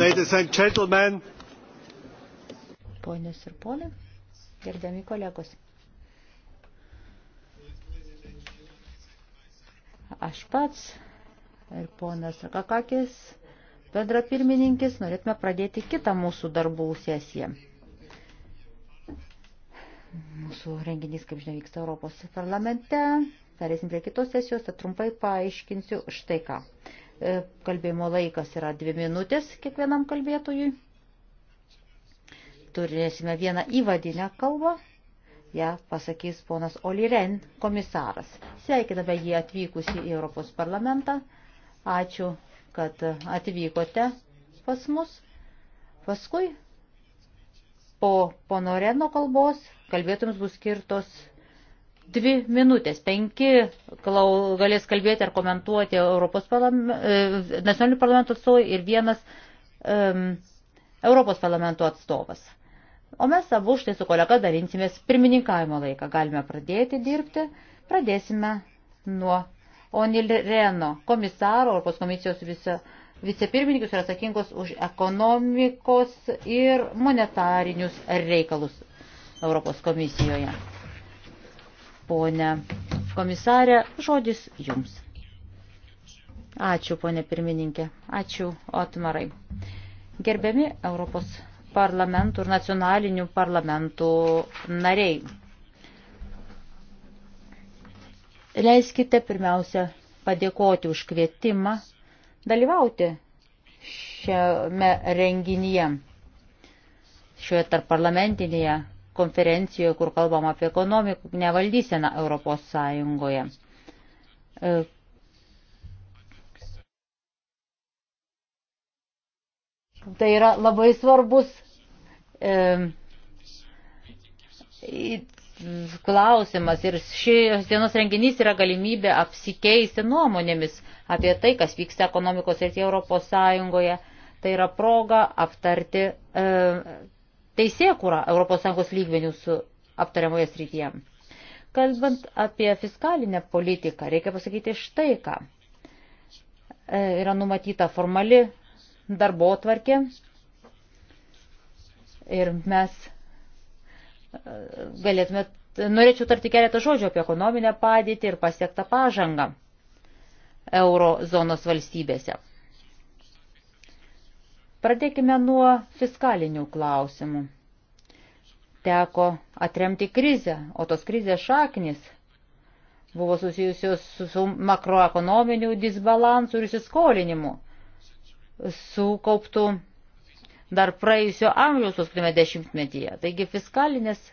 Ladies and gentlemen. Ponios ir ponai, gerbiami kolegos. Aš pats ir ponas Rakakakis, bendra pirmininkis, norėtume pradėti kitą mūsų darbų sesiją. Mūsų renginys, kaip žinia, vyksta Europos parlamente. Perėsim prie kitos sesijos, tad trumpai paaiškinsiu štai ką. E, kalbėjimo laikas yra dvi minutės kiekvienam kalbėtojui. Turėsime vieną įvadinę kalbą. Ja pasakys ponas Oliren, komisaras. Sveikiname jį atvykusi į Europos parlamentą. Ačiū, kad atvykote pas mus. Paskui po pono Reno kalbos kalbėtums bus skirtos dvi minutės, penki klau, galės kalbėti ar komentuoti Europos parlament, nacionalinių parlamento atstovai ir vienas um, Europos parlamento atstovas. O mes abu štai su kolega dalinsimės pirmininkavimo laiką. Galime pradėti dirbti. Pradėsime nuo Onil Reno, komisaro, Europos komisijos viso vicepirmininkus yra atsakingos už ekonomikos ir monetarinius reikalus Europos komisijoje ponę komisarę. Žodis jums. Ačiū, ponė pirmininkė. Ačiū, Otmarai. Gerbiami Europos parlamentų ir nacionalinių parlamentų nariai. Leiskite pirmiausia padėkoti už kvietimą dalyvauti šiame renginyje, šioje tarp parlamentinėje konferencijoje, kur kalbam apie ekonominę valdyseną Europos Sąjungoje. E, tai yra labai svarbus e, klausimas ir šios dienos renginys yra galimybė apsikeisti nuomonėmis apie tai, kas vyksta ekonomikos ir tie Europos Sąjungoje. Tai yra proga aptarti e, teisėkūrą ES lygmenių su aptariamoje srityje. Kalbant apie fiskalinę politiką, reikia pasakyti štai ką. E, yra numatyta formali darbo tvarkė ir mes e, galėtume, norėčiau tarti keletą žodžių apie ekonominę padėtį ir pasiektą pažangą eurozonos valstybėse. Pradėkime nuo fiskalinių klausimų. Teko atremti krizę, o tos krizės šaknis buvo susijusios su, su makroekonominiu disbalansu ir įsiskolinimu sukauptų dar praėjusio amžiaus paskutinėme dešimtmetyje. Taigi fiskalinės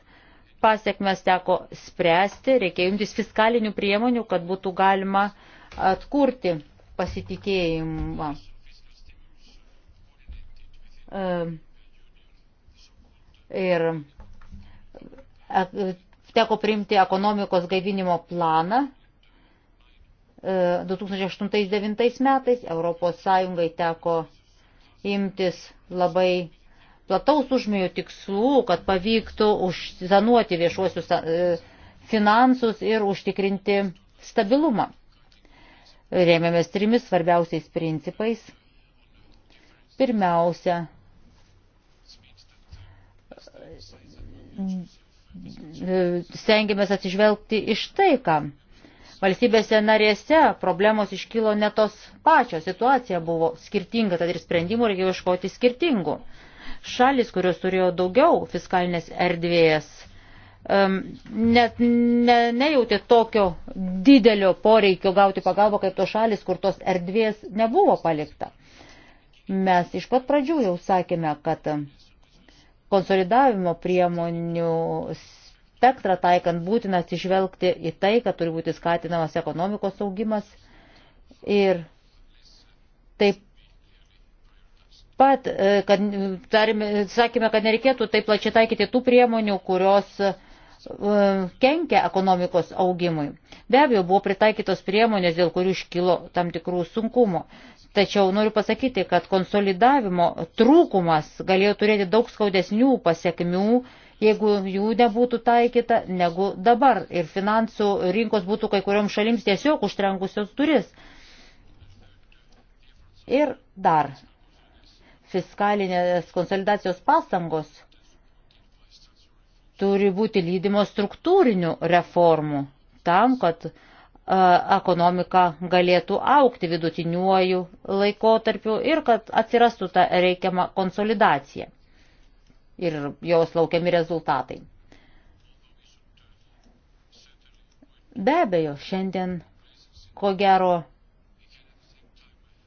pasiekmes teko spręsti, reikėjo imtis fiskalinių priemonių, kad būtų galima atkurti pasitikėjimą Ehm, ir teko priimti ekonomikos gaivinimo planą 2008-2009 ehm, metais. Europos Sąjungai teko imtis labai plataus užmėjų tikslų, kad pavyktų užsanuoti viešuosius ehm, finansus ir užtikrinti stabilumą. Rėmėmės trimis svarbiausiais principais. Pirmiausia, stengiamės atsižvelgti iš tai, ką valstybėse narėse problemos iškilo ne tos pačios, situacija buvo skirtinga, tad ir sprendimų reikėjo iškoti skirtingų. Šalis, kurios turėjo daugiau fiskalinės erdvės, net ne, nejautė tokio didelio poreikio gauti pagalbą kaip tos šalis, kur tos erdvės nebuvo palikta. Mes iš pat pradžių jau sakėme, kad konsolidavimo priemonių spektrą taikant būtina atsižvelgti į tai, kad turi būti skatinamas ekonomikos augimas ir taip pat, e, kad tarime, sakėme, kad nereikėtų taip plačiai taikyti tų priemonių, kurios e, kenkia ekonomikos augimui. Be abejo, buvo pritaikytos priemonės, dėl kurių iškilo tam tikrų sunkumų. Tačiau noriu pasakyti, kad konsolidavimo trūkumas galėjo turėti daug skaudesnių pasiekmių, jeigu jų nebūtų taikyta negu dabar ir finansų rinkos būtų kai kuriuom šalims tiesiog užtrenkusios duris. Ir dar fiskalinės konsolidacijos pastangos turi būti lydimos struktūrinių reformų tam, kad ekonomika galėtų aukti vidutiniuoju laikotarpiu ir kad atsirastų ta reikiama konsolidacija ir jos laukiami rezultatai. Be abejo, šiandien ko gero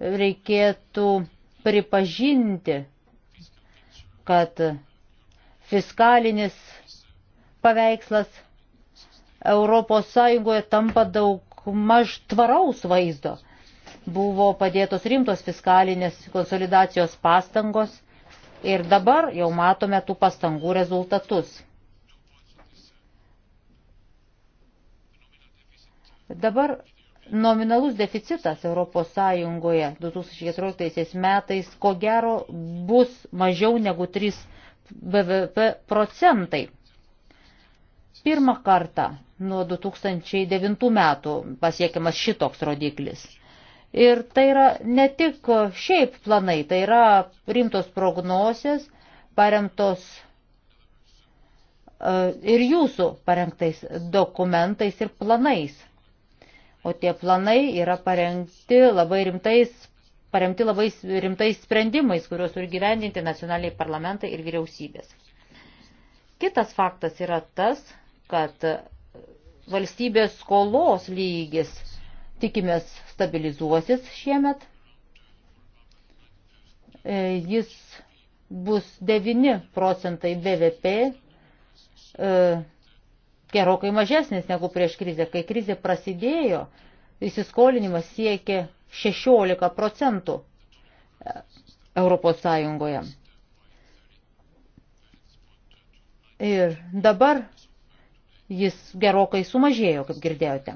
reikėtų pripažinti, kad fiskalinis paveikslas Europos Sąjungoje tampa daug daug maž tvaraus vaizdo. Buvo padėtos rimtos fiskalinės konsolidacijos pastangos ir dabar jau matome tų pastangų rezultatus. Dabar nominalus deficitas Europos Sąjungoje 2014 metais ko gero bus mažiau negu 3 BVP procentai. Pirmą kartą Nuo 2009 metų pasiekiamas šitoks rodiklis. Ir tai yra ne tik šiaip planai, tai yra rimtos prognozės, paremtos e, ir jūsų parengtais dokumentais ir planais. O tie planai yra parengti labai rimtais, paremti labai rimtais sprendimais, kuriuos turi gyvendinti nacionaliai parlamentai ir vyriausybės. Kitas faktas yra tas, kad valstybės skolos lygis tikimės stabilizuosis šiemet. E, jis bus 9 procentai BVP, e, gerokai mažesnis negu prieš krizę. Kai krizė prasidėjo, įsiskolinimas siekė 16 procentų e, Europos Sąjungoje. Ir dabar Jis gerokai sumažėjo, kaip girdėjote.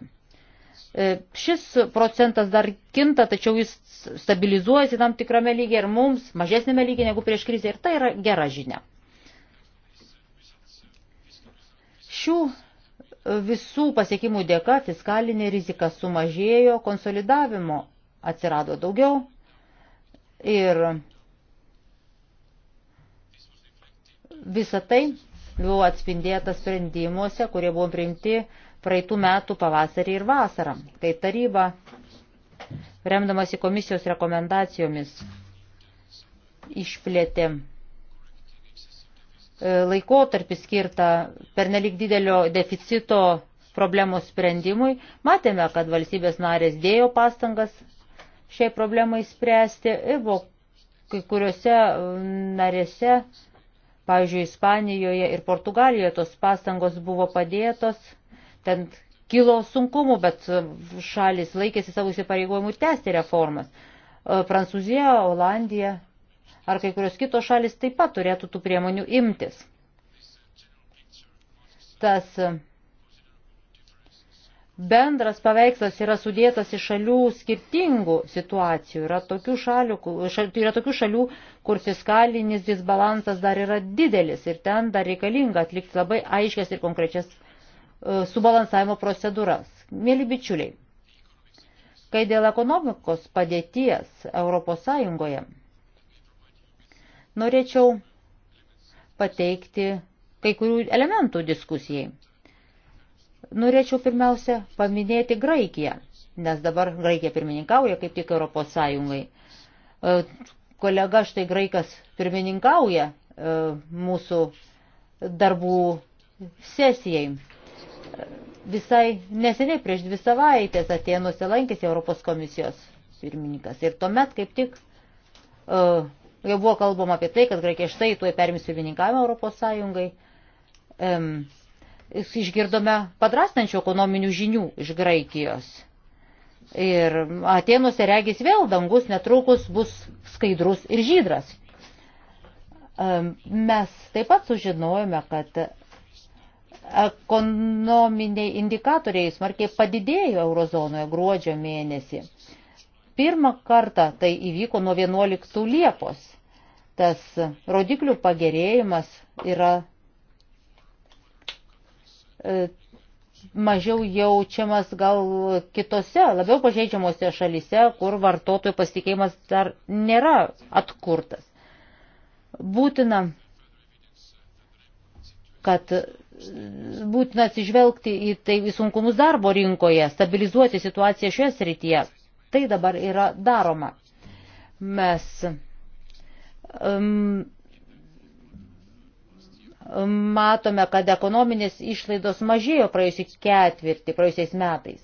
E, šis procentas dar kinta, tačiau jis stabilizuojasi tam tikrame lygiai ir mums mažesnėme lygiai negu prieš krizę ir tai yra gera žinia. Šių visų pasiekimų dėka fiskalinė rizika sumažėjo, konsolidavimo atsirado daugiau ir visa tai buvo atspindėta sprendimuose, kurie buvo priimti praeitų metų pavasarį ir vasarą, kai taryba, remdamasi komisijos rekomendacijomis, išplėtė e, laikotarpį skirtą pernelik didelio deficito problemos sprendimui. Matėme, kad valstybės narės dėjo pastangas šiai problemai spręsti ir buvo kai kuriuose narėse Pavyzdžiui, Ispanijoje ir Portugalijoje tos pastangos buvo padėtos, ten kilo sunkumų, bet šalis laikėsi savo įsipareigojimų tęsti reformas. E, Prancūzija, Olandija ar kai kurios kitos šalis taip pat turėtų tų priemonių imtis. Tas bendras paveikslas yra sudėtas iš šalių skirtingų situacijų. Yra tokių šalių, šal, yra tokių šalių kur fiskalinis disbalansas dar yra didelis ir ten dar reikalinga atlikti labai aiškias ir konkrečias uh, subalansavimo procedūras. Mėly bičiuliai, kai dėl ekonomikos padėties ES norėčiau pateikti kai kurių elementų diskusijai. Norėčiau pirmiausia paminėti Graikiją, nes dabar Graikija pirmininkauja kaip tik Europos Sąjungai. E, kolega štai Graikas pirmininkauja e, mūsų darbų sesijai. Visai neseniai prieš dvi savaitės atėnuose lankėsi Europos komisijos pirmininkas. Ir tuomet kaip tik uh, jau buvo kalbama apie tai, kad Graikija štai tuoj perims pirmininkavimą Europos Sąjungai. Um, išgirdome padrastančių ekonominių žinių iš Graikijos. Ir Atenuose regis vėl dangus netrukus bus skaidrus ir žydras. Mes taip pat sužinojome, kad ekonominiai indikatoriai smarkiai padidėjo eurozonoje gruodžio mėnesį. Pirmą kartą tai įvyko nuo 11 Liepos. Tas rodiklių pagerėjimas yra E, mažiau jaučiamas gal kitose, labiau pažeidžiamose šalise, kur vartotojų pasitikėjimas dar nėra atkurtas. Būtina, kad būtina atsižvelgti į tai sunkumus darbo rinkoje, stabilizuoti situaciją šioje srityje. Tai dabar yra daroma. Mes um, matome, kad ekonominės išlaidos mažėjo praėjusį ketvirtį, praėjusiais metais.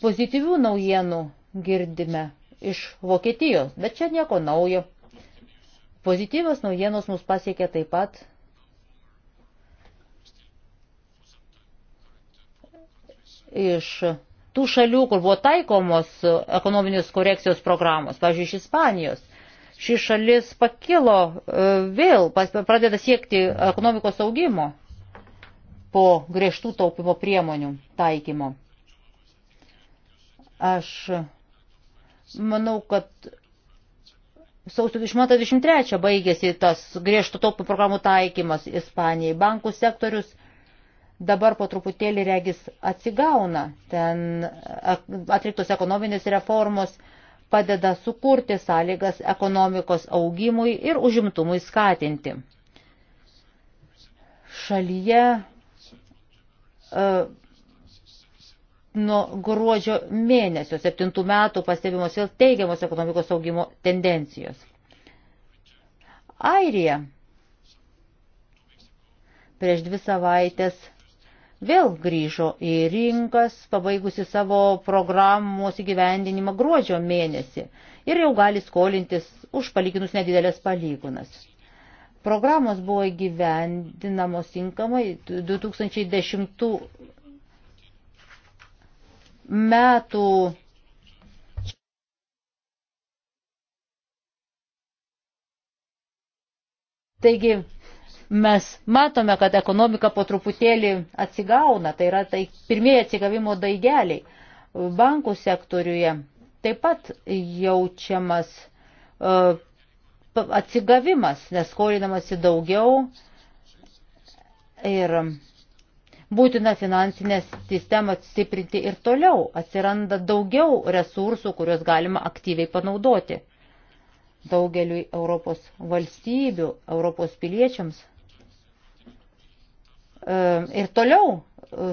Pozityvių naujienų girdime iš Vokietijos, bet čia nieko naujo. Pozityvios naujienos mus pasiekė taip pat. Iš tų šalių, kur buvo taikomos ekonominės korekcijos programos, pavyzdžiui, iš Ispanijos ši šalis pakilo e, vėl, pradeda siekti ekonomikos augimo po griežtų taupimo priemonių taikymo. Aš manau, kad sausio 23 baigėsi tas griežtų taupimo programų taikymas Ispanijai. Bankų sektorius dabar po truputėlį regis atsigauna. Ten e, atliktos ekonominės reformos padeda sukurti sąlygas ekonomikos augimui ir užimtumui skatinti. Šalyje uh, nuo gruodžio mėnesio 7 metų pastebimos vėl teigiamos ekonomikos augimo tendencijos. Airija prieš dvi savaitės vėl grįžo į rinkas, pabaigusi savo programos įgyvendinimą gruodžio mėnesį ir jau gali skolintis už palyginus nedidelės palygunas. Programos buvo įgyvendinamos tinkamai 2010 metų Taigi Mes matome, kad ekonomika po truputėlį atsigauna, tai yra tai pirmieji atsigavimo daigeliai. Bankų sektoriuje taip pat jaučiamas uh, atsigavimas, nes skolinamasi daugiau ir būtina finansinę sistemą stiprinti ir toliau. Atsiranda daugiau resursų, kuriuos galima aktyviai panaudoti. Daugeliui Europos valstybių, Europos piliečiams ir toliau e,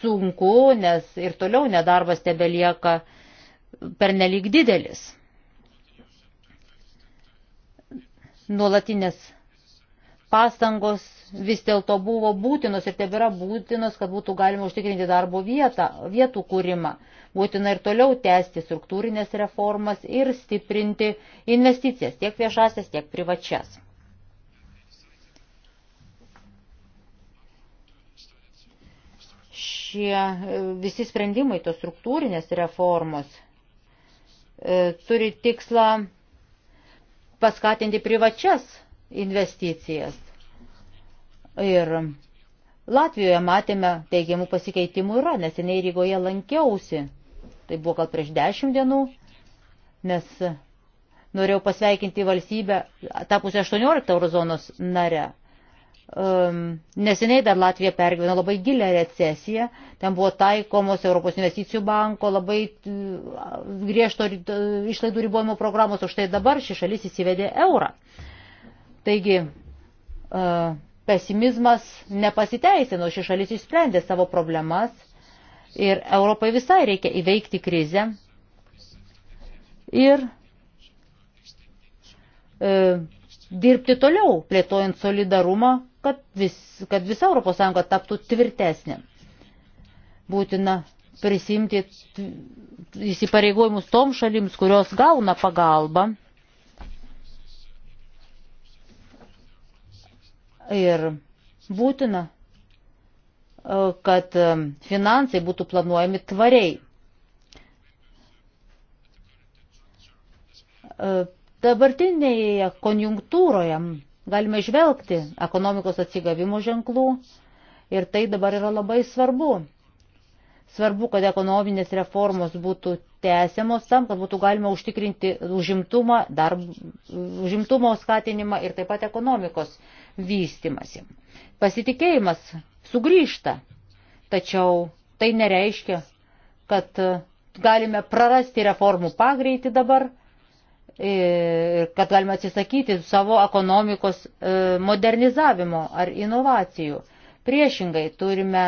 sunku, nes ir toliau nedarbas tebelieka pernelyg didelis. Nuolatinės pastangos vis dėlto buvo būtinos ir tebėra būtinos, kad būtų galima užtikrinti darbo vietą, vietų kūrimą. Būtina ir toliau tęsti struktūrinės reformas ir stiprinti investicijas, tiek viešasias, tiek privačias. šie e, visi sprendimai, tos struktūrinės reformos e, turi tikslą paskatinti privačias investicijas. Ir Latvijoje matėme teigiamų pasikeitimų yra, nes jinai Rygoje lankiausi. Tai buvo gal prieš dešimt dienų, nes norėjau pasveikinti valstybę tapusią 18 eurozonos nare. Um, neseniai dar Latvija pergyveno labai gilę recesiją, ten buvo taikomos Europos investicijų banko labai uh, griežto uh, išlaidų ribojimo programos, už tai dabar ši šalis įsivedė eurą. Taigi, uh, pesimizmas nepasiteisino, ši šalis išsprendė savo problemas ir Europai visai reikia įveikti krizę. Ir uh, dirbti toliau, plėtojant solidarumą kad, vis, kad visa ES taptų tvirtesnė. Būtina prisimti įsipareigojimus tom šalims, kurios gauna pagalbą. Ir būtina, e, kad e, finansai būtų planuojami tvariai. E, dabartinėje konjunktūroje Galime žvelgti ekonomikos atsigavimo ženklų ir tai dabar yra labai svarbu. Svarbu, kad ekonominės reformos būtų tęsiamos tam, kad būtų galima užtikrinti užimtumą, darb, užimtumo skatinimą ir taip pat ekonomikos vystimasi. Pasitikėjimas sugrįžta, tačiau tai nereiškia, kad galime prarasti reformų pagreitį dabar E, kad galima atsisakyti savo ekonomikos e, modernizavimo ar inovacijų. Priešingai turime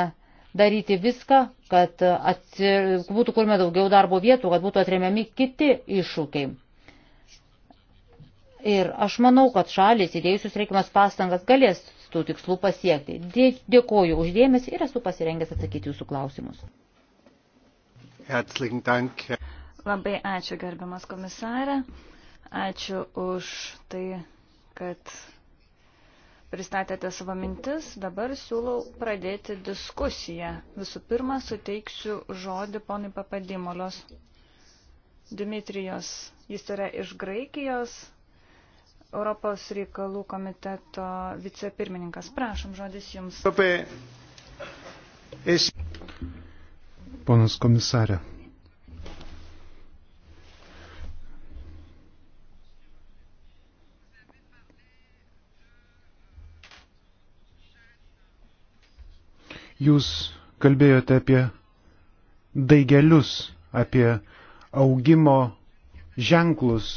daryti viską, kad atsi, būtų kurme daugiau darbo vietų, kad būtų atremiami kiti iššūkiai. Ir aš manau, kad šalis įdėjusius reikimas pastangas galės tų tikslų pasiekti. Dėkoju uždėmesi ir esu pasirengęs atsakyti jūsų klausimus. Herzlichen Dank. Labai ačiū, gerbiamas komisarė. Ačiū už tai, kad pristatėte savo mintis. Dabar siūlau pradėti diskusiją. Visų pirma, suteiksiu žodį ponui Papadimolios. Dimitrijos, jis yra iš Graikijos, Europos reikalų komiteto vicepirmininkas. Prašom, žodis jums. Ponas komisarė, Jūs kalbėjote apie daigelius, apie augimo ženklus,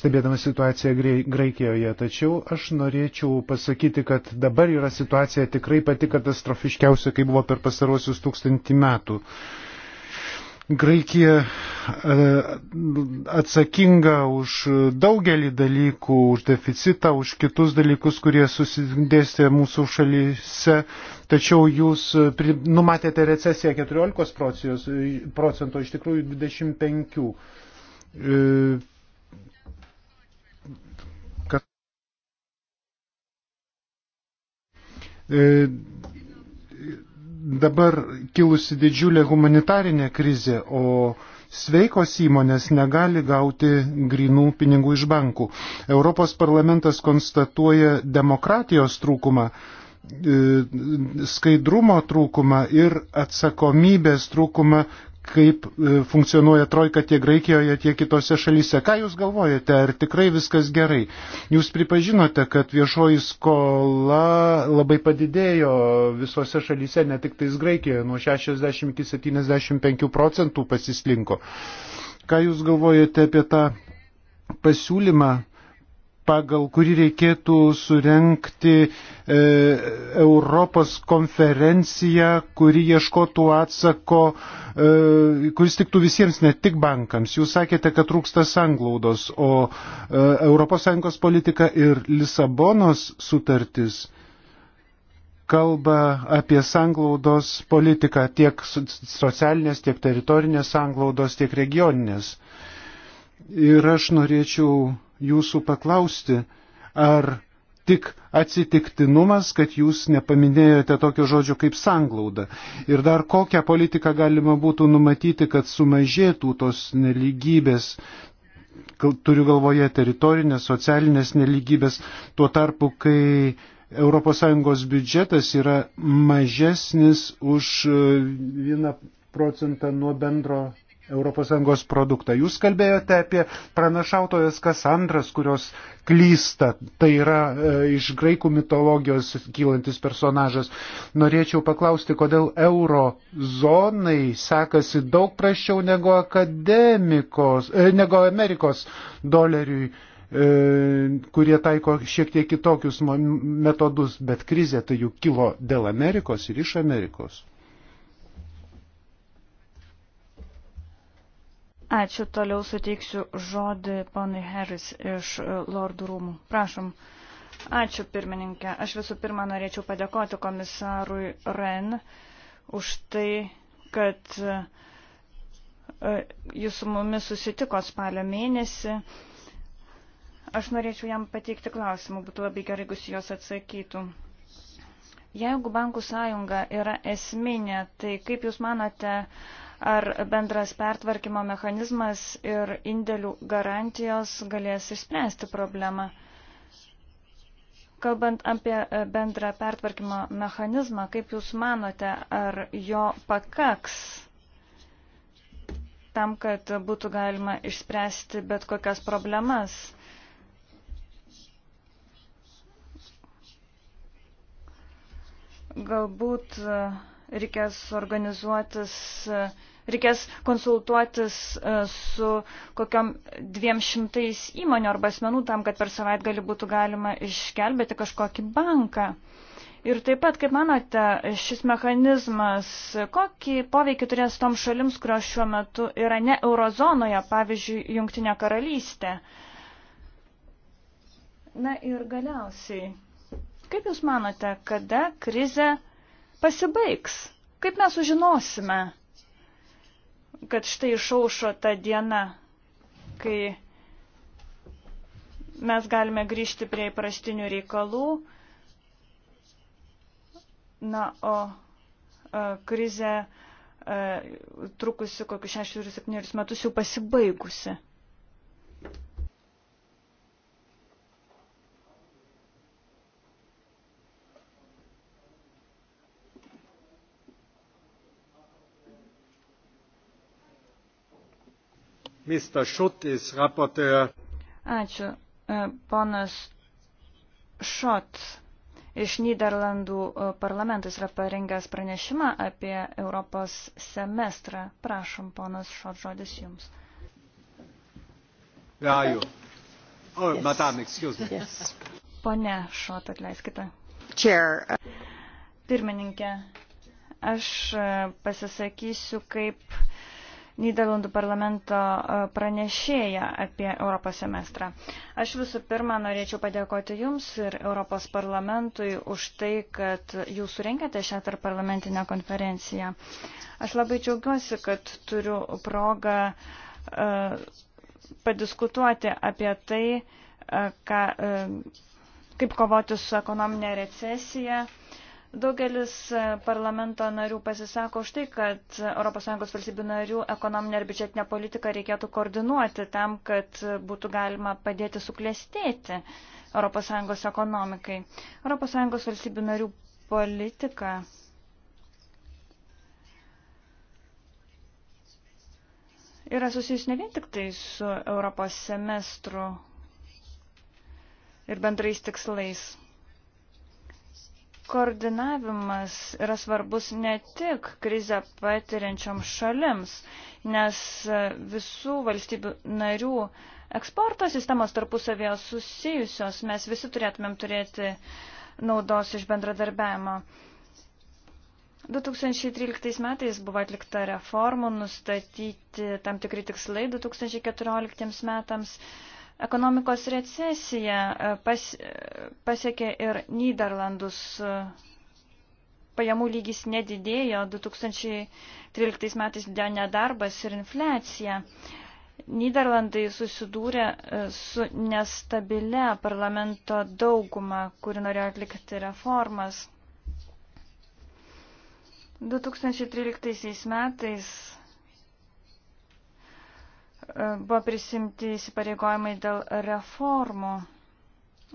stebėdama situaciją Graikijoje. Tačiau aš norėčiau pasakyti, kad dabar yra situacija tikrai pati katastrofiškiausia, kai buvo per pasarosius tūkstantį metų. Graikija e, atsakinga už daugelį dalykų, už deficitą, už kitus dalykus, kurie susidėstė mūsų šalyse, tačiau jūs e, numatėte recesiją 14 e, procento, iš tikrųjų 25. Kad dabar kilusi didžiulė humanitarinė krizė, o sveikos įmonės negali gauti grinų pinigų iš bankų. Europos parlamentas konstatuoja demokratijos trūkumą, e, skaidrumo trūkumą ir atsakomybės trūkumą kaip e, funkcionuoja trojka tiek Graikijoje, tiek kitose šalyse. Ką Jūs galvojate, ar tikrai viskas gerai? Jūs pripažinote, kad viešoji skola labai padidėjo visose šalyse, ne tik tais Graikijoje, nuo 60 iki 75 procentų pasislinko. Ką Jūs galvojate apie tą pasiūlymą pagal kurį reikėtų surenkti e, Europos konferenciją, kuri ieškotų atsako, e, kuris tiktų visiems, ne tik bankams. Jūs sakėte, kad trūksta sanglaudos, o e, ES politika ir Lisabonos sutartis kalba apie sanglaudos politiką tiek socialinės, tiek teritorinės sanglaudos, tiek regioninės. Ir aš norėčiau jūsų paklausti, ar tik atsitiktinumas, kad jūs nepaminėjote tokio žodžio kaip sanglauda. Ir dar kokią politiką galima būtų numatyti, kad sumažėtų tos neligybės, turiu galvoje teritorinės, socialinės neligybės, tuo tarpu, kai ES biudžetas yra mažesnis už 1 e, procentą nuo bendro ES produktą. Jūs kalbėjote apie pranašautojas Kasandras, kurios klysta. Tai yra e, iš graikų mitologijos kylantis personažas. Norėčiau paklausti, kodėl euro zonai sekasi daug praščiau negu, e, negu Amerikos doleriui e, kurie taiko šiek tiek kitokius metodus, bet krizė tai juk kilo dėl Amerikos ir iš Amerikos. Ačiū, toliau suteiksiu žodį ponui Harris iš e, Lordų rūmų. Prašom. Ačiū, pirmininkė. Aš visų pirma norėčiau padėkoti komisarui Ren už tai, kad e, jis su mumis susitiko spalio mėnesį. Aš norėčiau jam pateikti klausimų, būtų labai gerai, jeigu jos atsakytų. Jeigu bankų sąjunga yra esminė, tai kaip Jūs manote, ar bendras pertvarkymo mechanizmas ir indėlių garantijos galės išspręsti problemą. Kalbant apie e, bendrą pertvarkymo mechanizmą, kaip Jūs manote, ar jo pakaks tam, kad būtų galima išspręsti bet kokias problemas? Galbūt e, reikės organizuotis uh, reikės konsultuotis e, su kokiam dviem šimtais įmonių arba asmenų tam, kad per savaitgalį būtų galima išgelbėti kažkokį banką. Ir taip pat, kaip manote, šis mechanizmas, kokį poveikį turės tom šalims, kurios šiuo metu yra ne eurozonoje, pavyzdžiui, Junktinė karalystė? Na ir galiausiai, kaip Jūs manote, kada krize pasibaigs? Kaip mes sužinosime? kad štai išaušo ta diena, kai mes galime grįžti prie įprastinių reikalų. Na, o krizė trukusi kokius 6-7 metus jau pasibaigusi. Mr. Schutt is rapporteur. Ačiū. E, ponas Šot iš Niderlandų e, parlamentas yra parengęs pranešimą apie Europos semestrą. Prašom, ponas Šot, žodis jums. Gaju. Oh, yes. madam, excuse me. Yes. Pone Šot, atleiskite. Chair. Pirmininkė, aš e, pasisakysiu kaip Niderlandų parlamento e, pranešėją apie Europos semestrą. Aš visų pirma norėčiau padėkoti Jums ir Europos parlamentui už tai, kad Jūs surenkėte šią tarp parlamentinę konferenciją. Aš labai džiaugiuosi, kad turiu progą e, padiskutuoti apie tai, e, ką, kaip kovoti su ekonominė recesija Daugelis e, parlamento narių pasisako už tai, kad ES valstybių narių ekonominę ir biudžetinę politiką reikėtų koordinuoti tam, kad būtų galima padėti suklestėti ES ekonomikai. ES valstybių narių politika yra susijus ne vien tik tai su Europos semestru ir bendrais tikslais koordinavimas yra svarbus ne tik krizę patiriančiom šalims, nes visų valstybių narių eksporto sistemos tarpusavėje susijusios, mes visi turėtumėm turėti naudos iš bendradarbiavimo. 2013 metais buvo atlikta reformų, nustatyti tam tikri tikslai 2014 metams. Ekonomikos recesija e, pas, e, pasiekė ir Niderlandus. E, pajamų lygis nedidėjo, 2013 metais didėjo nedarbas ir infliacija. Niderlandai susidūrė su nestabilia parlamento dauguma, kuri norėjo atlikti reformas. 2013 metais buvo prisimti įsipareigojimai dėl reformų.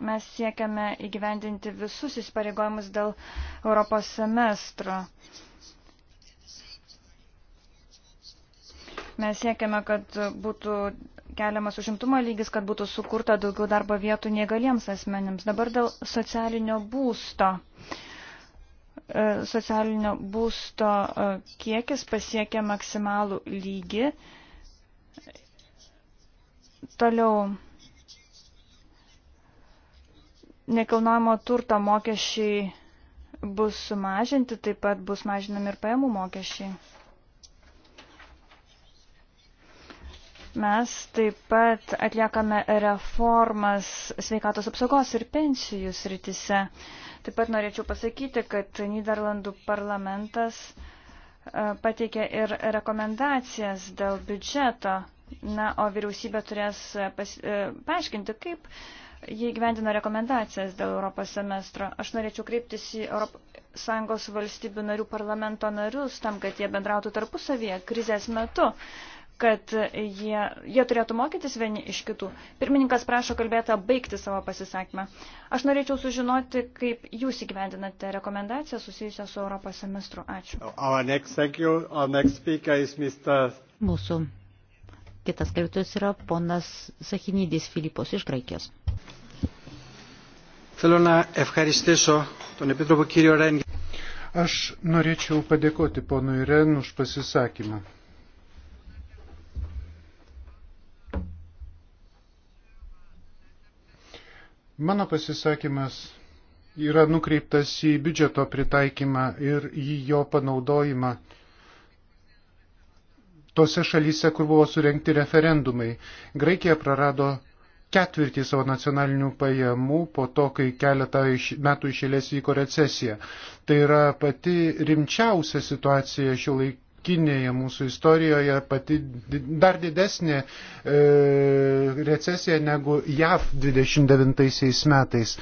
Mes siekiame įgyvendinti visus įsipareigojimus dėl Europos semestro. Mes siekiame, kad būtų keliamas užimtumo lygis, kad būtų sukurta daugiau darbo vietų negaliems asmenims. Dabar dėl socialinio būsto. E, socialinio būsto e, kiekis pasiekia maksimalų lygį Toliau nekilnojamo turto mokesčiai bus sumažinti, taip pat bus mažinami ir pajamų mokesčiai. Mes taip pat atliekame reformas sveikatos apsaugos ir pensijų sritise. Taip pat norėčiau pasakyti, kad Niderlandų parlamentas e, pateikė ir rekomendacijas dėl biudžeto Na, o vyriausybė turės e, pas, e, paaiškinti, kaip jie gyvendino rekomendacijas dėl Europos semestro. Aš norėčiau kreiptis į ES valstybių narių parlamento narius tam, kad jie bendrautų tarpusavyje krizės metu kad jie, jie turėtų mokytis vieni iš kitų. Pirmininkas prašo kalbėtą baigti savo pasisakymą. Aš norėčiau sužinoti, kaip jūs įgyvendinate rekomendaciją susijusią su Europos semestru. Ačiū. Next, Mūsų Kitas kalbėtojas yra ponas Sachinydis Filipos iš Graikijos. Aš norėčiau padėkoti ponui Ren už pasisakymą. Mano pasisakymas yra nukreiptas į biudžeto pritaikymą ir į jo panaudojimą tose šalyse, kur buvo surenkti referendumai. Graikija prarado ketvirtį savo nacionalinių pajamų po to, kai keletą iš, metų išėlės vyko recesija. Tai yra pati rimčiausia situacija šio laikinėje mūsų istorijoje, pati dar didesnė e, recesija negu JAV 29 metais.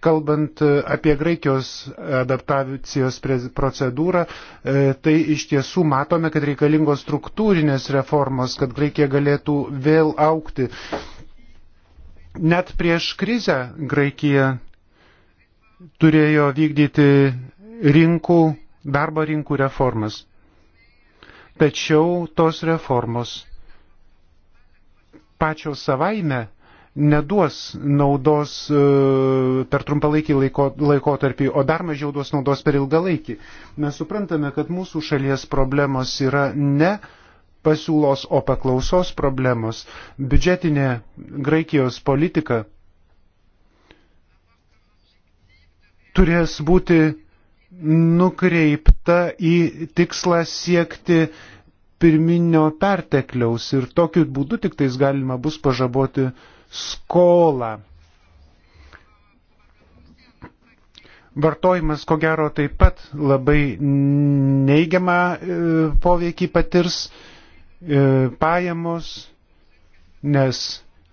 Kalbant e, apie Graikijos adaptacijos procedūrą, e, tai iš tiesų matome, kad reikalingos struktūrinės reformos, kad Graikija galėtų vėl aukti. Net prieš krizę Graikija turėjo vykdyti rinkų, darbo rinkų reformas. Tačiau tos reformos pačios savaime neduos naudos e, per trumpalaikį laiko, laikotarpį, o dar mažiau duos naudos per ilgalaikį. Mes suprantame, kad mūsų šalies problemos yra ne pasiūlos, o paklausos problemos. Biudžetinė Graikijos politika turės būti nukreipta į tikslą siekti pirminio pertekliaus ir tokiu būdu tik tais galima bus pažaboti uh, skolą. Vartojimas, ko gero, taip pat labai neigiamą e, poveikį patirs e, pajamos, nes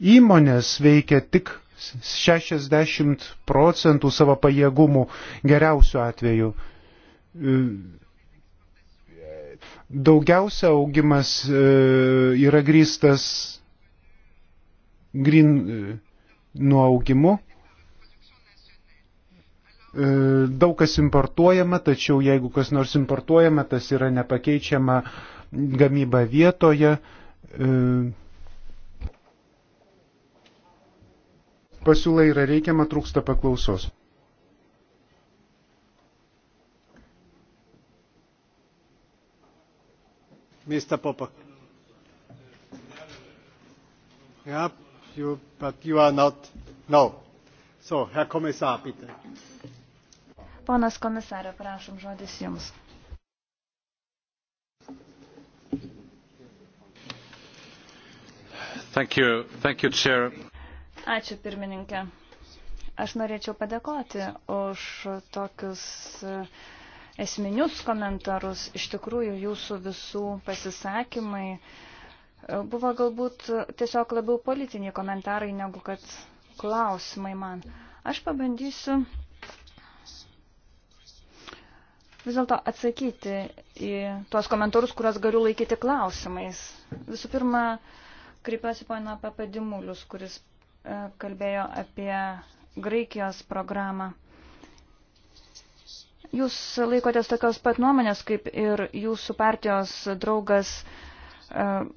įmonės veikia tik 60 procentų savo pajėgumų geriausių atveju. E, daugiausia augimas yra grįstas grin e, nuaugimu. E, daug kas importuojama, tačiau jeigu kas nors importuojama, tas yra nepakeičiama gamyba vietoje. E, Pasiūla yra reikiama, trūksta paklausos. Mr. Popak. Yep you, but you are not. No. So, Herr Kommissar, bitte. Ponas komisarė, prašom žodis jums. Thank you. Thank you, chair. Ačiū pirmininkė. Aš norėčiau padėkoti už tokius e, esminius komentarus. Iš tikrųjų, jūsų visų pasisakymai uh, Buvo galbūt tiesiog labiau politiniai komentarai negu kad klausimai man. Aš pabandysiu vis dėlto atsakyti į tuos komentarus, kuriuos galiu laikyti klausimais. Visų pirma, kreipiuosi pana Papadimulius, kuris e, kalbėjo apie Graikijos programą. Jūs laikotės tokios pat nuomonės, kaip ir jūsų partijos draugas e,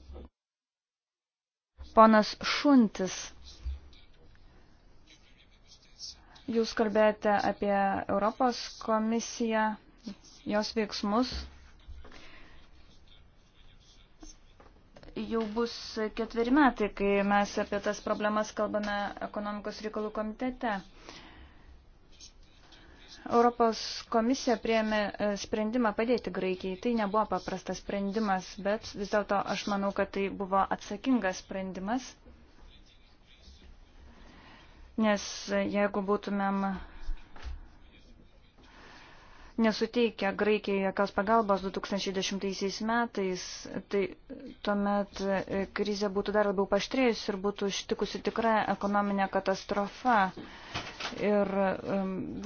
Ponas Šuntis, jūs kalbėjote apie Europos komisiją, jos veiksmus. Jau bus ketveri metai, kai mes apie tas problemas kalbame ekonomikos reikalų komitete. Europos komisija priemė e, sprendimą padėti Graikijai. Tai nebuvo paprastas sprendimas, bet vis dėlto aš manau, kad tai buvo atsakingas sprendimas. Nes jeigu būtumėm nesuteikia Graikijai jokios pagalbos 2010 metais, tai tuomet e, krizė būtų dar labiau paštrėjus ir būtų ištikusi tikra ekonominė katastrofa. Ir e,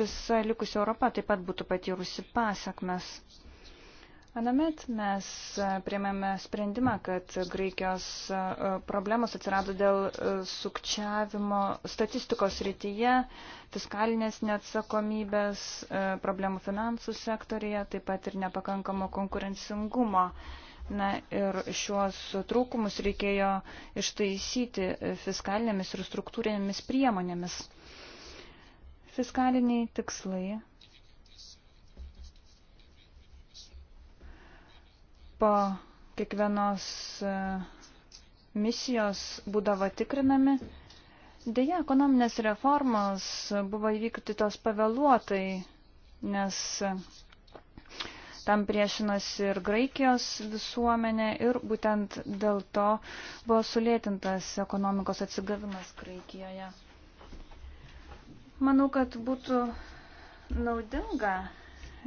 visa likusi Europa taip pat būtų patyrusi pasiekmes. Anamet mes e, priemėme sprendimą, kad Graikijos e, problemos atsirado dėl e, sukčiavimo statistikos rytyje, fiskalinės neatsakomybės, problemų finansų sektorija, taip pat ir nepakankamo konkurencingumo. Na ir šiuos trūkumus reikėjo ištaisyti fiskalinėmis ir struktūrinėmis priemonėmis. Fiskaliniai tikslai po kiekvienos e, misijos būdavo tikrinami. Deja, ekonominės reformos buvo įvykdytos pavėluotai, nes e, tam priešinosi ir Graikijos visuomenė ir būtent dėl to buvo sulėtintas ekonomikos atsigavimas Graikijoje. Manau, kad būtų naudinga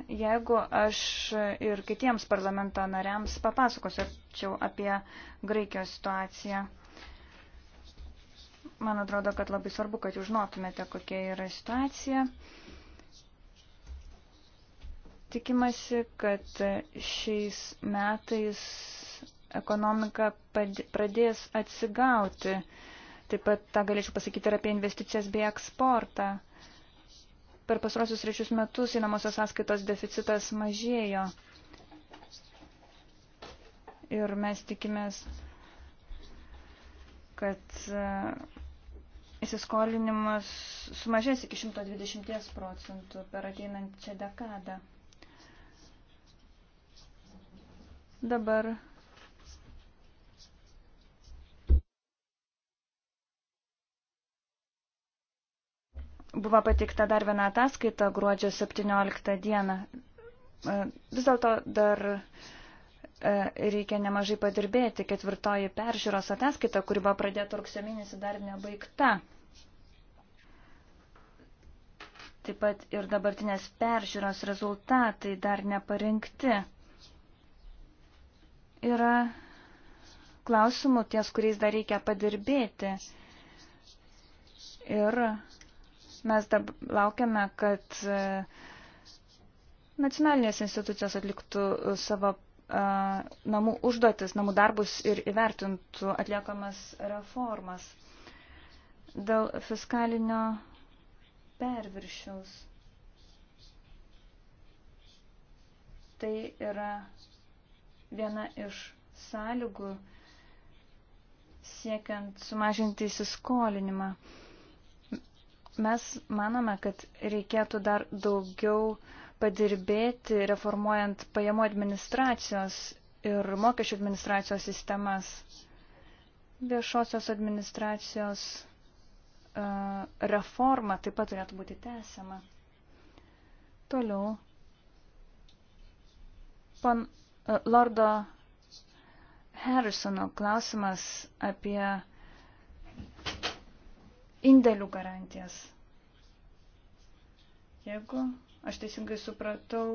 jeigu aš ir kitiems parlamento nariams papasakosiu apie Graikijos situaciją. Man atrodo, kad labai svarbu, kad jūs žinotumėte, kokia yra situacija. Tikimasi, kad šiais metais ekonomika pradės atsigauti. Taip pat tą galėčiau pasakyti ir apie investicijas bei eksportą. Per pasarosius trečius metus einamosios sąskaitos deficitas mažėjo. Ir mes tikimės, kad e, įsiskolinimas sumažės iki 120 procentų per ateinančią dekadą. Dabar Buvo patikta dar viena ataskaita gruodžio 17 dieną. E, vis dėlto dar e, reikia nemažai padirbėti. Ketvirtoji peržiūros ataskaita, kuri buvo pradėta rugsėjo mėnesį, dar nebaigta. Taip pat ir dabartinės peržiūros rezultatai dar neparinkti. Yra klausimų ties, kuriais dar reikia padirbėti. Ir Mes dabar laukiame, kad e, nacionalinės institucijos atliktų e, savo uh, namų užduotis, namų darbus ir įvertintų atliekamas reformas dėl fiskalinio perviršiaus. Tai yra viena iš sąlygų siekiant sumažinti įsiskolinimą. Uh, Mes manome, kad reikėtų dar daugiau padirbėti reformuojant pajamų administracijos ir mokesčių administracijos sistemas. Viešosios administracijos e, reforma taip pat turėtų būti tęsiama. Toliau. Pan, e, Lordo Harrisono klausimas apie indėlių garantijas. Jeigu aš teisingai supratau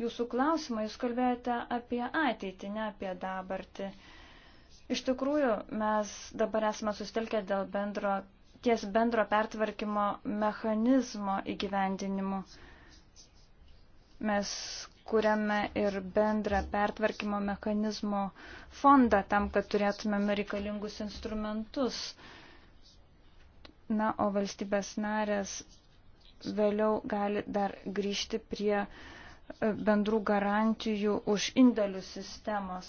jūsų klausimą, jūs kalbėjote apie ateitį, ne apie dabartį. Iš tikrųjų, mes dabar esame sustelkę dėl bendro, ties bendro pertvarkymo mechanizmo įgyvendinimu. Mes kuriame ir bendrą pertvarkymo mechanizmo fondą tam, kad turėtumėm reikalingus instrumentus. Uh, Na, o valstybės narės vėliau gali dar grįžti prie e, bendrų garantijų už indėlių sistemos.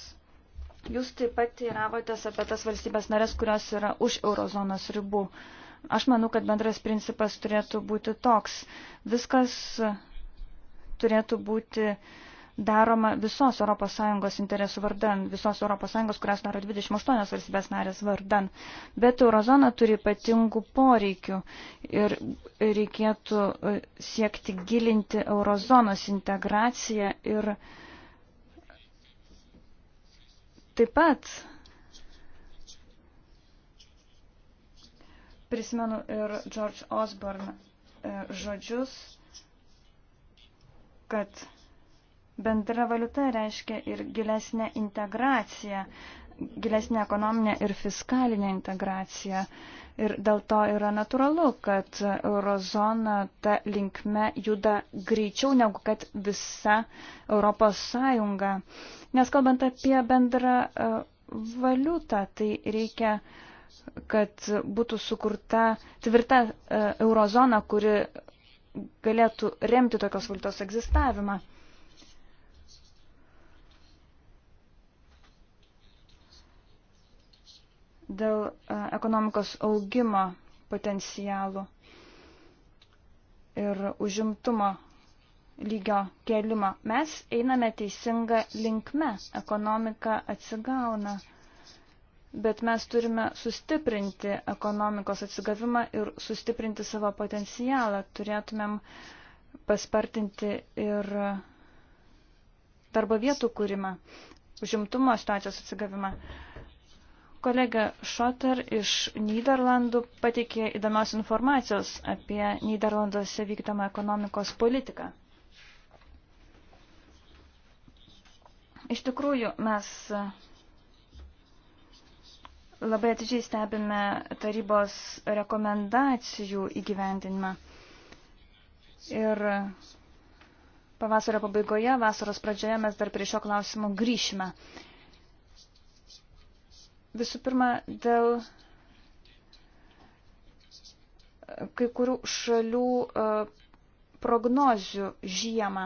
Jūs taip pat teiravotės apie tas valstybės narės, kurios yra už eurozonos ribų. Aš manau, kad bendras principas turėtų būti toks. Viskas turėtų būti uh, daroma visos ES interesų vardan, visos ES, kurias daro 28 valstybės narės vardan. Bet eurozona turi ypatingų poreikių ir reikėtų e, siekti gilinti eurozonos integraciją ir taip pat prisimenu ir George Osborne e, žodžius, kad Bendra valiuta reiškia ir gilesnę integraciją, gilesnę ekonominę ir fiskalinę integraciją. Ir dėl to yra natūralu, kad eurozona ta linkme juda greičiau negu kad visa Europos Sąjunga. Nes kalbant apie bendrą e, valiutą, tai reikia, kad būtų sukurta tvirta e, eurozona, kuri galėtų remti tokios valiutos egzistavimą. dėl e, ekonomikos augimo potencialų ir užimtumo lygio kelimo. Mes einame teisinga linkme, ekonomika atsigauna, bet mes turime sustiprinti ekonomikos atsigavimą ir sustiprinti savo potencialą. Turėtumėm paspartinti ir darbo vietų kūrimą, užimtumo situacijos atsigavimą. Kolega Šotar iš Niderlandų pateikė įdomios informacijos apie Niderlanduose vykdomą ekonomikos politiką. Iš tikrųjų, mes labai atidžiai stebime tarybos rekomendacijų įgyvendinimą. Ir pavasario pabaigoje, vasaros pradžioje mes dar prie šio klausimo grįšime. Visų pirma, dėl kai kurių šalių e, prognozių žiemą.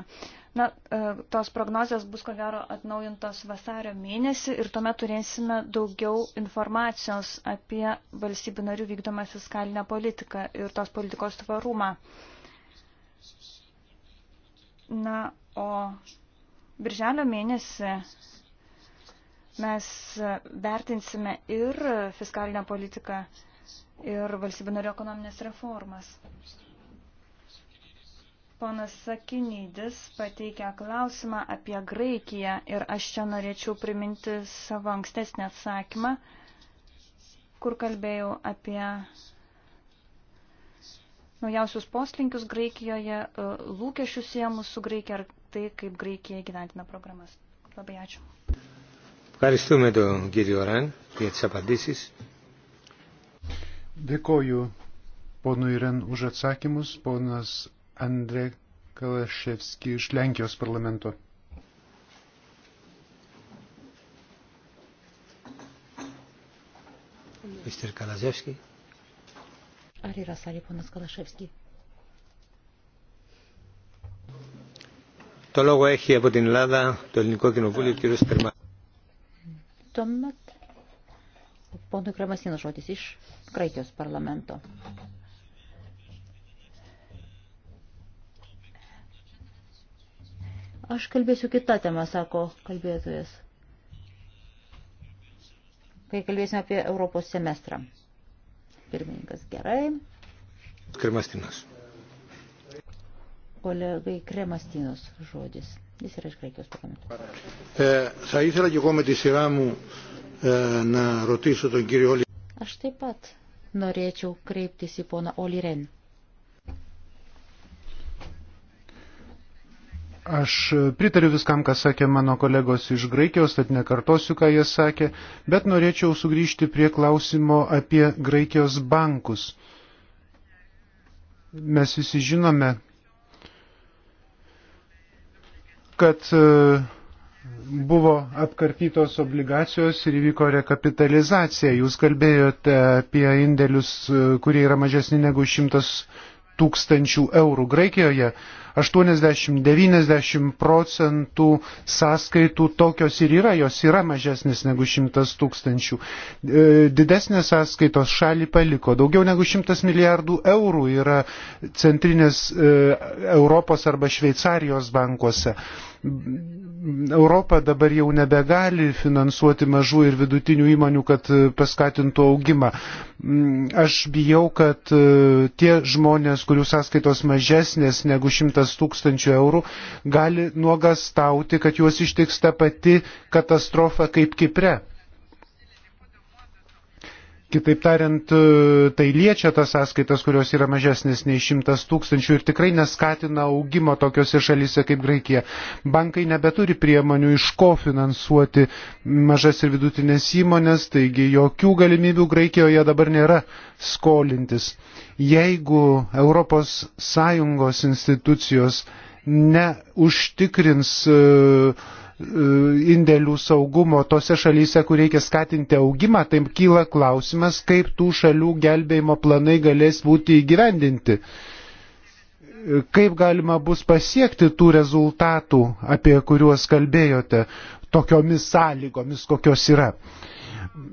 Na, e, tos prognozijos bus ko gero atnaujintos vasario mėnesį ir tuomet turėsime daugiau informacijos apie valstybių narių vykdomą fiskalinę politiką ir tos politikos tvarumą. Na, o birželio mėnesį Mes vertinsime ir fiskalinę politiką, ir valstybių narių ekonominės reformas. Ponas Sakinydis pateikė klausimą apie Graikiją ir aš čia norėčiau priminti savo ankstesnį atsakymą, kur kalbėjau apie naujausius poslinkius Graikijoje, lūkesčius siemus su Graikija ir tai, kaip Graikija gyventina programas. Labai ačiū. Ευχαριστούμε τον κύριο Ραν για τις απαντήσεις. Dėkoju ponui Ren už atsakymus, ponas Andrė Kalaševski iš Lenkijos parlamento. Mr. Kalazevski. Ar yra salė ponas Kalaševski? Το λόγο έχει από την Ελλάδα το Ελληνικό Κοινοβούλιο ο κ. Τερμάκης. Tuomet ponui Kramasinas žodis iš Graikijos parlamento. Aš kalbėsiu kitą temą, sako kalbėtojas. Kai kalbėsime apie Europos semestrą. Pirmininkas gerai. Kremastinas. Kolegai Kremastinos žodis. Jis yra iš Graikijos parlamento. E, Aš taip pat norėčiau kreiptis į poną Oliren. Aš pritariu viskam, ką sakė mano kolegos iš Graikijos, tad nekartosiu, ką jie sakė, bet norėčiau sugrįžti prie klausimo apie Graikijos bankus. Mes visi žinome, kad e, buvo apkarpytos obligacijos ir įvyko rekapitalizacija. Jūs kalbėjote apie indėlius, e, kurie yra mažesni negu 100 tūkstančių eurų. Graikijoje 80-90 procentų sąskaitų tokios ir yra, jos yra mažesnės negu 100 tūkstančių. E, didesnės sąskaitos šalį paliko. Daugiau negu 100 milijardų eurų yra centrinės e, Europos arba Šveicarijos bankuose. Europa dabar jau nebegali finansuoti mažų ir vidutinių įmonių, kad e, paskatintų augimą. Mm, aš bijau, kad tie žmonės, kurių sąskaitos mažesnės negu 100 šimtas tūkstančių eurų, gali nuogastauti, kad juos ištiks ta pati katastrofa kaip Kipre. Kitaip tariant, tai liečia tas sąskaitas, kurios yra mažesnės nei 100 tūkstančių ir tikrai neskatina augimo tokiuose šalyse kaip Graikija. Bankai nebeturi priemonių iš ko finansuoti mažas ir vidutinės įmonės, taigi jokių galimybių Graikijoje dabar nėra skolintis. Jeigu ES institucijos neužtikrins uh, E, indėlių saugumo tose šalyse, kur reikia skatinti augimą, tai kyla klausimas, kaip tų šalių gelbėjimo planai galės būti įgyvendinti. Kaip galima bus pasiekti tų rezultatų, apie kuriuos kalbėjote, tokiomis sąlygomis, kokios yra.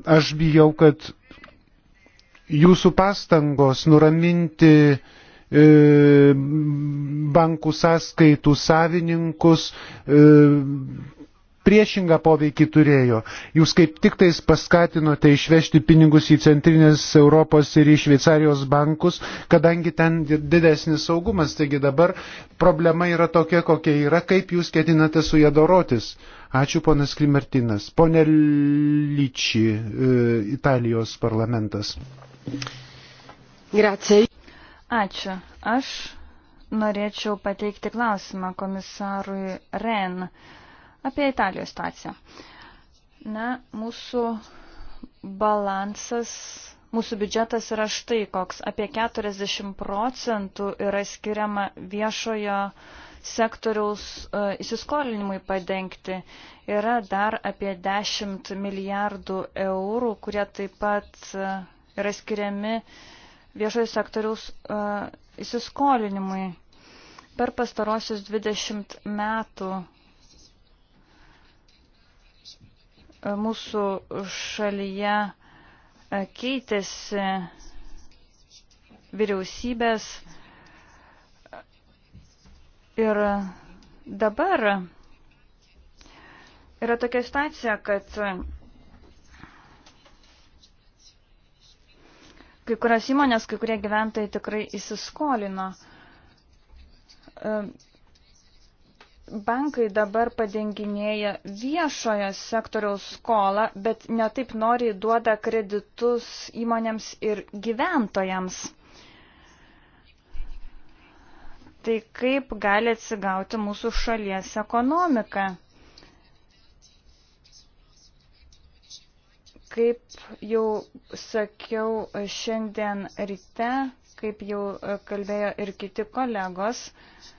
Aš bijau, kad jūsų pastangos nuraminti e, bankų sąskaitų savininkus, e, priešingą poveikį turėjo. Jūs kaip tik tais paskatinote išvežti pinigus į centrinės Europos ir į Šveicarijos bankus, kadangi ten didesnis saugumas. Taigi dabar problema yra tokia, kokia yra, kaip jūs ketinate su ją dorotis. Ačiū, ponas Klimartinas. Pone Lyči, e, Italijos parlamentas. Grazie. Ačiū. Aš norėčiau pateikti klausimą komisarui Ren. Uh, Apie Italijos situaciją. Na, mūsų balansas, mūsų biudžetas yra štai koks. Apie 40 procentų yra skiriama viešojo sektoriaus e, įsiskolinimui padengti. Yra dar apie 10 milijardų eurų, kurie taip pat e, yra skiriami viešojo sektoriaus e, įsiskolinimui. Per pastarosius 20 metų mūsų šalyje e, keitėsi vyriausybės ir dabar yra tokia situacija, kad kai kurios įmonės, kai kurie gyventojai tikrai įsiskolino. E, bankai dabar padenginėja viešojo sektoriaus skolą, bet netaip nori duoda kreditus įmonėms ir gyventojams. Tai kaip gali atsigauti mūsų šalies ekonomika? Kaip jau sakiau šiandien ryte, kaip jau kalbėjo ir kiti kolegos, uh,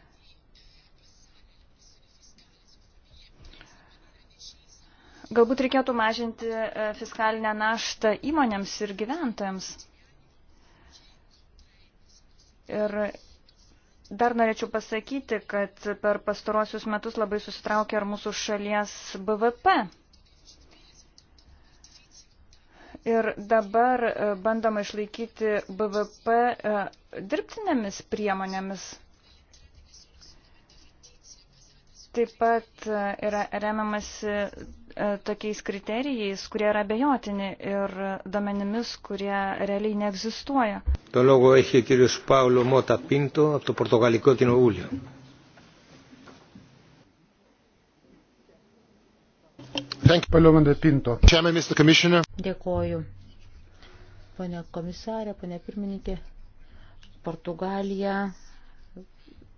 Galbūt reikėtų mažinti e, fiskalinę naštą įmonėms ir gyventojams. Ir dar norėčiau pasakyti, kad per pastarosius metus labai susitraukė ir mūsų šalies BVP. Ir dabar e, bandoma išlaikyti BVP e, dirbtinėmis priemonėmis. Taip pat yra remiamasi E, tokiais kriterijais, kurie yra bejotini ir domenimis, kurie realiai neegzistuoja. To logo echi kirius Paulo Mota Pinto, apto Portugaliko Kinovulio. Dėkoju. Pane komisarė, pane pirmininkė, Portugalija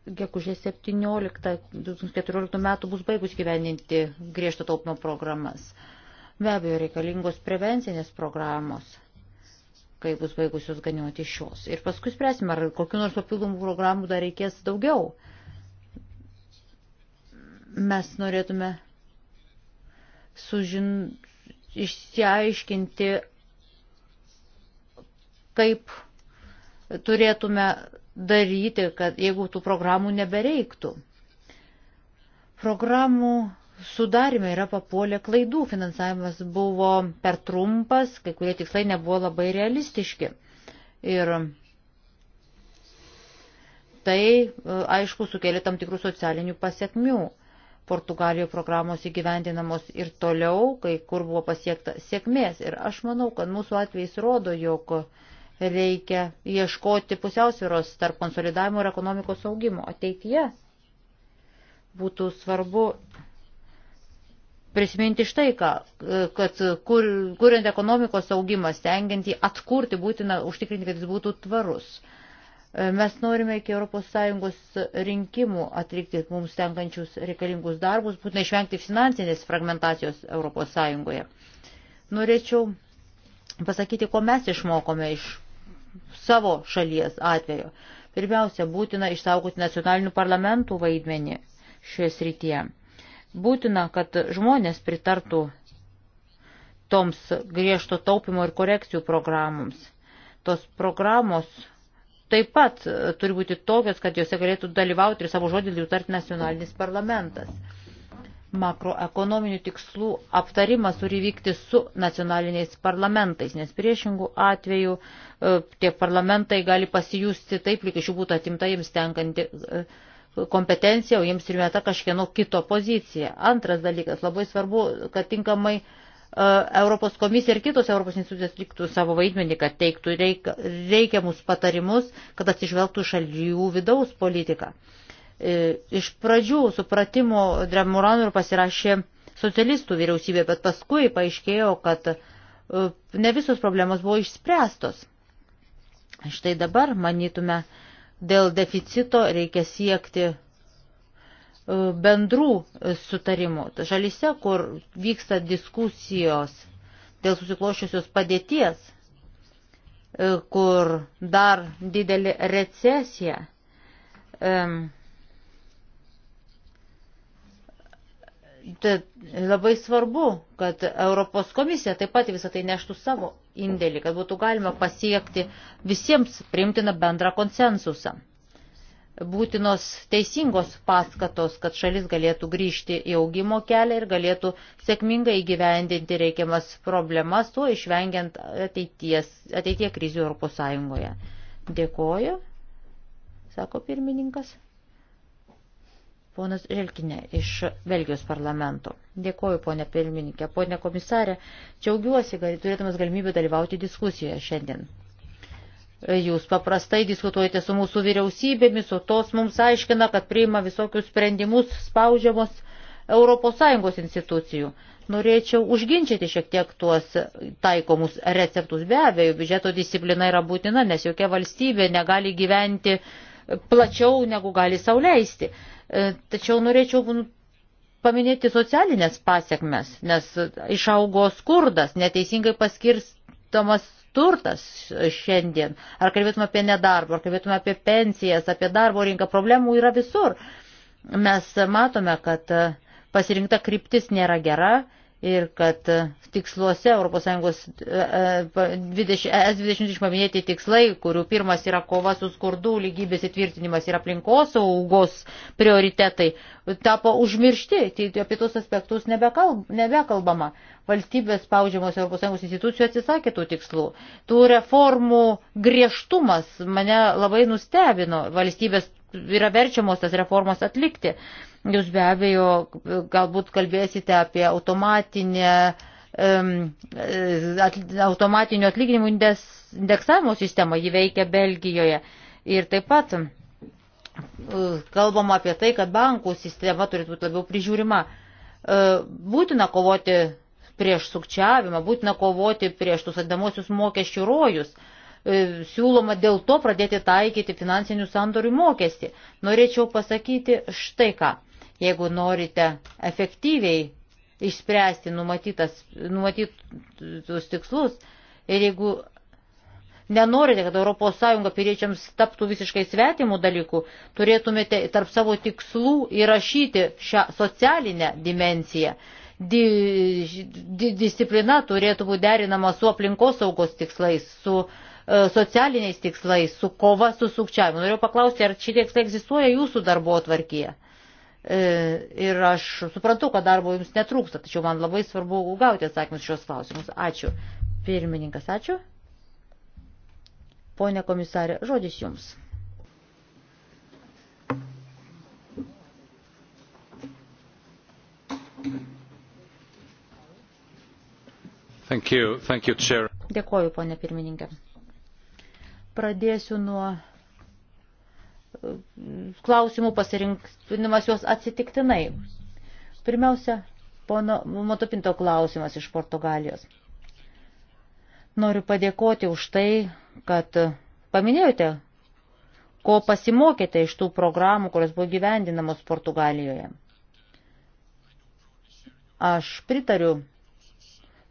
gegužės 17-2014 metų bus baigus gyveninti griežto taupimo programas. Be abejo, reikalingos prevencinės programos, kai bus baigusios ganioti šios. Ir paskui spręsime, ar kokiu nors papildomų programų dar reikės daugiau. Mes norėtume sužin... išsiaiškinti, kaip turėtume daryti, kad jeigu tų programų nebereiktų. Programų sudarime yra papuolė klaidų, finansavimas buvo per trumpas, kai kurie tikslai nebuvo labai realistiški. Ir tai, e, aišku, sukėlė tam tikrų socialinių pasiekmių. Portugalijoje programos įgyvendinamos ir toliau, kai kur buvo pasiekta sėkmės. Ir aš manau, kad mūsų atvejs rodo, jog uh, reikia ieškoti pusiausvėros tarp konsolidavimo ir ekonomikos augimo. Ateityje būtų svarbu prisiminti štai ką, kad kur, kuriant ekonomikos augimą, stengiant jį atkurti, būtina užtikrinti, kad jis būtų tvarus. Mes norime iki ES rinkimų atlikti mums tenkančius reikalingus darbus, būtina išvengti finansinės fragmentacijos ES. Norėčiau pasakyti, ko mes išmokome iš savo šalies atveju. Pirmiausia, būtina išsaugoti nacionalinių parlamentų vaidmenį šioje srityje. Būtina, kad žmonės pritartų toms griežto taupimo ir korekcijų programoms. Tos programos taip pat turi būti tokios, kad juose galėtų dalyvauti ir savo žodį tarti nacionalinis parlamentas makroekonominių tikslų aptarimas turi vykti su nacionaliniais parlamentais, nes priešingų atveju e, tie parlamentai gali pasijūsti taip, lyg iš jų būtų atimta jiems tenkanti e, kompetencija, o jiems ir meta kažkieno kito pozicija. Antras dalykas, labai svarbu, kad tinkamai e, Europos komisija ir kitos Europos institucijos liktų savo vaidmenį, kad teiktų reikiamus patarimus, kad atsižvelgtų šalių vidaus politiką. E, iš pradžių supratimo Dremuranur pasirašė socialistų vyriausybė, bet paskui paaiškėjo, kad e, ne visos problemos buvo išspręstos. Štai dabar, manytume, dėl deficito reikia siekti e, bendrų sutarimų. Šalyse, kur vyksta diskusijos dėl susiklošiusios padėties, kur dar didelė recesija, um, Tad labai svarbu, kad Europos komisija taip pat visą tai neštų savo indėlį, kad būtų galima pasiekti visiems primtiną bendrą konsensusą. Būtinos teisingos paskatos, kad šalis galėtų grįžti į augimo kelią ir galėtų sėkmingai įgyvendinti reikiamas problemas, tuo išvengiant ateities, ateitie krizių Europos Sąjungoje. Dėkoju, sako pirmininkas. Ponas Želkinė iš Belgijos parlamento. Dėkoju, ponė pirmininkė. Ponė komisarė, džiaugiuosi, kad turėtumas galimybę dalyvauti diskusijoje šiandien. Jūs paprastai diskutuojate su mūsų vyriausybėmis, o tos mums aiškina, kad priima visokius sprendimus spaudžiamos ES institucijų. Norėčiau užginčyti šiek tiek tuos taikomus receptus. Be abejo, biudžeto disciplina yra būtina, nes jokia valstybė negali gyventi plačiau, negu gali sauliaisti. E, tačiau norėčiau paminėti socialinės pasiekmes, nes išaugo skurdas, neteisingai paskirstomas turtas šiandien. Ar kalbėtume apie nedarbą, ar kalbėtume apie pensijas, apie darbo rinką, problemų yra visur. Mes matome, kad pasirinkta kryptis nėra gera ir kad tiksluose e, e, e, ES 20 paminėti tikslai, kurių pirmas yra kova su skurdu, lygybės įtvirtinimas ir aplinkosaugos prioritetai, tapo užmiršti, tai apie tos aspektus nebekalb, nebekalbama. Valstybės spaudžiamos ES institucijų atsisakė tų tikslų. Tų reformų griežtumas mane labai nustebino. Valstybės yra verčiamos tas reformas atlikti. Jūs be abejo galbūt kalbėsite apie automatinę e, automatinių atlyginimų indeksavimo sistemą, jį veikia Belgijoje. Ir taip pat kalbama apie tai, kad bankų sistema turėtų būti labiau prižiūrima. E, būtina kovoti prieš sukčiavimą, būtina kovoti prieš tus atdamosius mokesčių rojus. E, siūloma dėl to pradėti taikyti finansinių sandorių mokestį. Norėčiau pasakyti štai ką. Jeigu norite efektyviai išspręsti numatytus tikslus ir jeigu nenorite, kad ES piliečiams taptų visiškai svetimų dalykų, turėtumėte tarp savo tikslų įrašyti šią socialinę dimenciją. Di, di, disciplina turėtų būti derinama su aplinkosaugos tikslais, su e, socialiniais tikslais, su kova su sukčiavimu. Noriu paklausti, ar šitie tikslai egzistuoja jūsų darbo atvarkyje? E, ir aš suprantu, kad darbo jums netrūksta, tačiau man labai svarbu gauti atsakymus šios klausimus. Ačiū. Pirmininkas, ačiū. Pone komisarė, žodis jums. Thank you. Thank you, chair. Dėkoju, ponė pirmininkė. Pradėsiu nuo e, klausimų pasirinkimas juos atsitiktinai. Pirmiausia, pono Matopinto klausimas iš Portugalijos. Noriu padėkoti už tai, kad paminėjote, ko pasimokėte iš tų programų, kurios buvo gyvendinamos Portugalijoje. Aš pritariu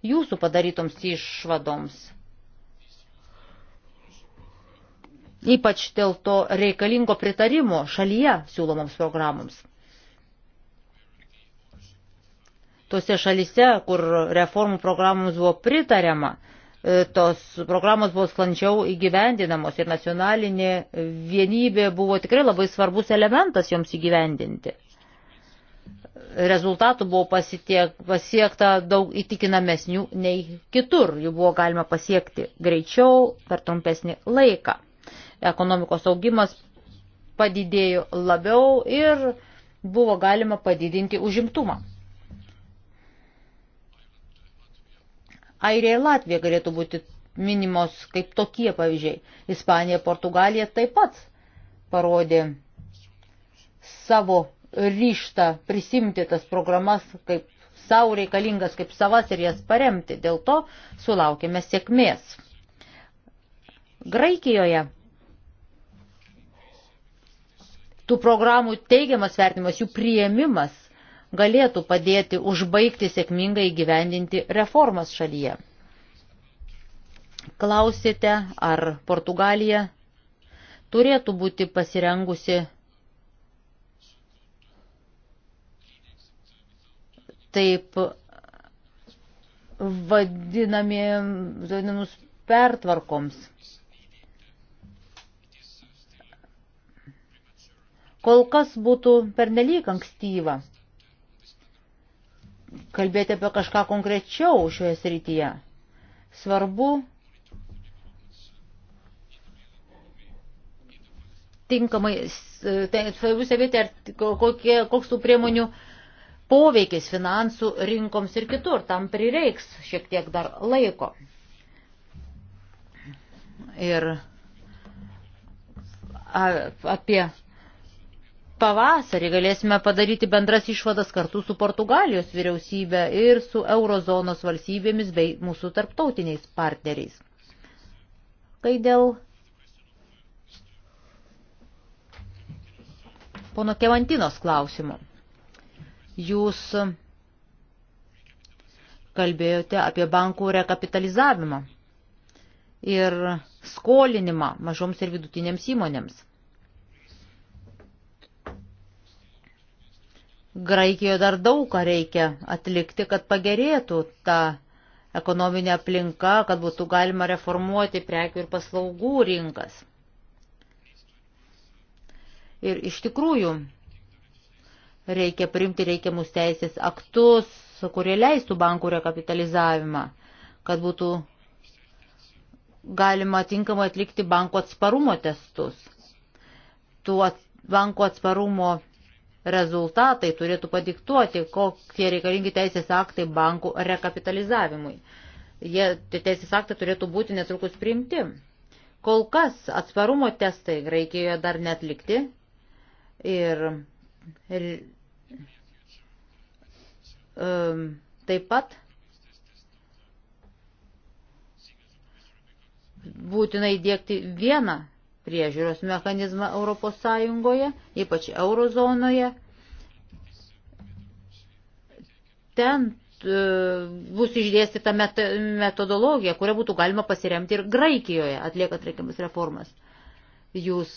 jūsų padarytoms išvadoms. Ypač dėl to reikalingo pritarimo šalyje siūlomoms programoms. Tuose šalyse, kur reformų programoms buvo pritariama, E, tos programos buvo sklandžiau įgyvendinamos ir nacionalinė vienybė buvo tikrai labai svarbus elementas joms įgyvendinti. Rezultatų buvo pasitiek, pasiekta daug įtikinamesnių nei kitur, jų buvo galima pasiekti greičiau per trumpesnį laiką. Ekonomikos augimas padidėjo labiau ir buvo galima padidinti užimtumą. Airija ir Latvija galėtų būti minimos kaip tokie pavyzdžiai. Ispanija, Portugalija taip pat parodė savo ryštą prisimti tas programas kaip savo reikalingas, kaip savas ir jas paremti. Dėl to sulaukėme sėkmės. Graikijoje tų programų teigiamas vertimas, jų prieimimas galėtų padėti užbaigti sėkmingai gyvendinti reformas šalyje. Klausėte, ar Portugalija turėtų būti pasirengusi taip vadinamiems pertvarkoms. Kol kas būtų pernelyg ankstyva kalbėti apie kažką konkrečiau šioje srityje. Svarbu tinkamai, tai svarbu stebėti, kokie, koks tų priemonių poveikis finansų rinkoms ir kitur. Tam prireiks šiek tiek dar laiko. Ir apie pavasarį galėsime padaryti bendras išvadas kartu su Portugalijos vyriausybė ir su eurozonos valstybėmis bei mūsų tarptautiniais partneriais. Kai dėl pono Kevantinos klausimo. Jūs kalbėjote apie bankų rekapitalizavimą ir skolinimą mažoms ir vidutinėms įmonėms. Graikijoje dar daug ką reikia atlikti, kad pagerėtų ta ekonominė aplinka, kad būtų galima reformuoti prekių ir paslaugų rinkas. Ir iš tikrųjų reikia primti reikiamus teisės aktus, kurie leistų bankų rekapitalizavimą, kad būtų galima tinkamai atlikti banko atsparumo testus. Tų at, banko atsparumo rezultatai turėtų padiktuoti, kokie reikalingi teisės aktai bankų rekapitalizavimui. Jie tie teisės aktai turėtų būti netrukus priimti. Kol kas atsparumo testai Graikijoje dar netlikti ir, ir um, taip pat būtinai dėkti vieną priežiūros mechanizmą Europos Sąjungoje, ypač eurozonoje. Ten e, bus išdėstyta metodologija, kurią būtų galima pasiremti ir Graikijoje, atliekant reikiamas reformas. Jūs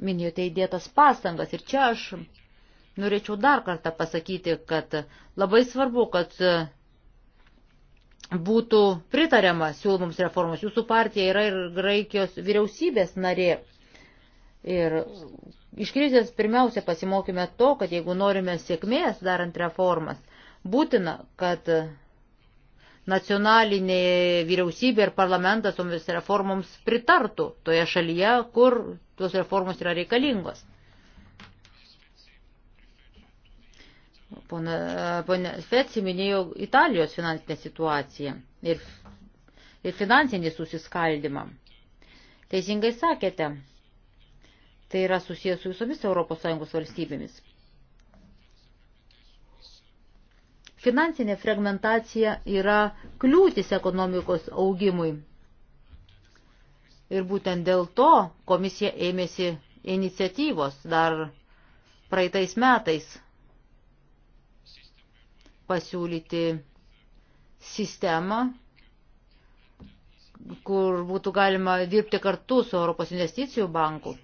minėjote įdėtas pastangas ir čia aš norėčiau dar kartą pasakyti, kad labai svarbu, kad būtų pritariama siūlomoms reformos. Jūsų partija yra ir Graikijos vyriausybės narė. Ir iš krizės pirmiausia pasimokime to, kad jeigu norime sėkmės darant reformas, būtina, kad nacionalinė vyriausybė ir parlamentas tomis reformoms pritartų toje šalyje, kur tos reformos yra reikalingos. Pone, pone Fetsi minėjo Italijos finansinę situaciją ir, ir finansinį susiskaldimą. Teisingai sakėte, tai yra susijęs su visomis ES valstybėmis. Finansinė fragmentacija yra kliūtis ekonomikos augimui. Ir būtent dėl to komisija ėmėsi iniciatyvos dar praeitais metais pasiūlyti sistemą, kur būtų galima dirbti kartu su Europos investicijų banku.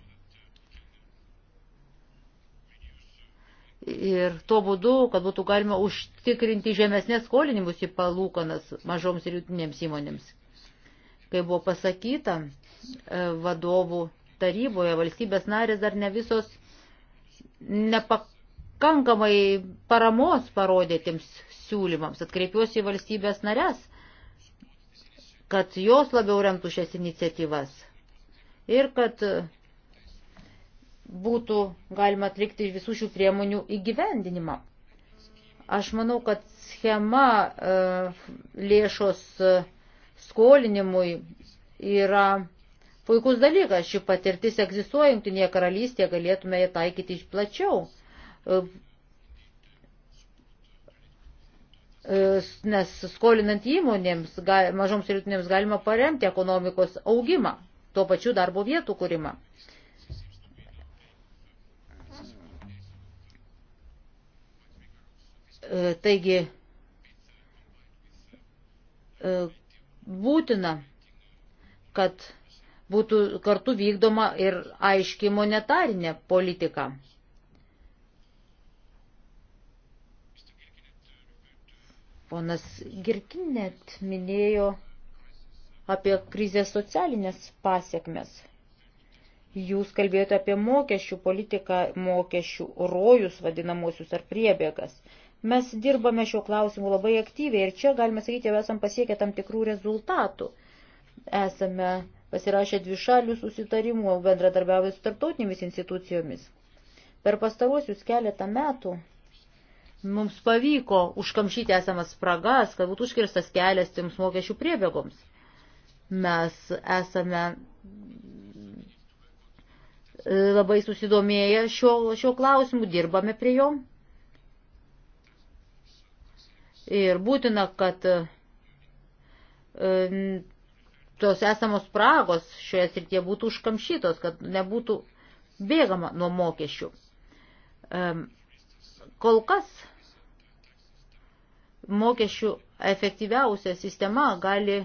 Ir tuo būdu, kad būtų galima užtikrinti žemesnės skolinimus į palūkanas mažoms ir jūtinėms įmonėms. Kai buvo pasakyta e, vadovų taryboje, valstybės narės dar ne visos nepak pakankamai paramos parodėtiems siūlymams. Atkreipiuosi į valstybės narės, kad jos labiau remtų šias iniciatyvas ir kad būtų galima atlikti visų šių priemonių įgyvendinimą. Aš manau, kad schema e, lėšos e, skolinimui yra puikus dalykas. Ši patirtis egzistuoja Junktinėje karalystėje, galėtume ją taikyti plačiau nes skolinant įmonėms, mažoms ir rytinėms galima paremti ekonomikos augimą, tuo pačiu darbo vietų kūrimą. E, taigi, e, būtina, kad būtų kartu vykdoma ir aiški monetarinė politika. Ponas Girkin net minėjo apie krizės socialinės pasiekmes. Jūs kalbėjote apie mokesčių politiką, mokesčių rojus vadinamosius ar priebėgas. Mes dirbame šiuo klausimu labai aktyviai ir čia, galime sakyti, jau esam pasiekę tam tikrų rezultatų. Esame pasirašę dvišalių susitarimų, bendradarbiavę su tarptautinėmis institucijomis. Per pastaruosius keletą metų mums pavyko užkamšyti esamas spragas, kad būtų užkirstas kelias tiems mokesčių priebėgoms. Mes esame labai susidomėję šio, šio klausimu, dirbame prie jo. Ir būtina, kad e, tos esamos spragos šioje srityje būtų užkamšytos, kad nebūtų bėgama nuo mokesčių. Kol kas mokesčių efektyviausia sistema gali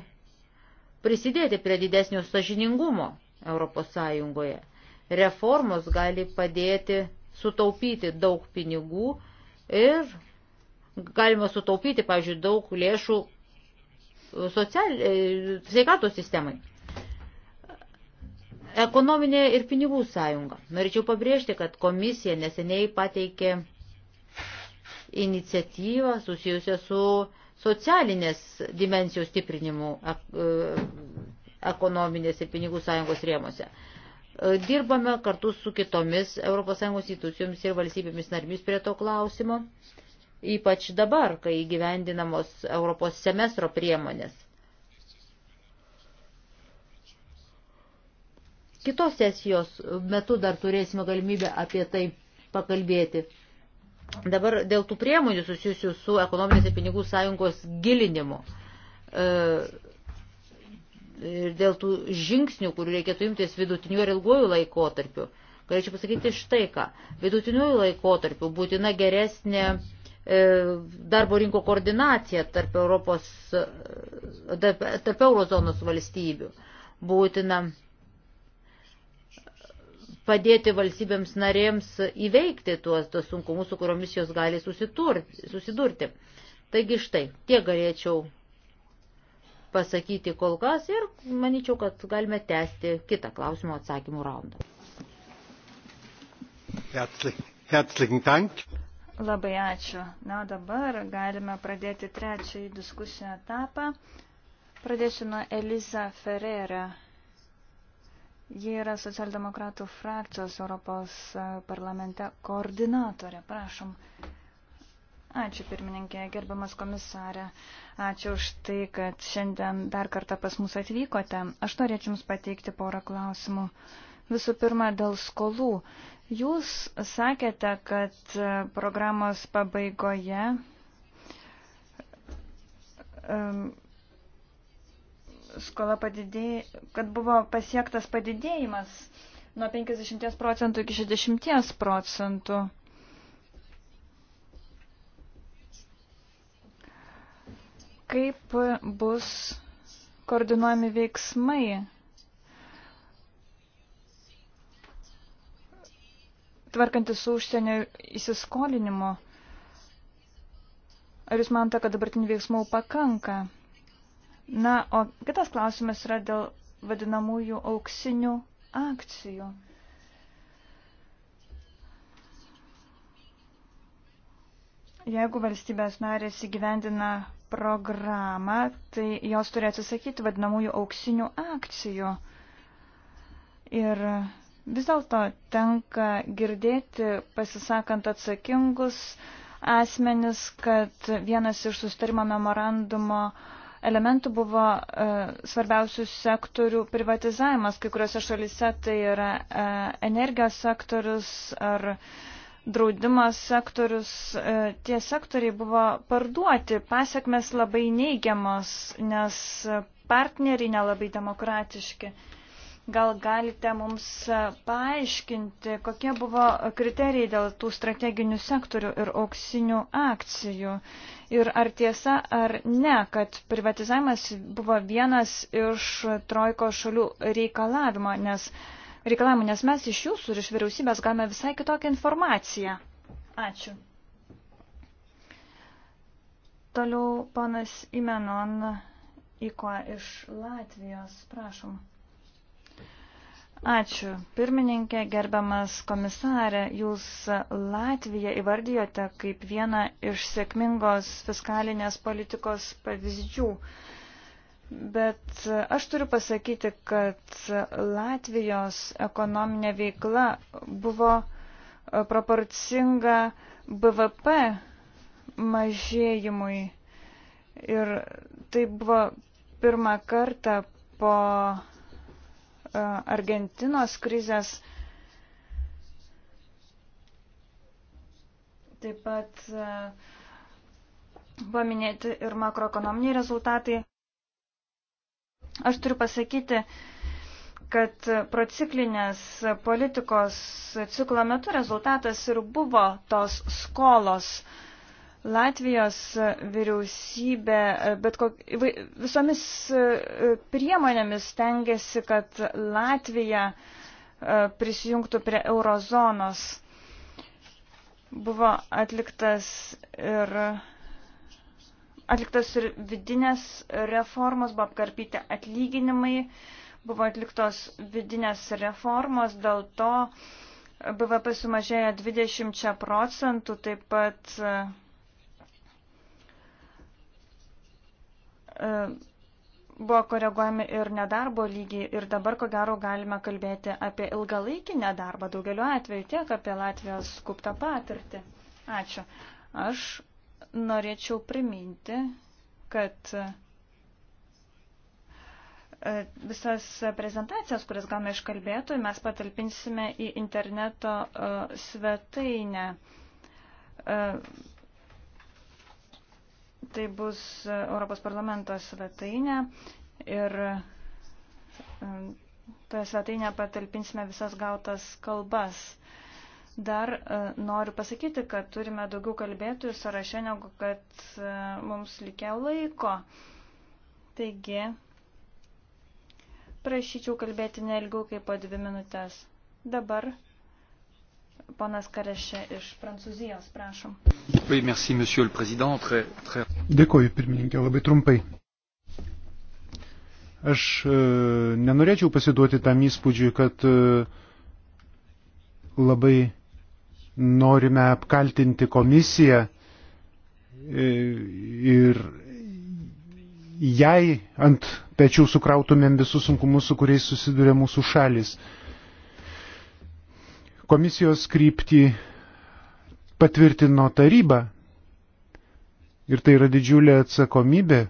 prisidėti prie didesnio sažiningumo Europos Sąjungoje. Reformos gali padėti sutaupyti daug pinigų ir galima sutaupyti, pavyzdžiui, daug lėšų social... E, sveikatos sistemai. Ekonominė ir pinigų sąjunga. Norėčiau pabrėžti, kad komisija neseniai pateikė iniciatyvą susijusią su socialinės dimensijos stiprinimu e, ekonominės ir pinigų sąjungos rėmose. E, dirbame kartu su kitomis ES institucijomis ir valstybėmis narmis prie to klausimo, ypač dabar, kai įgyvendinamos Europos semestro priemonės. Kitos sesijos metu dar turėsime galimybę apie tai pakalbėti. Dabar dėl tų priemonių susijusių su ekonominės ir pinigų sąjungos gilinimu e, ir dėl tų žingsnių, kurių reikėtų imtis vidutiniu ir ilguoju laikotarpiu. Galėčiau pasakyti štai ką. Vidutiniuoju laikotarpiu būtina geresnė e, darbo rinko koordinacija tarp, Europos, e, tarp, tarp eurozonos valstybių. Būtina padėti valstybėms narėms įveikti tuos, tuos sunkumus, su kuriomis jos gali susidurti. Taigi štai, tiek galėčiau pasakyti kol kas ir manyčiau, kad galime tęsti kitą klausimų atsakymų raundą. Herzlichen Dank. Labai ačiū. Na, dabar galime pradėti trečiąjį diskusijų etapą. Pradėsiu nuo Eliza Ferreira. Jie yra socialdemokratų frakcijos Europos e, parlamente koordinatorė. Prašom. Ačiū pirmininkė, gerbamas komisarė. Ačiū už tai, kad šiandien dar kartą pas mus atvykote. Aš norėčiau Jums pateikti porą klausimų. Visų pirma, dėl skolų. Jūs sakėte, kad e, programos pabaigoje um, skola padidėjo, kad buvo pasiektas padidėjimas nuo 50 procentų iki 60 procentų. Kaip bus koordinuojami veiksmai? Tvarkantis su užsienio įsiskolinimu, ar jūs manote, kad dabartinių veiksmų pakanka? Na, o kitas klausimas yra dėl vadinamųjų auksinių akcijų. Jeigu valstybės narės įgyvendina programą, tai jos turi atsisakyti vadinamųjų auksinių akcijų. Ir vis dėlto tenka girdėti, pasisakant atsakingus asmenis, kad vienas iš sustarimo memorandumo uh, elementų buvo e, svarbiausių sektorių privatizavimas. Kai kuriuose šalise tai yra e, energijos sektorius ar draudimas sektorius. E, tie sektoriai buvo parduoti, pasiekmes labai neigiamos, nes partneriai nelabai demokratiški. Gal galite mums e, paaiškinti, kokie buvo kriterijai dėl tų strateginių sektorių ir auksinių akcijų? Ir ar tiesa, ar ne, kad privatizavimas buvo vienas iš trojko šalių reikalavimo, nes, reikalavimo, nes mes iš jūsų ir iš vyriausybės gavome visai kitokią informaciją. Ačiū. Toliau panas Imenon Iko iš Latvijos, prašom. Ačiū. Pirmininkė, gerbiamas komisarė, jūs Latviją įvardijote kaip vieną iš sėkmingos fiskalinės politikos pavyzdžių. Bet aš turiu pasakyti, kad Latvijos ekonominė veikla buvo proporcinga BVP mažėjimui. Ir tai buvo pirmą kartą po Argentinos krizės. Taip pat buvo e, minėti ir makroekonominiai rezultatai. Aš turiu pasakyti, kad prociklinės politikos ciklo metu rezultatas ir buvo tos skolos uh, Latvijos vyriausybė bet kok, visomis e, priemonėmis tengiasi, kad Latvija e, prisijungtų prie eurozonos. Buvo atliktas ir, atliktas ir vidinės reformos, buvo apkarpyti atlyginimai, buvo atliktos vidinės reformos, dėl to BVP sumažėjo 20 procentų, taip pat E, buvo koreguojami ir nedarbo lygiai ir dabar ko gero galime kalbėti apie ilgalaikį nedarbą, daugeliu atveju tiek apie Latvijos skuptą patirtį. Ačiū. Aš norėčiau priminti, kad e, visas prezentacijas, kurias gavome iš kalbėtojų, mes patalpinsime į interneto e, svetainę Tai bus e, Europos parlamento svetainė ir e, toje svetainėje patalpinsime visas gautas kalbas. Dar e, noriu pasakyti, kad turime daugiau kalbėtojų sąraše, negu kad mums likė laiko. Taigi, prašyčiau kalbėti nelgiau kaip po dvi minutės. Dabar Ponas Karešė iš Prancūzijos, prašom. Oui, merci, monsieur le président. Très, très... Dėkoju, pirmininkė, labai trumpai. Aš e, nenorėčiau pasiduoti tam įspūdžiui, kad e, labai norime apkaltinti komisiją e, ir jai ant pečių sukrautumėm visus sunkumus, su kuriais susiduria mūsų šalis. E, komisijos kryptį patvirtino taryba. Ir tai yra didžiulė atsakomybė,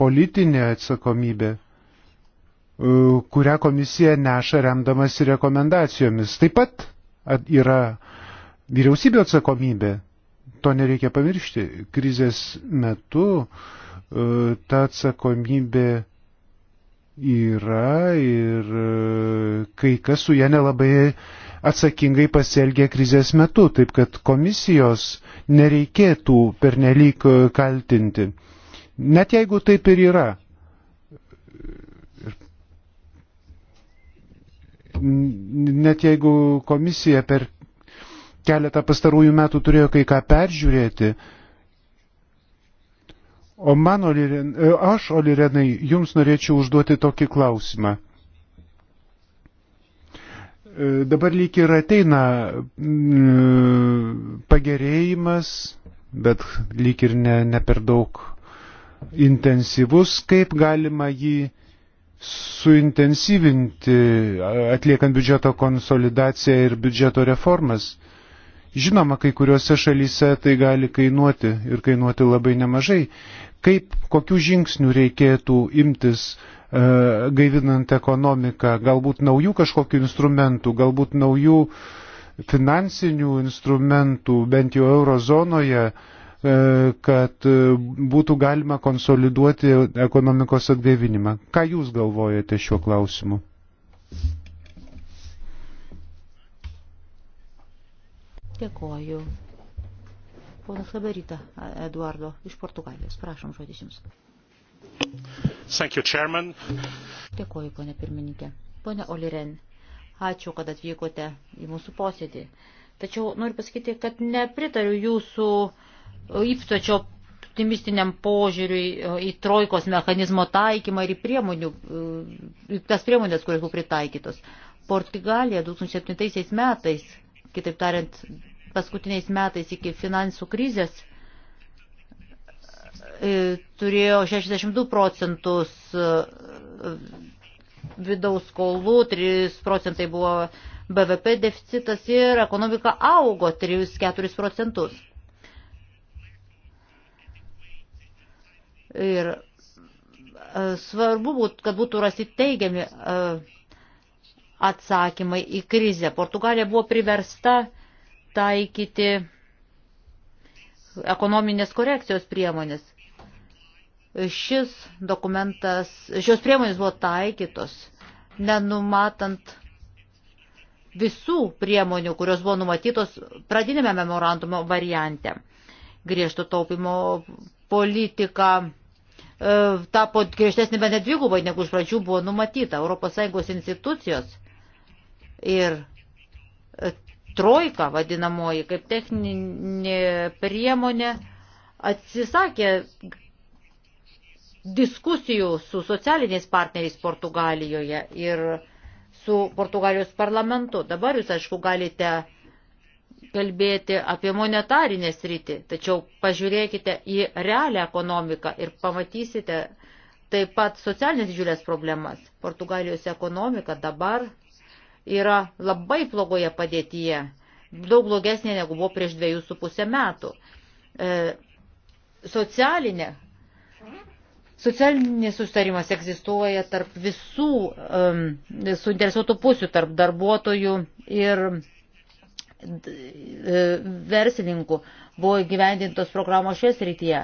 politinė atsakomybė, e, kurią komisija neša remdamas rekomendacijomis. Taip pat yra vyriausybė atsakomybė. To nereikia pamiršti. Krizės metu e, ta atsakomybė yra ir e, kai kas su ją nelabai atsakingai pasielgė krizės metu, taip kad komisijos nereikėtų pernelyg e, kaltinti. Net jeigu taip ir yra. Net jeigu komisija per keletą pastarųjų metų turėjo kai ką peržiūrėti, o man, Oliren, e, aš, Olirenai, jums norėčiau užduoti tokį klausimą. Dabar lyg ir ateina mm, pagerėjimas, bet lyg ir ne, ne per daug intensyvus, kaip galima jį suintensyvinti, atliekant biudžeto konsolidaciją ir biudžeto reformas. Žinoma, kai kuriuose šalyse tai gali kainuoti ir kainuoti labai nemažai. Kaip, kokių žingsnių reikėtų imtis, uh, E, gaivinant ekonomiką, galbūt naujų kažkokių instrumentų, galbūt naujų finansinių instrumentų, bent jau eurozonoje, e, kad e, būtų galima konsoliduoti ekonomikos atgaivinimą. Ką Jūs galvojate šiuo klausimu? Dėkoju. Ponas Laberita, Eduardo iš Portugalijos. Prašom žodis Jums. Thank you, Chairman. Dėkuoju, ponė pirmininkė. Pone Oliren, ačiū, kad atvykote į mūsų posėdį. Tačiau noriu pasakyti, kad nepritariu jūsų įptočio optimistiniam požiūriui e, į trojkos mechanizmo taikymą ir į priemonių, e, į tas priemonės, kurios buvo pritaikytos. Portugalija 2007 metais, kitaip tariant, paskutiniais metais iki finansų krizės E, turėjo 62 procentus e, vidaus skolų, 3 procentai buvo BVP deficitas ir ekonomika augo 3-4 procentus. Ir e, svarbu, būt, kad būtų rasti teigiami atsakymai į krizę. Portugalija buvo priversta taikyti ekonominės korekcijos priemonės. Šis dokumentas, šios priemonės buvo taikytos, nenumatant visų priemonių, kurios buvo numatytos pradinėme memorandumo variante. Griežto taupimo politika e, tapo griežtesnė bent dvigubai, negu iš pradžių buvo numatyta. ES institucijos ir e, trojka vadinamoji kaip techninė priemonė atsisakė diskusijų su socialiniais partneriais Portugalijoje ir su Portugalijos parlamentu. Dabar jūs, aišku, galite kalbėti apie monetarinę sritį, tačiau pažiūrėkite į realią ekonomiką ir pamatysite taip pat socialinės didžiulės problemas. Portugalijos ekonomika dabar yra labai blogoje padėtyje, daug blogesnė negu buvo prieš dviejų su pusę metų. E, socialinė Socialinis sustarimas egzistuoja tarp visų um, suinteresuotų pusių, tarp darbuotojų ir e, verslininkų. Buvo gyvendintos programos šios rytyje.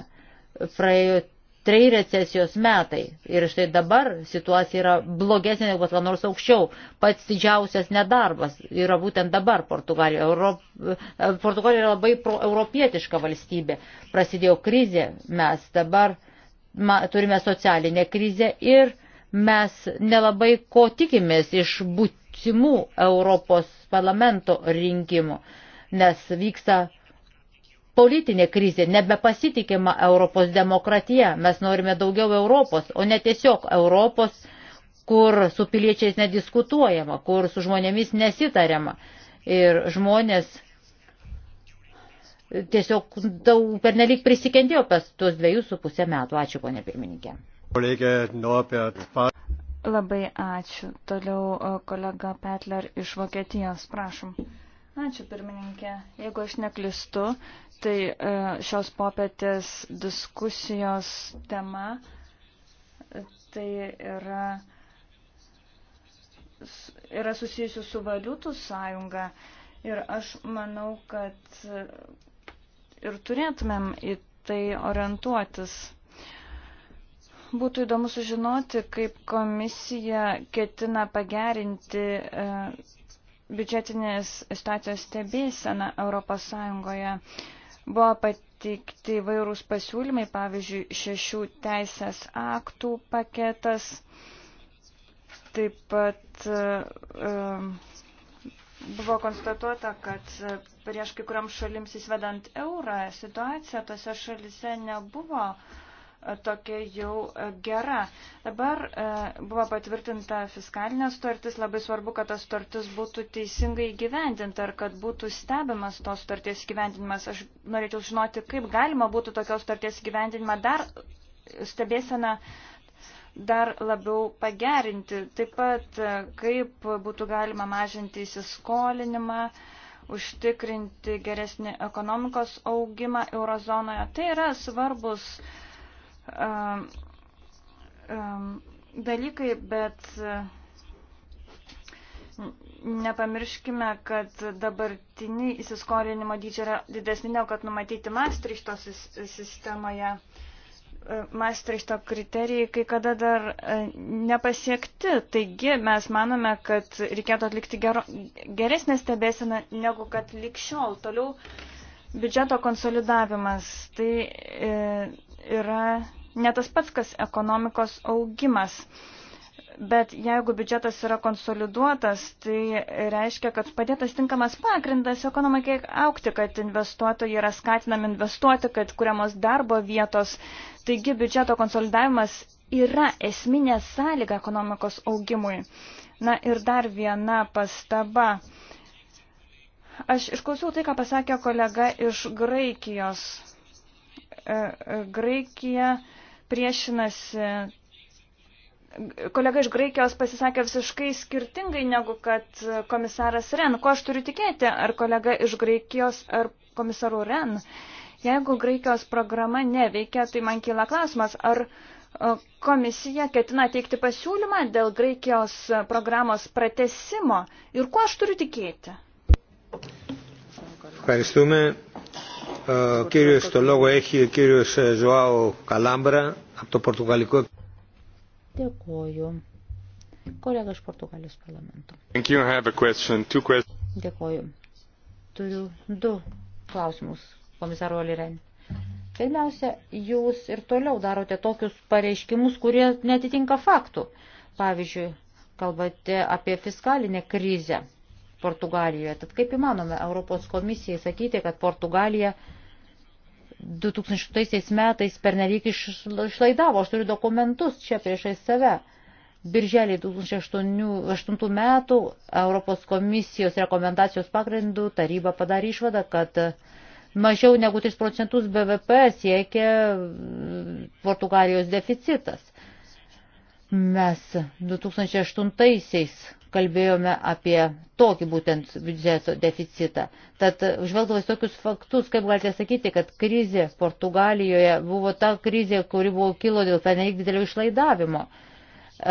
Praėjo trei recesijos metai ir štai dabar situacija yra blogesnė negu kad nors aukščiau. Pats didžiausias nedarbas yra būtent dabar Portugalija. Euro... Portugalija yra labai pro... europietiška valstybė. Prasidėjo krizė, mes dabar uh, ma, turime socialinę krizę ir mes nelabai ko tikimės iš būsimų Europos parlamento rinkimų, nes vyksta politinė krizė, nebepasitikima Europos demokratija. Mes norime daugiau Europos, o ne tiesiog Europos, kur su piliečiais nediskutuojama, kur su žmonėmis nesitariama. Ir žmonės tiesiog daug pernelik prisikendėjo pas tuos dviejus su pusę metų. Ačiū, ponė pirmininkė. Labai ačiū. Toliau kolega Petler iš Vokietijos, prašom. Ačiū, pirmininkė. Jeigu aš neklistu, tai e, šios popietės diskusijos tema e, tai yra yra susijusi su valiutų sąjunga. Ir aš manau, kad ir turėtumėm į tai orientuotis. Būtų įdomu sužinoti, kaip komisija ketina pagerinti e, biudžetinės situacijos stebėseną Europos Sąjungoje. Buvo pateikti vairūs pasiūlymai, pavyzdžiui, šešių teisės aktų paketas, taip pat uh, buvo konstatuota, kad prieš kai kuriam šalims įsvedant eurą situacija tose šalise nebuvo e, tokia jau e, gera. Dabar e, buvo patvirtinta fiskalinė sutartis, labai svarbu, kad tas sutartis būtų teisingai gyvendinta ir kad būtų stebimas tos sutarties gyvendinimas. Aš norėčiau žinoti, kaip galima būtų tokios sutarties gyvendinimą dar stebėsena dar labiau pagerinti. Taip pat, e, kaip būtų galima mažinti įsiskolinimą, užtikrinti geresnį ekonomikos augimą eurozonoje. Tai yra svarbus um, um, dalykai, bet nepamirškime, kad dabartiniai įsiskolinimo dydžiai yra didesni, negu kad numatyti Maastrichto sistemoje. Maastrichto kriterijai kai kada dar e, nepasiekti. Taigi mes manome, kad reikėtų atlikti gero, geresnę stebėseną negu kad likščiol. Toliau biudžeto konsolidavimas. Tai e, yra ne tas pats, kas ekonomikos augimas. E, Bet jeigu biudžetas yra konsoliduotas, tai reiškia, kad padėtas tinkamas pagrindas ekonomikai aukti, kad investuotojai yra skatinami investuoti, kad kuriamos darbo vietos. Taigi biudžeto konsolidavimas yra esminė sąlyga ekonomikos augimui. Na ir dar viena pastaba. Aš išklausiau tai, ką pasakė kolega iš Graikijos. E, e, Graikija priešinasi kolega iš Graikijos pasisakė visiškai skirtingai negu kad komisaras Ren. Ko aš turiu tikėti, ar kolega iš Graikijos ar komisaru Ren? Jeigu Graikijos programa neveikia, tai man kyla klausimas, ar e, komisija ketina teikti pasiūlymą dėl Graikijos programos pratesimo ir ko aš turiu tikėti? Ευχαριστούμε. Ο κύριος το λόγο έχει ο κύριος Ζωάο Καλάμπρα από το Πορτογαλικό Dėkoju. Kolega iš Portugalijos parlamento. Dėkoju. Turiu du klausimus, komisaro Oliren. Pirmiausia, jūs ir toliau darote tokius pareiškimus, kurie netitinka faktų. Pavyzdžiui, kalbate apie fiskalinę krizę Portugalijoje. Tad kaip įmanome Europos komisijai sakyti, kad Portugalija 2000 metais pernelyg išlaidavo, aš turiu dokumentus čia priešai save. Birželį 2008 metų Europos komisijos rekomendacijos pagrindų taryba padarė išvadą, kad mažiau negu 3 procentus BVP siekia Portugalijos deficitas. Mes 2008 kalbėjome apie tokį būtent biudžeto deficitą. Tad žvelgdamas tokius faktus, kaip galite sakyti, kad krizė Portugalijoje buvo ta krizė, kuri buvo kilo dėl pernelyg didelio išlaidavimo.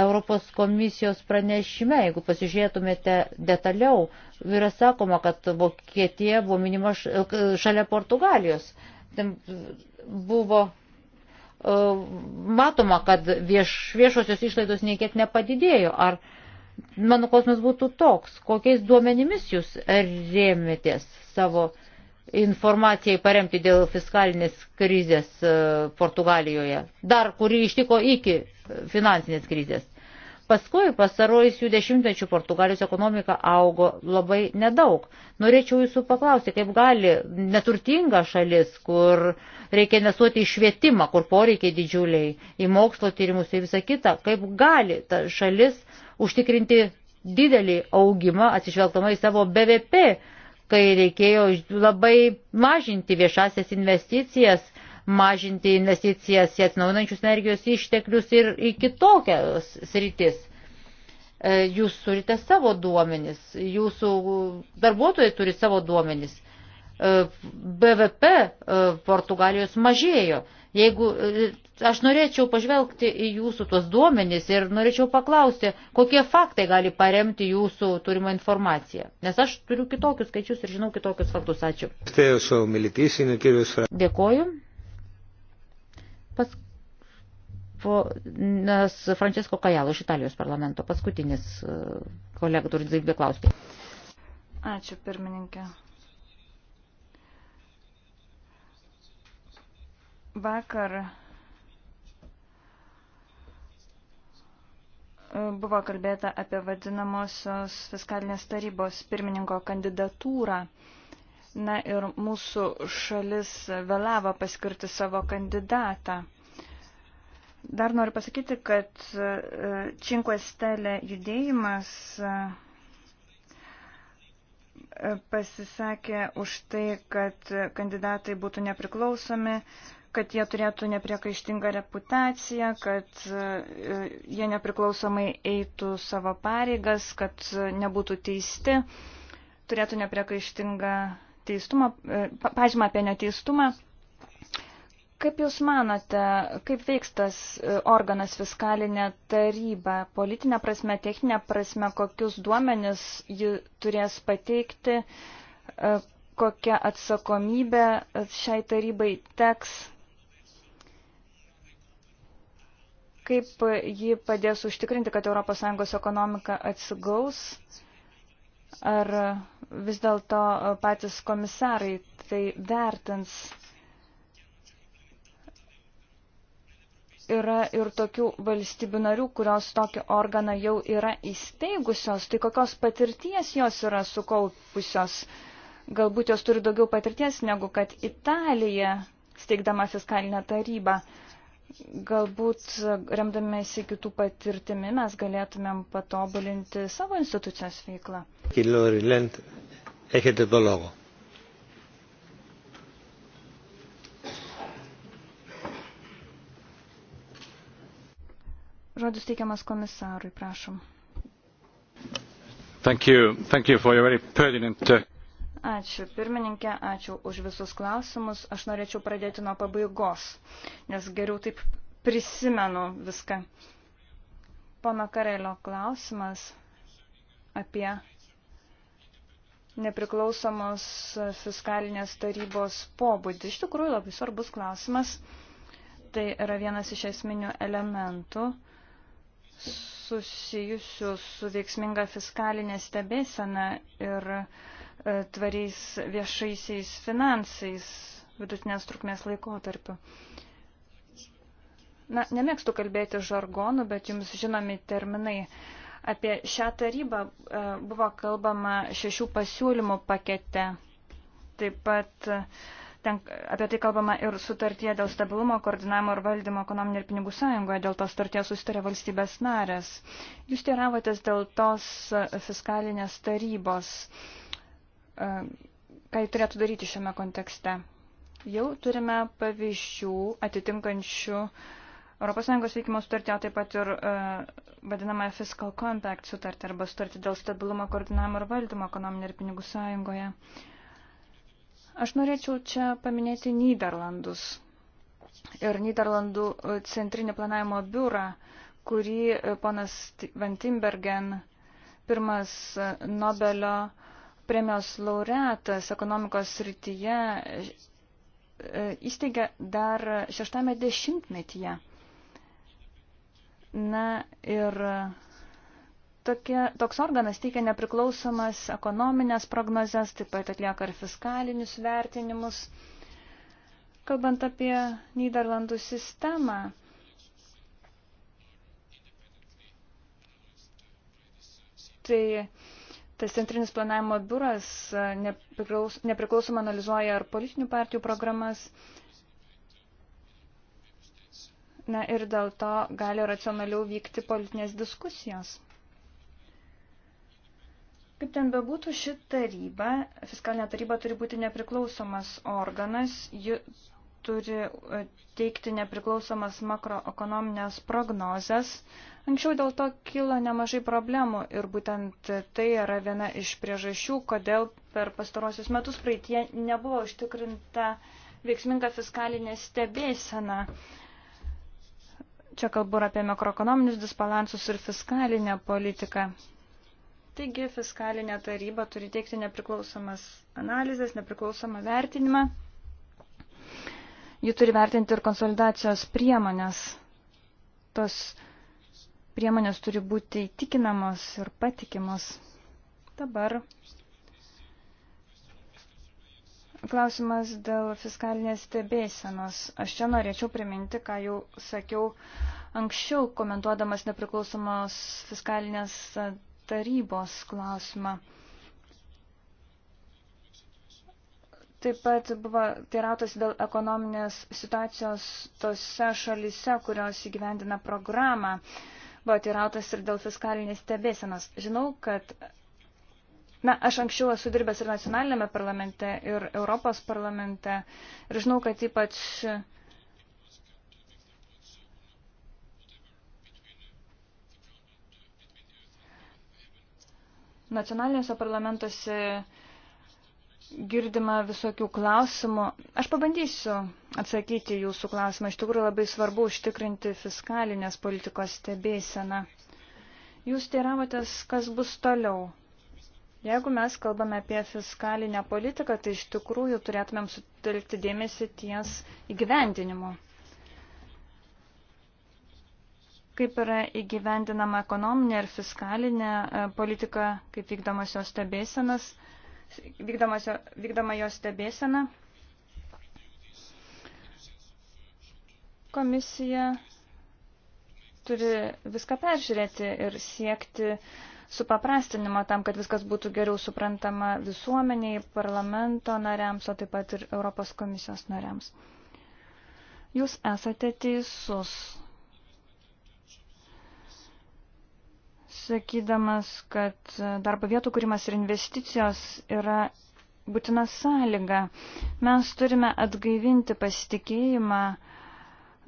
Europos komisijos pranešime, jeigu pasižiūrėtumėte detaliau, yra sakoma, kad Vokietija buvo minima šalia Portugalijos. Ten buvo e, matoma, kad vieš, viešosios išlaidos niekiek nepadidėjo. Ar mano klausimas būtų toks, kokiais duomenimis jūs rėmėtės savo informacijai paremti dėl fiskalinės krizės e, Portugalijoje, dar kuri ištiko iki finansinės krizės. Paskui pasarojus jų dešimtmečių Portugalijos ekonomika augo labai nedaug. Norėčiau jūsų paklausti, kaip gali neturtinga šalis, kur reikia nesuoti į švietimą, kur poreikiai didžiuliai, į mokslo tyrimus ir visą kitą, kaip gali ta šalis užtikrinti didelį augimą atsižvelgdama į savo BVP, kai reikėjo labai mažinti viešasias investicijas, mažinti investicijas į atsinaujinančius energijos išteklius ir į kitokias sritis. E, jūs turite savo duomenis, jūsų darbuotojai turi savo duomenis. E, BVP e, Portugalijos mažėjo. Jeigu e, aš norėčiau pažvelgti į jūsų tuos duomenys ir norėčiau paklausti, kokie faktai gali paremti jūsų turimą informaciją. Nes aš turiu kitokius skaičius ir žinau kitokius faktus. Ačiū. Dėkoju. Pas... Nes Francesco Kajalo iš Italijos parlamento paskutinis e, kolega turi klausti. Ačiū pirmininkė. Vakar e, buvo kalbėta apie vadinamosios fiskalinės tarybos pirmininko kandidatūrą. Na ir mūsų šalis vėlavo paskirti savo kandidatą. Dar noriu pasakyti, kad Činkuestelė e, judėjimas e, pasisakė už tai, kad kandidatai būtų nepriklausomi, kad jie turėtų nepriekaištingą reputaciją, kad e, jie nepriklausomai eitų savo pareigas, kad nebūtų teisti, turėtų nepriekaištingą teistumą, e, pažymą apie neteistumą. Kaip Jūs manote, kaip veiks tas e, organas fiskalinė taryba, politinė prasme, techninė prasme, kokius duomenis ji turės pateikti, kokia atsakomybė šiai tarybai teks kaip ji padės užtikrinti, kad ES ekonomika atsigaus, ar vis dėlto patys komisarai tai vertins. Yra ir tokių valstybių narių, kurios tokį organą jau yra įsteigusios, tai kokios patirties jos yra sukaupusios. Galbūt jos turi daugiau patirties negu kad Italija, steigdama fiskalinę tarybą. Uh, galbūt remdamėsi kitų patirtimi mes galėtumėm patobulinti savo institucijos veiklą. Žodis teikiamas komisarui, prašom. Thank you. Thank you for your very pertinent uh, Ačiū pirmininkė, ačiū už visus klausimus. Aš norėčiau pradėti nuo pabaigos, nes geriau taip prisimenu viską. Pono Karelio klausimas apie nepriklausomos fiskalinės tarybos pobūdį. Iš tikrųjų labai svarbus klausimas. Tai yra vienas iš esminių elementų susijusių su veiksminga fiskalinė stebėsena ir uh, E, tvariais viešaisiais finansais vidutinės trukmės laikotarpiu. Na, nemėgstu kalbėti žargonų, bet jums žinomi terminai. Apie šią tarybą e, buvo kalbama šešių pasiūlymų pakete. Taip pat e, ten, apie tai kalbama ir sutartie dėl stabilumo, koordinavimo ir valdymo ekonominė ir pinigų sąjungoje, dėl tos starties sustarė valstybės narės. Jūs teiravotės dėl tos fiskalinės tarybos. Uh, E, ką jį turėtų daryti šiame kontekste. Jau turime pavyzdžių atitinkančių ES veikimo sutartį, o taip pat ir e, vadinamąją Fiscal Compact sutartį arba sutartį dėl stabilumo, koordinavimo ir valdymo ekonominė ir pinigų sąjungoje. Aš norėčiau čia paminėti Niderlandus ir Niderlandų e, centrinį planavimo biurą, kurį ponas Van Timbergen, pirmas Nobelio premijos laureatas ekonomikos srityje e, įsteigė dar šeštame dešimtmetyje. Na ir tokie, toks organas teikia nepriklausomas ekonominės prognozes, taip pat atlieka ir fiskalinius vertinimus. Kalbant apie Niderlandų sistemą, tai Tas centrinis planavimo biuras e, nepriklaus, nepriklausomai analizuoja ar politinių partijų programas. Na ir dėl to gali racionaliau vykti politinės diskusijos. Kaip ten bebūtų, ši taryba, fiskalinė taryba turi būti nepriklausomas organas, ji turi e, teikti nepriklausomas makroekonominės prognozes. Anksčiau dėl to kilo nemažai problemų ir būtent tai yra viena iš priežasčių, kodėl per pastarosius metus praeitie nebuvo užtikrinta veiksminga fiskalinė stebėsena. Čia kalbu apie makroekonominius disbalansus ir fiskalinę politiką. Taigi fiskalinė taryba turi teikti nepriklausomas analizės, nepriklausomą vertinimą Ji turi vertinti ir konsolidacijos priemonės. Tos priemonės turi būti įtikinamos ir patikimos. Dabar klausimas dėl fiskalinės stebėsenos. Aš čia norėčiau priminti, ką jau sakiau anksčiau, komentuodamas nepriklausomos fiskalinės tarybos klausimą. Taip pat buvo teirautas dėl ekonominės situacijos tose šalise, kurios įgyvendina programą. Buvo teirautas ir dėl fiskalinės stebėsenos. Žinau, kad Na, aš anksčiau esu dirbęs ir nacionalinėme parlamente, ir Europos parlamente, ir žinau, kad ypač nacionalinėse parlamentuose girdima visokių klausimų. Aš pabandysiu atsakyti jūsų klausimą. Iš tikrųjų labai svarbu užtikrinti fiskalinės politikos stebėseną. Jūs teiravotės, kas bus toliau. Jeigu mes kalbame apie fiskalinę politiką, tai iš tikrųjų turėtumėm sutelkti dėmesį ties įgyvendinimu. Kaip yra įgyvendinama ekonominė ir fiskalinė e, politika, kaip vykdomas jos stebėsenas, vykdoma jos stebėsena. Komisija turi viską peržiūrėti ir siekti supaprastinimo tam, kad viskas būtų geriau suprantama visuomeniai, parlamento nariams, o taip pat ir Europos komisijos nariams. Jūs esate teisus. sakydamas, kad darbo vietų kūrimas ir investicijos yra būtina sąlyga. Mes turime atgaivinti pasitikėjimą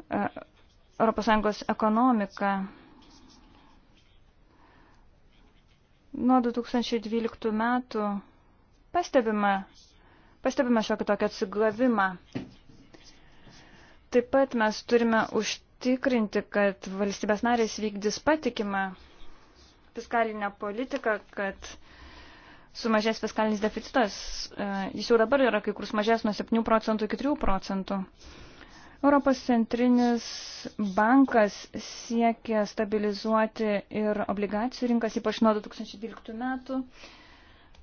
e, ES ekonomiką. Nuo 2012 metų pastebime, pastebime šiokį tokį atsiglavimą. Taip pat mes turime užtikrinti, kad valstybės narės vykdys patikimą fiskalinę politiką, kad sumažės fiskalinis deficitas. E, jis jau dabar yra kai kur sumažės nuo 7 procentų iki 3 procentų. Europos centrinis bankas siekia stabilizuoti ir obligacijų rinkas, ypač nuo 2012 metų.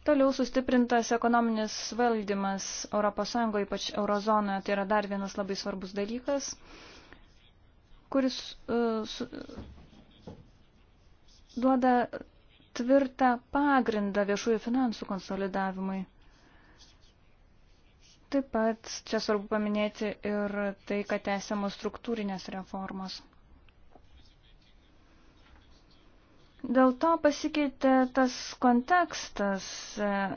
Toliau sustiprintas ekonominis valdymas ES, ypač eurozonoje, tai yra dar vienas labai svarbus dalykas, kuris uh, su, duoda tvirtą pagrindą viešųjų finansų konsolidavimui. Taip pat čia svarbu paminėti ir tai, kad tęsiamos struktūrinės reformos. Dėl to pasikeitė tas kontekstas ES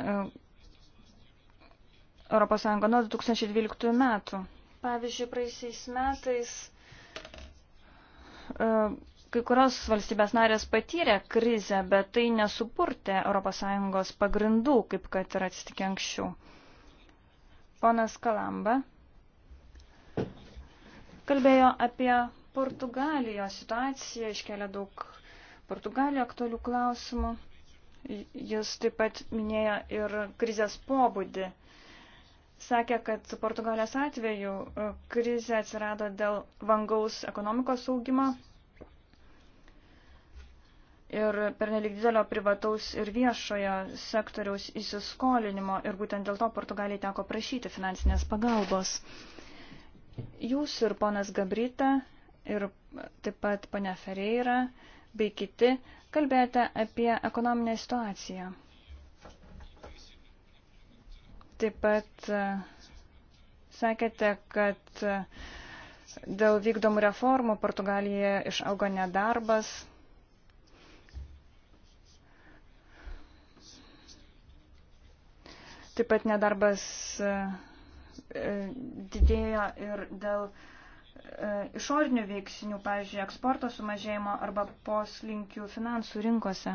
nuo 2012 metų. Pavyzdžiui, praeisiais metais e, Kai kurios valstybės narės patyrė krizę, bet tai nesupurtė ES pagrindų, kaip kad yra atsitikę anksčiau. Ponas Kalamba kalbėjo apie Portugalijos situaciją, iškelia daug Portugalijo aktualių klausimų. Jis taip pat minėjo ir krizės pobūdį. Sakė, kad Portugalijos atveju e, krizė atsirado dėl vangaus ekonomikos augimo ir pernelik didelio privataus ir viešojo sektoriaus įsiskolinimo ir būtent dėl to Portugalijai teko prašyti finansinės pagalbos. Jūs ir ponas Gabrita ir taip pat ponia Ferreira bei kiti kalbėjote apie ekonominę situaciją. Taip pat e, sakėte, kad e, dėl vykdomų reformų Portugalijoje išaugo nedarbas, Taip pat nedarbas e, e, didėjo ir dėl e, išorinių veiksnių, pavyzdžiui, eksporto sumažėjimo arba poslinkių finansų rinkose.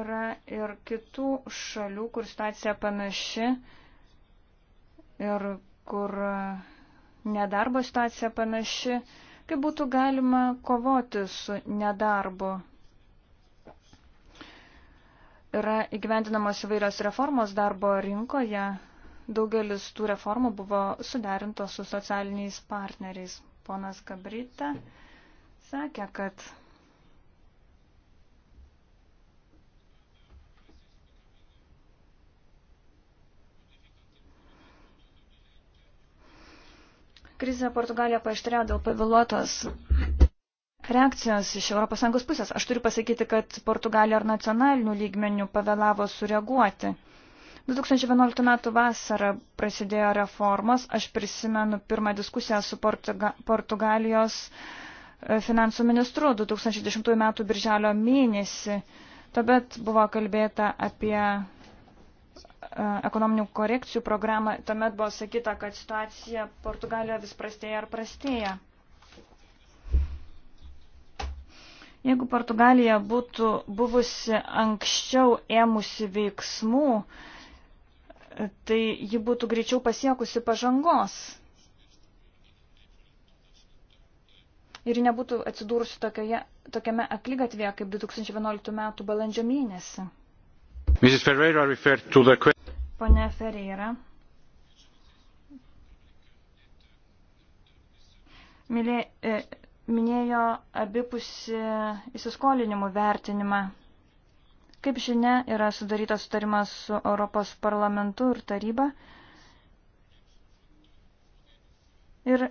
Yra ir kitų šalių, kur situacija panaši ir kur nedarbo situacija panaši. Kaip būtų galima kovoti su nedarbu? Yra įgyvendinamos įvairios reformos darbo rinkoje. Daugelis tų reformų buvo suderintos su socialiniais partneriais. Ponas Gabrita sakė, kad Krizė Portugalija paaištrėjo dėl pavėluotos reakcijos iš ES pusės. Aš turiu pasakyti, kad Portugalija ar nacionalinių lygmenių pavėlavo sureaguoti. 2011 m. vasarą prasidėjo reformos. Aš prisimenu pirmą diskusiją su Portuga Portugalijos e, finansų ministru 2010 m. birželio mėnesį. Tuomet buvo kalbėta apie E, ekonominių korekcijų programą, tuomet buvo sakyta, kad situacija Portugalijoje vis prastėja ar prastėja. Jeigu Portugalija būtų buvusi anksčiau ėmusi veiksmų, tai ji būtų greičiau pasiekusi pažangos. Ir nebūtų atsidūrusi tokioje, tokiame aklygatvėje kaip 2011 m. balandžio mėnesį. Pone Ferreira. Mylė, e, minėjo abipusį įsiskolinimų vertinimą. Kaip žinia, yra sudarytas sutarimas su Europos parlamentu ir taryba. Ir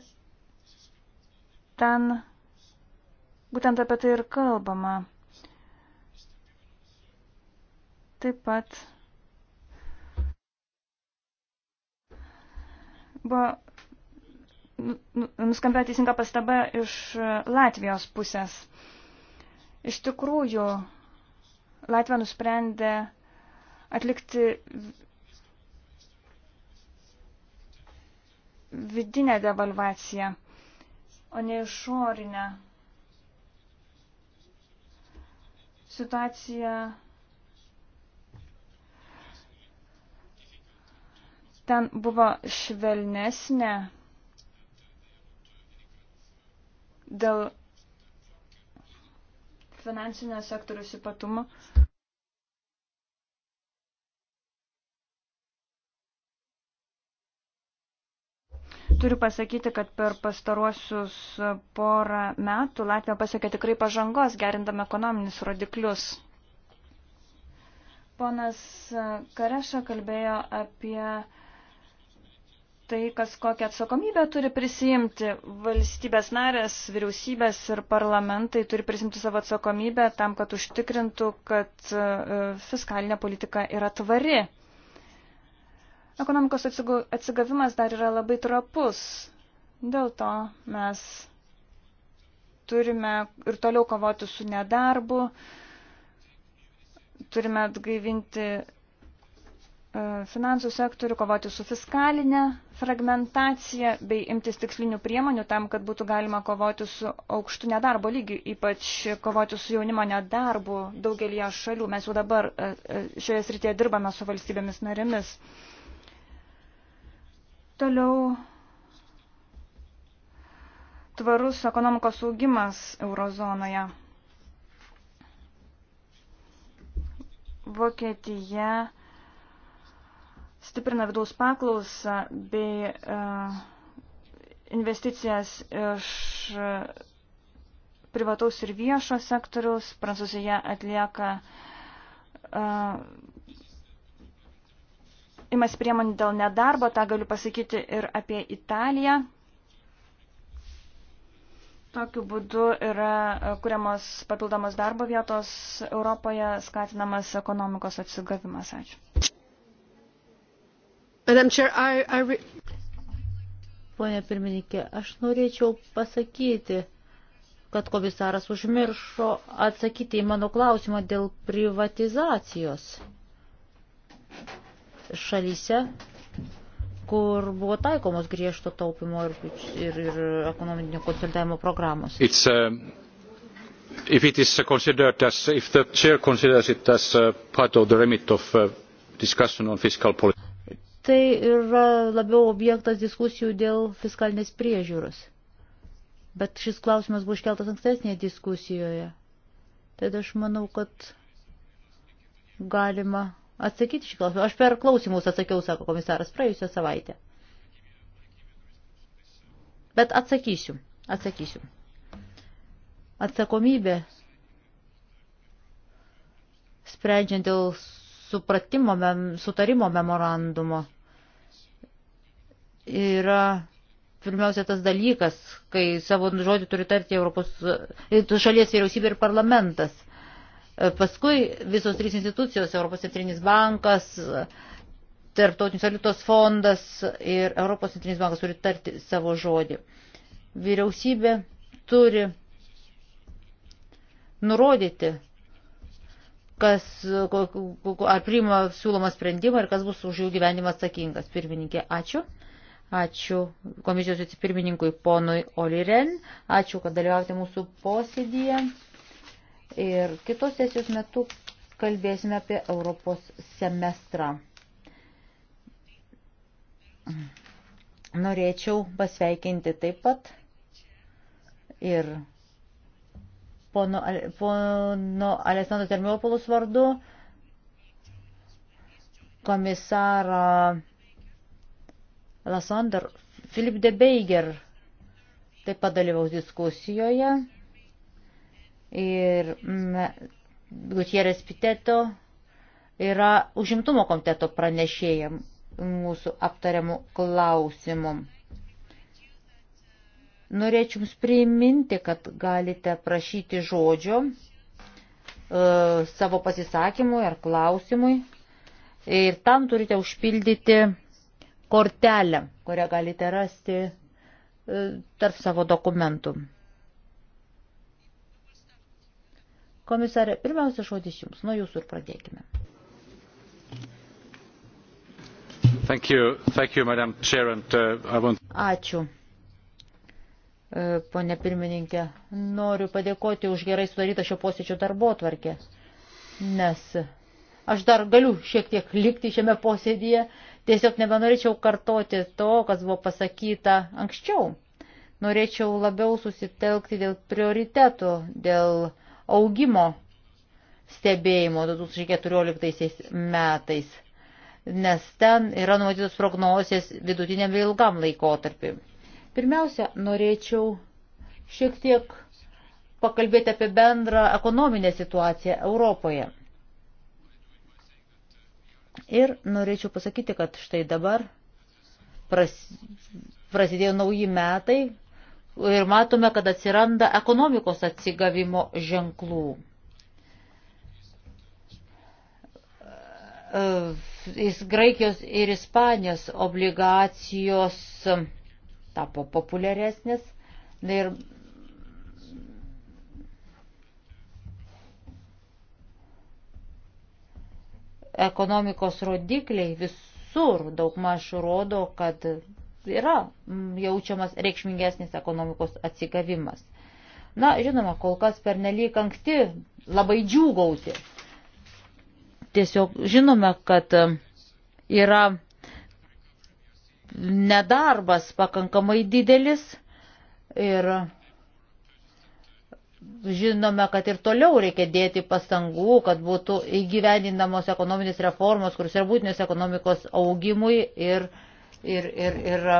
ten būtent apie tai ir kalbama. Taip pat buvo nu, nu, nuskambėjo teisinga pastaba iš Latvijos pusės. Iš tikrųjų, Latvija nusprendė atlikti vidinę devalvaciją, o ne išorinę. Situacija ten buvo švelnesnė dėl finansinio sektoriaus ypatumų. Turiu pasakyti, kad per pastaruosius porą metų Latvija pasiekė tikrai pažangos, gerindama ekonominius rodiklius. Ponas Kareša kalbėjo apie tai, kas kokią atsakomybę turi prisijimti. Valstybės narės, vyriausybės ir parlamentai turi prisimti savo atsakomybę tam, kad užtikrintų, kad e, fiskalinė politika yra tvari. Ekonomikos atsigavimas dar yra labai trapus. Dėl to mes turime ir toliau kovoti su nedarbu, turime atgaivinti E, finansų sektorių, kovoti su fiskalinė fragmentacija bei imtis tikslinių priemonių tam, kad būtų galima kovoti su aukštu nedarbo lygiu, ypač kovoti su jaunimo nedarbu daugelie šalių. Mes jau dabar e, e, šioje srityje dirbame su valstybėmis narėmis. Toliau tvarus ekonomikos augimas eurozonoje. Vokietija stiprina vidaus paklausą bei e, investicijas iš privataus ir viešo sektoriaus. Prancūzija atlieka e, imas priemonių dėl nedarbo, tą galiu pasakyti ir apie Italiją. Tokiu būdu yra e, kuriamos papildomos darbo vietos Europoje, skatinamas ekonomikos atsigavimas. Ačiū. Madam Chair, I, I re... Pone pirmininkė, aš norėčiau pasakyti, kad komisaras užmiršo atsakyti į mano klausimą dėl privatizacijos šalyse, kur buvo taikomos griežto taupimo ir, ir, ir ekonominio konsultavimo programos. It's, um... If it is considered as, if the chair considers it as uh, part of the remit of uh, discussion on fiscal policy tai yra labiau objektas diskusijų dėl fiskalinės priežiūros. Bet šis klausimas buvo iškeltas ankstesnėje diskusijoje. Tad aš manau, kad galima atsakyti šį klausimą. Aš per klausimus atsakiau, sako komisaras, praėjusią savaitę. Bet atsakysiu, atsakysiu. Atsakomybė, sprendžiant dėl supratimo, sutarimo memorandumo, yra pirmiausia tas dalykas, kai savo žodį turi tarti Europos e, šalies vyriausybė ir parlamentas. E, paskui visos trys institucijos, Europos centrinis bankas, Tartautinis valiutos fondas ir Europos centrinis bankas turi tarti savo žodį. Vyriausybė turi nurodyti, kas, ar priima siūlomą sprendimą ir kas bus už jų gyvenimą atsakingas. Pirmininkė, ačiū. Ačiū komisijos vicepirmininkui ponui Oliren, ačiū, kad dalyvaujate mūsų posėdyje. Ir kitos sesijos metu kalbėsime apie Europos semestrą. Norėčiau pasveikinti taip pat ir pono, pono Alessandro Termiopolos vardu komisarą Lasander, Filip de Beiger taip pat dalyvaus diskusijoje ir mm, Gutierrez Piteto yra užimtumo komiteto pranešėja mūsų aptariamų klausimų. Norėčiau Jums priminti, kad galite prašyti žodžio e, savo pasisakymui ar klausimui ir tam turite užpildyti kortelę, kurią galite rasti e, tarp savo dokumentų. Komisarė, pirmiausia, žodis Jums, nuo Jūsų ir pradėkime. Thank you, thank you, Madam Chair, and, uh, I want... Ačiū. E, Pone pirmininkė, noriu padėkoti už gerai sudarytą šio posėdžio darbo tvarkę, nes aš dar galiu šiek tiek likti šiame posėdėje Tiesiog nebenorėčiau kartoti to, kas buvo pasakyta anksčiau. Norėčiau labiau susitelkti dėl prioritetų, dėl augimo stebėjimo 2014 metais, nes ten yra numatytos prognozijas vidutiniam bei ilgam laikotarpiu. Pirmiausia, norėčiau šiek tiek pakalbėti apie bendrą ekonominę situaciją Europoje. Ir norėčiau pasakyti, kad štai dabar pras, prasidėjo nauji metai ir matome, kad atsiranda ekonomikos atsigavimo ženklų. E, Graikijos ir Ispanijos obligacijos tapo populiaresnės ir ekonomikos rodikliai visur daugmaž rodo, kad yra mm, jaučiamas reikšmingesnis ekonomikos atsigavimas. Na, žinoma, kol kas per nelyg anksti labai džiūgauti. Tiesiog žinome, kad e, yra nedarbas pakankamai didelis ir žinome, kad ir toliau reikia dėti pastangų, kad būtų įgyvendinamos ekonominės reformos, kuris yra būtinės ekonomikos augimui ir, ir, ir, ir e,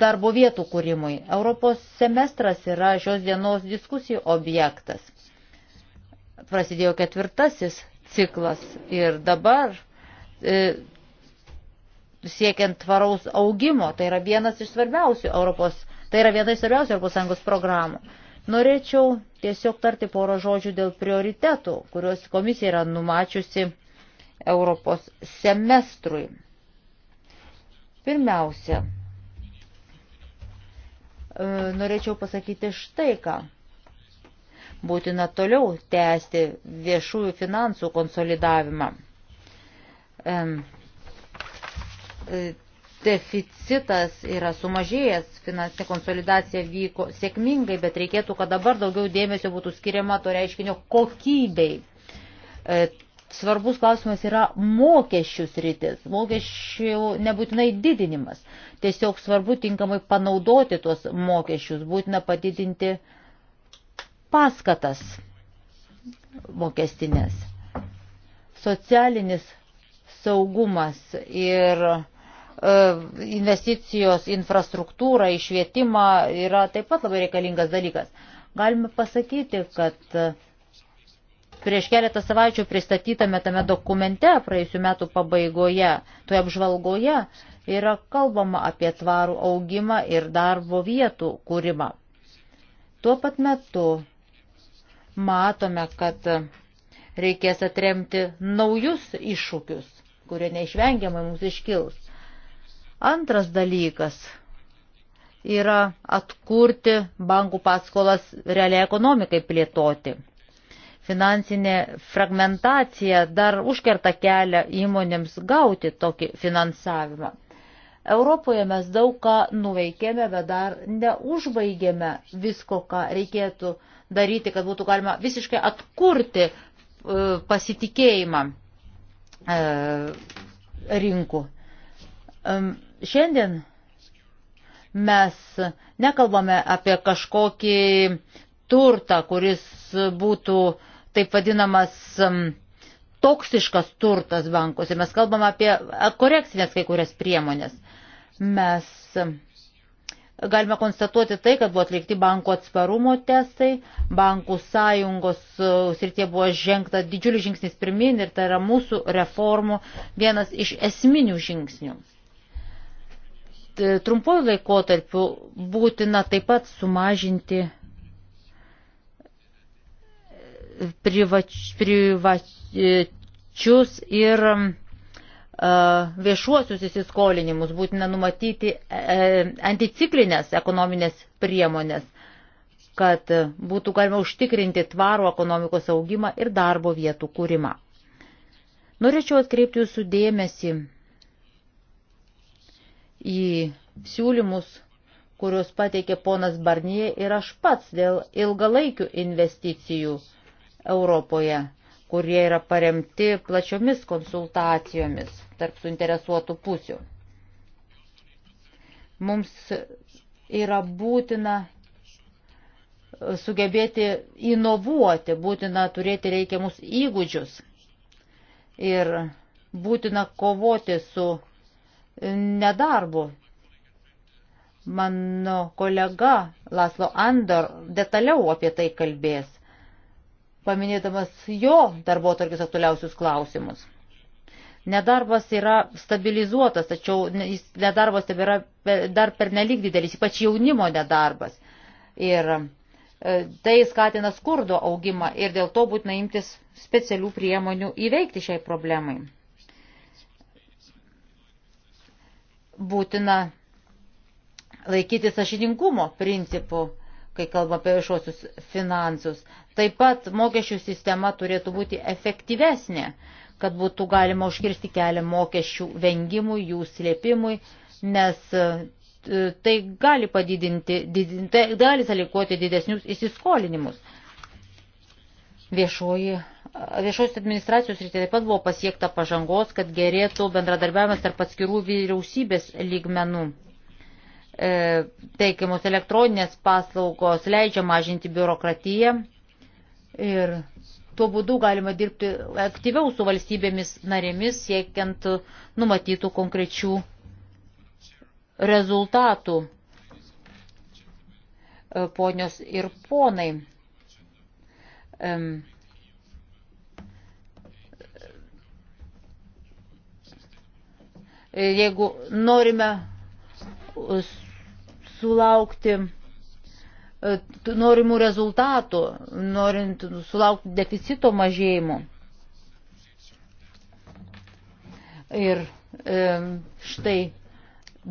darbo vietų kūrimui. Europos semestras yra šios dienos diskusijų objektas. Prasidėjo ketvirtasis ciklas ir dabar e, siekiant tvaraus augimo, tai yra vienas iš svarbiausių Europos Tai yra viena iš svarbiausių ES programų. Norėčiau tiesiog tarti porą žodžių dėl prioritetų, kuriuos komisija yra numačiusi Europos semestrui. Pirmiausia, e, norėčiau pasakyti štai ką. Būtina toliau tęsti viešųjų finansų konsolidavimą e, deficitas yra sumažėjęs, finansinė konsolidacija vyko sėkmingai, bet reikėtų, kad dabar daugiau dėmesio būtų skiriama to reiškinio kokybei. E, svarbus klausimas yra mokesčių sritis, mokesčių nebūtinai didinimas. Tiesiog svarbu tinkamai panaudoti tuos mokesčius, būtina padidinti paskatas mokestinės. Socialinis saugumas ir uh, E, investicijos infrastruktūrą, išvietimą yra taip pat labai reikalingas dalykas. Galime pasakyti, kad e, prieš keletą savaičių pristatytame tame dokumente praėjusiu metu pabaigoje, toje apžvalgoje, yra kalbama apie tvarų augimą ir darbo vietų kūrimą. Tuo pat metu matome, kad reikės atremti naujus iššūkius, kurie neišvengiamai mums iškils. Antras dalykas yra atkurti bankų paskolas realiai ekonomikai plėtoti. Finansinė fragmentacija dar užkerta kelią įmonėms gauti tokį finansavimą. Europoje mes daug ką nuveikėme, bet dar neužbaigėme visko, ką reikėtų daryti, kad būtų galima visiškai atkurti e, pasitikėjimą e, rinkų. Šiandien mes nekalbame apie kažkokį turtą, kuris būtų taip vadinamas um, toksiškas turtas bankuose. Mes kalbame apie korekcinės kai kurias priemonės. Mes um, galime konstatuoti tai, kad buvo atlikti bankų atsparumo testai, bankų sąjungos uh, srityje buvo žengta didžiulis žingsnis pirmin ir tai yra mūsų reformų vienas iš esminių žingsnių. E, trumpuoju laikotarpiu būtina taip pat sumažinti e, privač, privačius ir e, viešuosius įsiskolinimus, būtina numatyti anticiklinės ekonominės priemonės, kad būtų galima užtikrinti tvarų ekonomikos augimą ir darbo vietų kūrimą. Norėčiau atkreipti jūsų dėmesį į siūlymus, kuriuos pateikė ponas Barnie ir aš pats dėl ilgalaikių investicijų Europoje, kurie yra paremti plačiomis konsultacijomis tarp suinteresuotų pusių. Mums yra būtina sugebėti inovuoti, būtina turėti reikiamus įgūdžius ir būtina kovoti su nedarbu. Mano kolega Laslo Andor detaliau apie tai kalbės, paminėdamas jo darbo tarkis aktualiausius klausimus. Nedarbas yra stabilizuotas, tačiau nedarbas tebėra dar per nelik didelis, ypač jaunimo nedarbas. Ir e, tai skatina skurdo augimą ir dėl to būtina imtis specialių priemonių įveikti šiai problemai. būtina laikyti sažiningumo principų, kai kalba apie viešuosius finansus. Taip pat mokesčių sistema turėtų būti efektyvesnė, kad būtų galima užkirsti kelią mokesčių vengimui, jų slėpimui, nes e, tai gali padidinti, didinti, tai gali salikuoti didesnius įsiskolinimus. Viešoji Viešosios administracijos rytė taip pat buvo pasiekta pažangos, kad gerėtų bendradarbiavimas tarp atskirų vyriausybės lygmenų. E, teikiamos elektroninės paslaugos leidžia mažinti biurokratiją ir tuo būdu galima dirbti aktyviau su valstybėmis narėmis, siekiant numatytų konkrečių rezultatų. E, ponios ir ponai. E, E, jeigu norime e, sulaukti e, norimų rezultatų, norint sulaukti deficito mažėjimų. Ir štai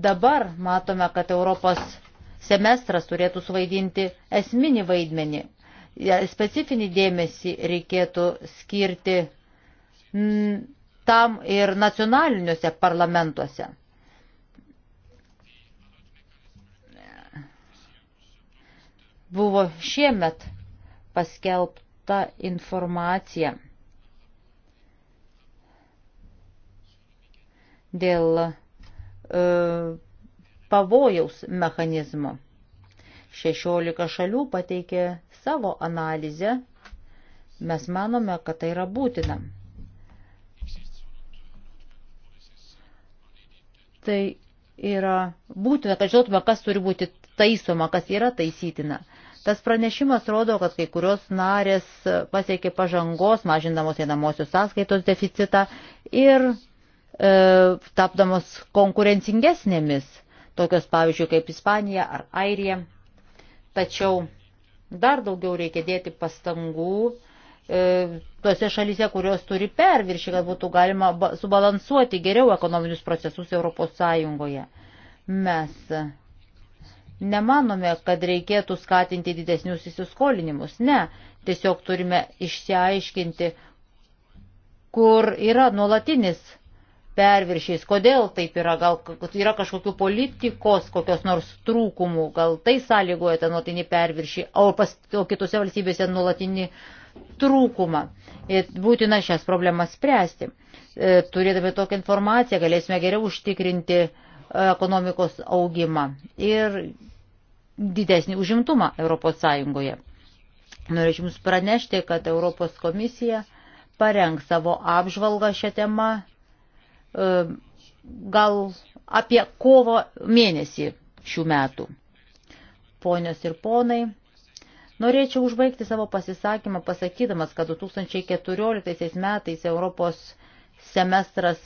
dabar matome, kad Europos semestras turėtų suvaidinti esminį vaidmenį. Specifinį dėmesį reikėtų skirti tam ir nacionaliniuose parlamentuose. Buvo šiemet paskelbta informacija dėl e, pavojaus mechanizmo. 16 šalių pateikė savo analizę. Mes manome, kad tai yra būtina. Tai yra būtina, kad žinotume, kas turi būti taisoma, kas yra taisytina. Tas pranešimas rodo, kad kai kurios narės pasiekė pažangos, mažindamos einamosios sąskaitos deficitą ir e, tapdamos konkurencingesnėmis, tokios pavyzdžiui kaip Ispanija ar Airija. Tačiau dar daugiau reikia dėti pastangų E, tose šalyse, kurios turi perviršį, kad būtų galima subalansuoti geriau ekonominius procesus Europos Sąjungoje. Mes nemanome, kad reikėtų skatinti didesnius įsiskolinimus. Ne, tiesiog turime išsiaiškinti, kur yra nuolatinis perviršiais, kodėl taip yra, gal yra kažkokių politikos, kokios nors trūkumų, gal tai sąlygoja tą nuolatinį perviršį, o, pas, o kitose valstybėse nuolatinį uh, trūkumą. Ir būtina šias problemas spręsti. E, turėdami tokią informaciją galėsime geriau užtikrinti e, ekonomikos augimą ir didesnį užimtumą ES. Norėčiau Jums pranešti, kad Europos komisija parengs savo apžvalgą šią temą e, gal apie kovo mėnesį šių metų. Ponios ir ponai, Norėčiau užbaigti savo pasisakymą pasakydamas, kad 2014 metais Europos semestras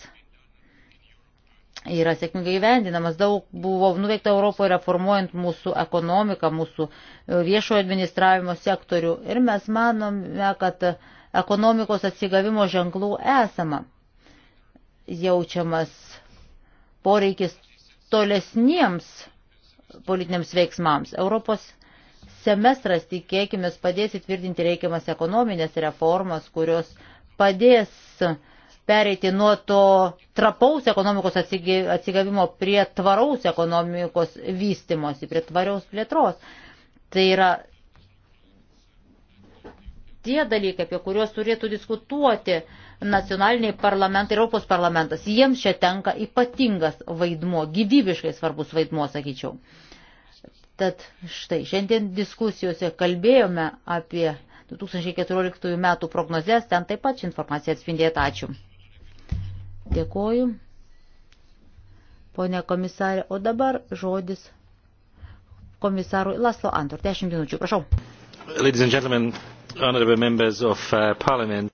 yra sėkmingai įvendinamas. Daug buvo nuveikta Europoje reformuojant mūsų ekonomiką, mūsų viešojo administravimo sektorių ir mes manome, kad ekonomikos atsigavimo ženklų esama. Jaučiamas poreikis tolesniems politiniams veiksmams. Europos Semestras, tikėkime, padės įtvirtinti reikiamas ekonominės reformas, kurios padės pereiti nuo to trapaus ekonomikos atsigavimo prie tvaraus ekonomikos vystimosi, prie tvariaus plėtros. Tai yra tie dalykai, apie kuriuos turėtų diskutuoti nacionaliniai parlamentai ir Europos parlamentas. Jiems čia tenka ypatingas vaidmuo, gyvybiškai svarbus vaidmuo, sakyčiau. Tad štai šiandien diskusijose kalbėjome apie 2014 metų prognozes, ten taip pat ši informacija atspindėta. Ačiū. Dėkoju. Pone komisarė, o dabar žodis komisarui Laslo Antor. 10 minučių, prašau. Ladies and gentlemen, honorable members of uh, parliament.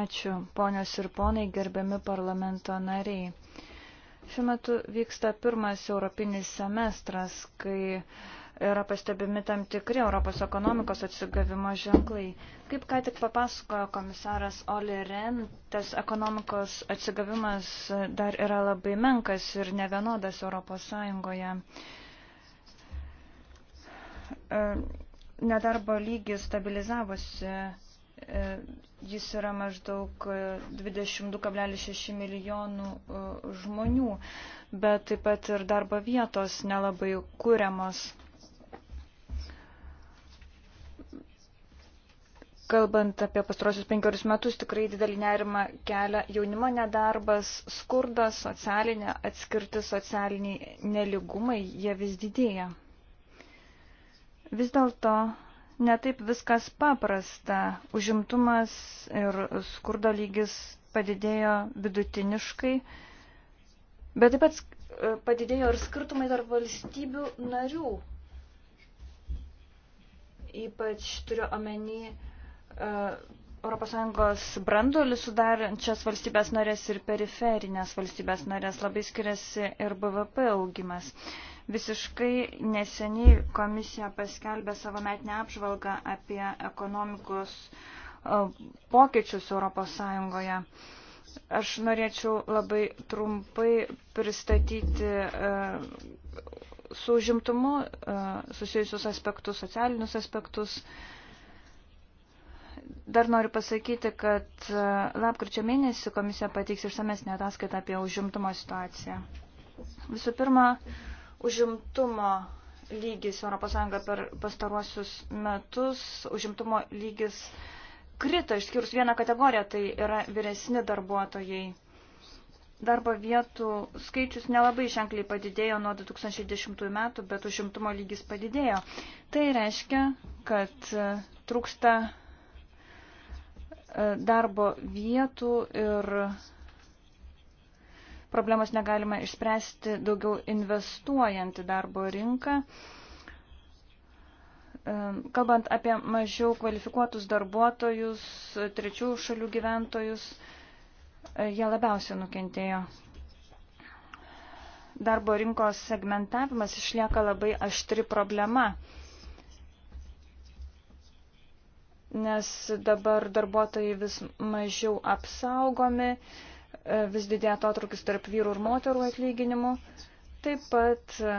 Ačiū, ponios ir ponai, gerbiami parlamento nariai. Šiuo metu vyksta pirmas europinis semestras, kai yra pastebimi tam tikri Europos ekonomikos atsigavimo ženklai. Kaip ką tik papasakojo komisaras Oli Ren, tas ekonomikos atsigavimas dar yra labai menkas ir nevienodas Europos Sąjungoje. E, nedarbo lygis stabilizavosi E, jis yra maždaug 22,6 e, milijonų e, žmonių, bet taip pat ir darbo vietos nelabai kūriamos. Kalbant apie pastarosius penkerius metus, tikrai didelį nerimą kelia jaunimo nedarbas, skurdas, socialinė atskirtis, socialiniai neligumai, jie vis didėja. Vis dėlto netaip viskas paprasta. Užimtumas ir skurdo lygis padidėjo vidutiniškai, bet taip pat e, padidėjo ir skirtumai tarp valstybių narių. Ypač turiu omeny ES branduolį sudarančias valstybės narės ir periferinės valstybės narės labai skiriasi ir BVP augimas. Uh, Visiškai neseniai komisija paskelbė savo metinę apžvalgą apie ekonomikos e, pokyčius Europos Sąjungoje. Aš norėčiau labai trumpai pristatyti e, su užimtumu e, susijusius aspektus, socialinius aspektus. Dar noriu pasakyti, kad lapkričio mėnesį komisija pateiks išsamesnį ataskaitą apie užimtumo situaciją. Visų pirma, Užimtumo lygis ES per pastaruosius metus, užimtumo lygis krito, išskyrus vieną kategoriją, tai yra vyresni darbuotojai. Darbo vietų skaičius nelabai ženkliai padidėjo nuo 2010 metų, bet užimtumo lygis padidėjo. Tai reiškia, kad e, trūksta e, darbo vietų ir problemos negalima išspręsti daugiau investuojant į darbo rinką. Kalbant apie mažiau kvalifikuotus darbuotojus, trečių šalių gyventojus, e, jie labiausiai nukentėjo. Darbo rinkos segmentavimas išlieka labai aštri problema, nes dabar darbuotojai vis mažiau apsaugomi, vis didėja atotrukis tarp vyrų ir moterų atlyginimų. Taip pat e,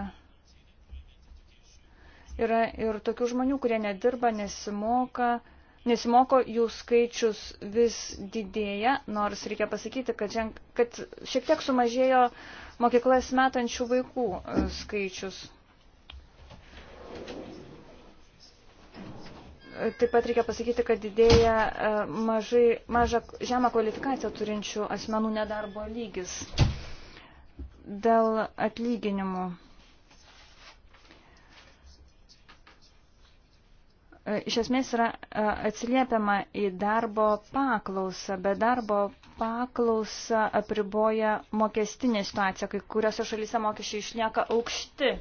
yra ir tokių žmonių, kurie nedirba, nesimoka, nesimoko, jų skaičius vis didėja, nors reikia pasakyti, kad, žen, kad šiek tiek sumažėjo mokyklas metančių vaikų e, skaičius. Taip pat reikia pasakyti, kad didėja e, mažai, maža žemą kvalifikaciją turinčių asmenų nedarbo lygis dėl atlyginimų. E, iš esmės yra e, atsiliepiama į darbo paklausą, bet darbo paklausą apriboja mokestinė situacija, kai kuriuose šalyse mokesčiai išlieka aukšti.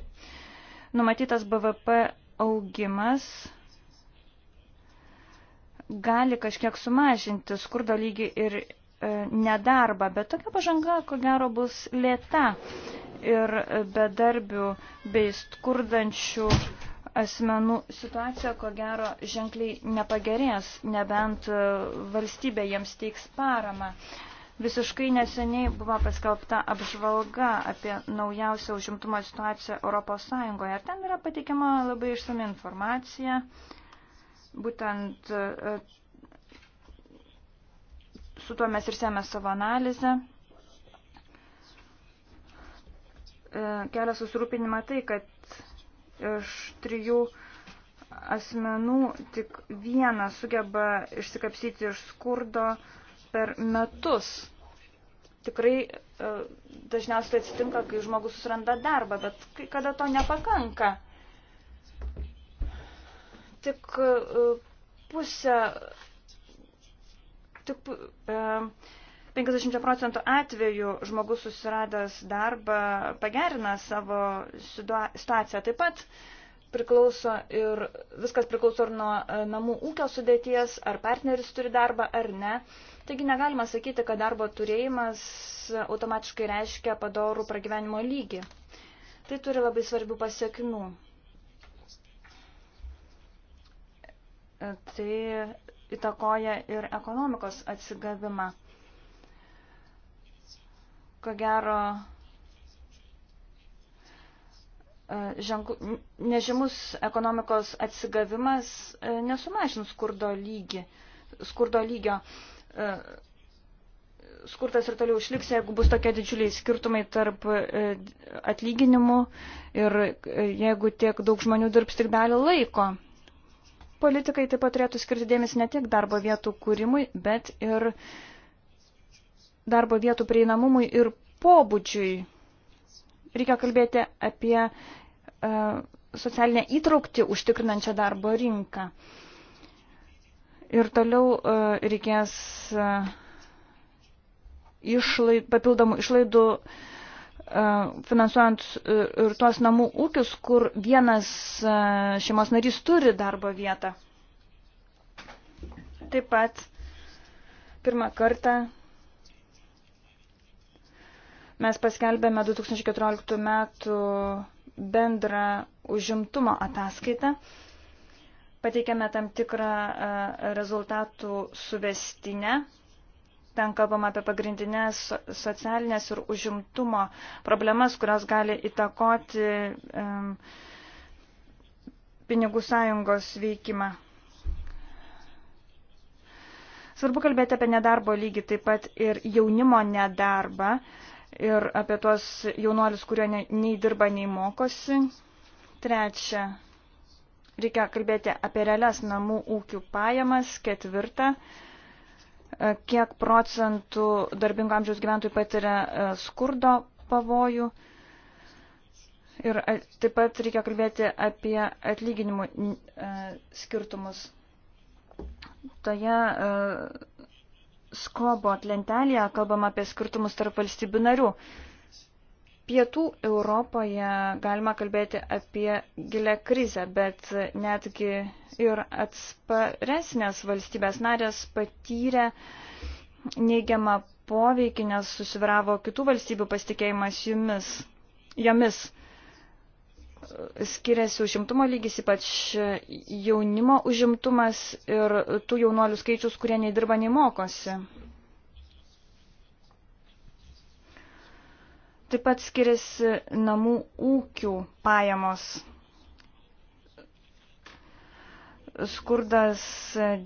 Numatytas BVP augimas gali kažkiek sumažinti skurdo lygį ir e, nedarbą, bet tokia pažanga, ko gero, bus lėta ir e, bedarbių bei skurdančių asmenų situacija, ko gero, ženkliai nepagerės, nebent e, valstybė jiems teiks paramą. Visiškai neseniai buvo paskelbta apžvalga apie naujausią užimtumo situaciją ES ir ten yra patikima labai išsami informacija. Uh, Būtent e, su tuo mes ir sėmė savo analizę. E, kelia susirūpinimą tai, kad iš trijų asmenų tik vienas sugeba išsikapsyti iš skurdo per metus. Tikrai e, dažniausiai tai atsitinka, kai žmogus susiranda darbą, bet kada to nepakanka tik e, pusę, tik e, 50 procentų atvejų žmogus susiradęs darbą pagerina savo situaciją. Taip pat priklauso ir viskas priklauso ir nuo e, namų ūkio sudėties, ar partneris turi darbą ar ne. Taigi negalima sakyti, kad darbo turėjimas automatiškai reiškia padorų pragyvenimo lygį. Tai turi labai svarbių pasiekmių. tai įtakoja ir ekonomikos atsigavimą. Ko gero, e, ženklu, nežymus ekonomikos atsigavimas e, nesumažins skurdo, lygi, skurdo lygio. E, Skurtas ir toliau išliks, jeigu bus tokie didžiuliai skirtumai tarp atlyginimų ir jeigu tiek daug žmonių dirbs tik dalį laiko. Politikai taip pat turėtų skirti dėmesį ne tik darbo vietų kūrimui, bet ir darbo vietų prieinamumui ir pobūdžiui. Reikia kalbėti apie e, socialinę įtraukti užtikrinančią darbo rinką. Ir toliau e, reikės e, išlaid, papildomų išlaidų e, E, finansuojant e, ir tuos namų ūkius, kur vienas e, šeimos narys turi darbo vietą. Taip pat pirmą kartą mes paskelbėme 2014 metų bendrą užimtumo ataskaitą, pateikėme tam tikrą rezultatų suvestinę Ten kalbama apie pagrindinės socialinės ir užimtumo problemas, kurios gali įtakoti um, pinigų sąjungos veikimą. Svarbu kalbėti apie nedarbo lygį, taip pat ir jaunimo nedarbą ir apie tuos jaunuolius, kurie ne, nei dirba, nei mokosi. Trečia, reikia kalbėti apie realias namų ūkių pajamas. Ketvirta, kiek procentų darbingo amžiaus gyventojų patiria e, skurdo pavojų. Ir e, taip pat reikia kalbėti apie atlyginimų e, skirtumus. Toje skobo lentelėje kalbama apie skirtumus tarp valstybių narių. Pietų Europoje galima kalbėti apie gilę krizę, bet netgi ir atsparesnės valstybės narės patyrė neigiamą poveikį, nes susiviravo kitų valstybių pasitikėjimas jumis, jomis. Skiriasi užimtumo lygis, ypač jaunimo užimtumas ir tų jaunolių skaičius, kurie nei dirba, nei mokosi. Taip pat skiriasi namų ūkių pajamos. Skurdas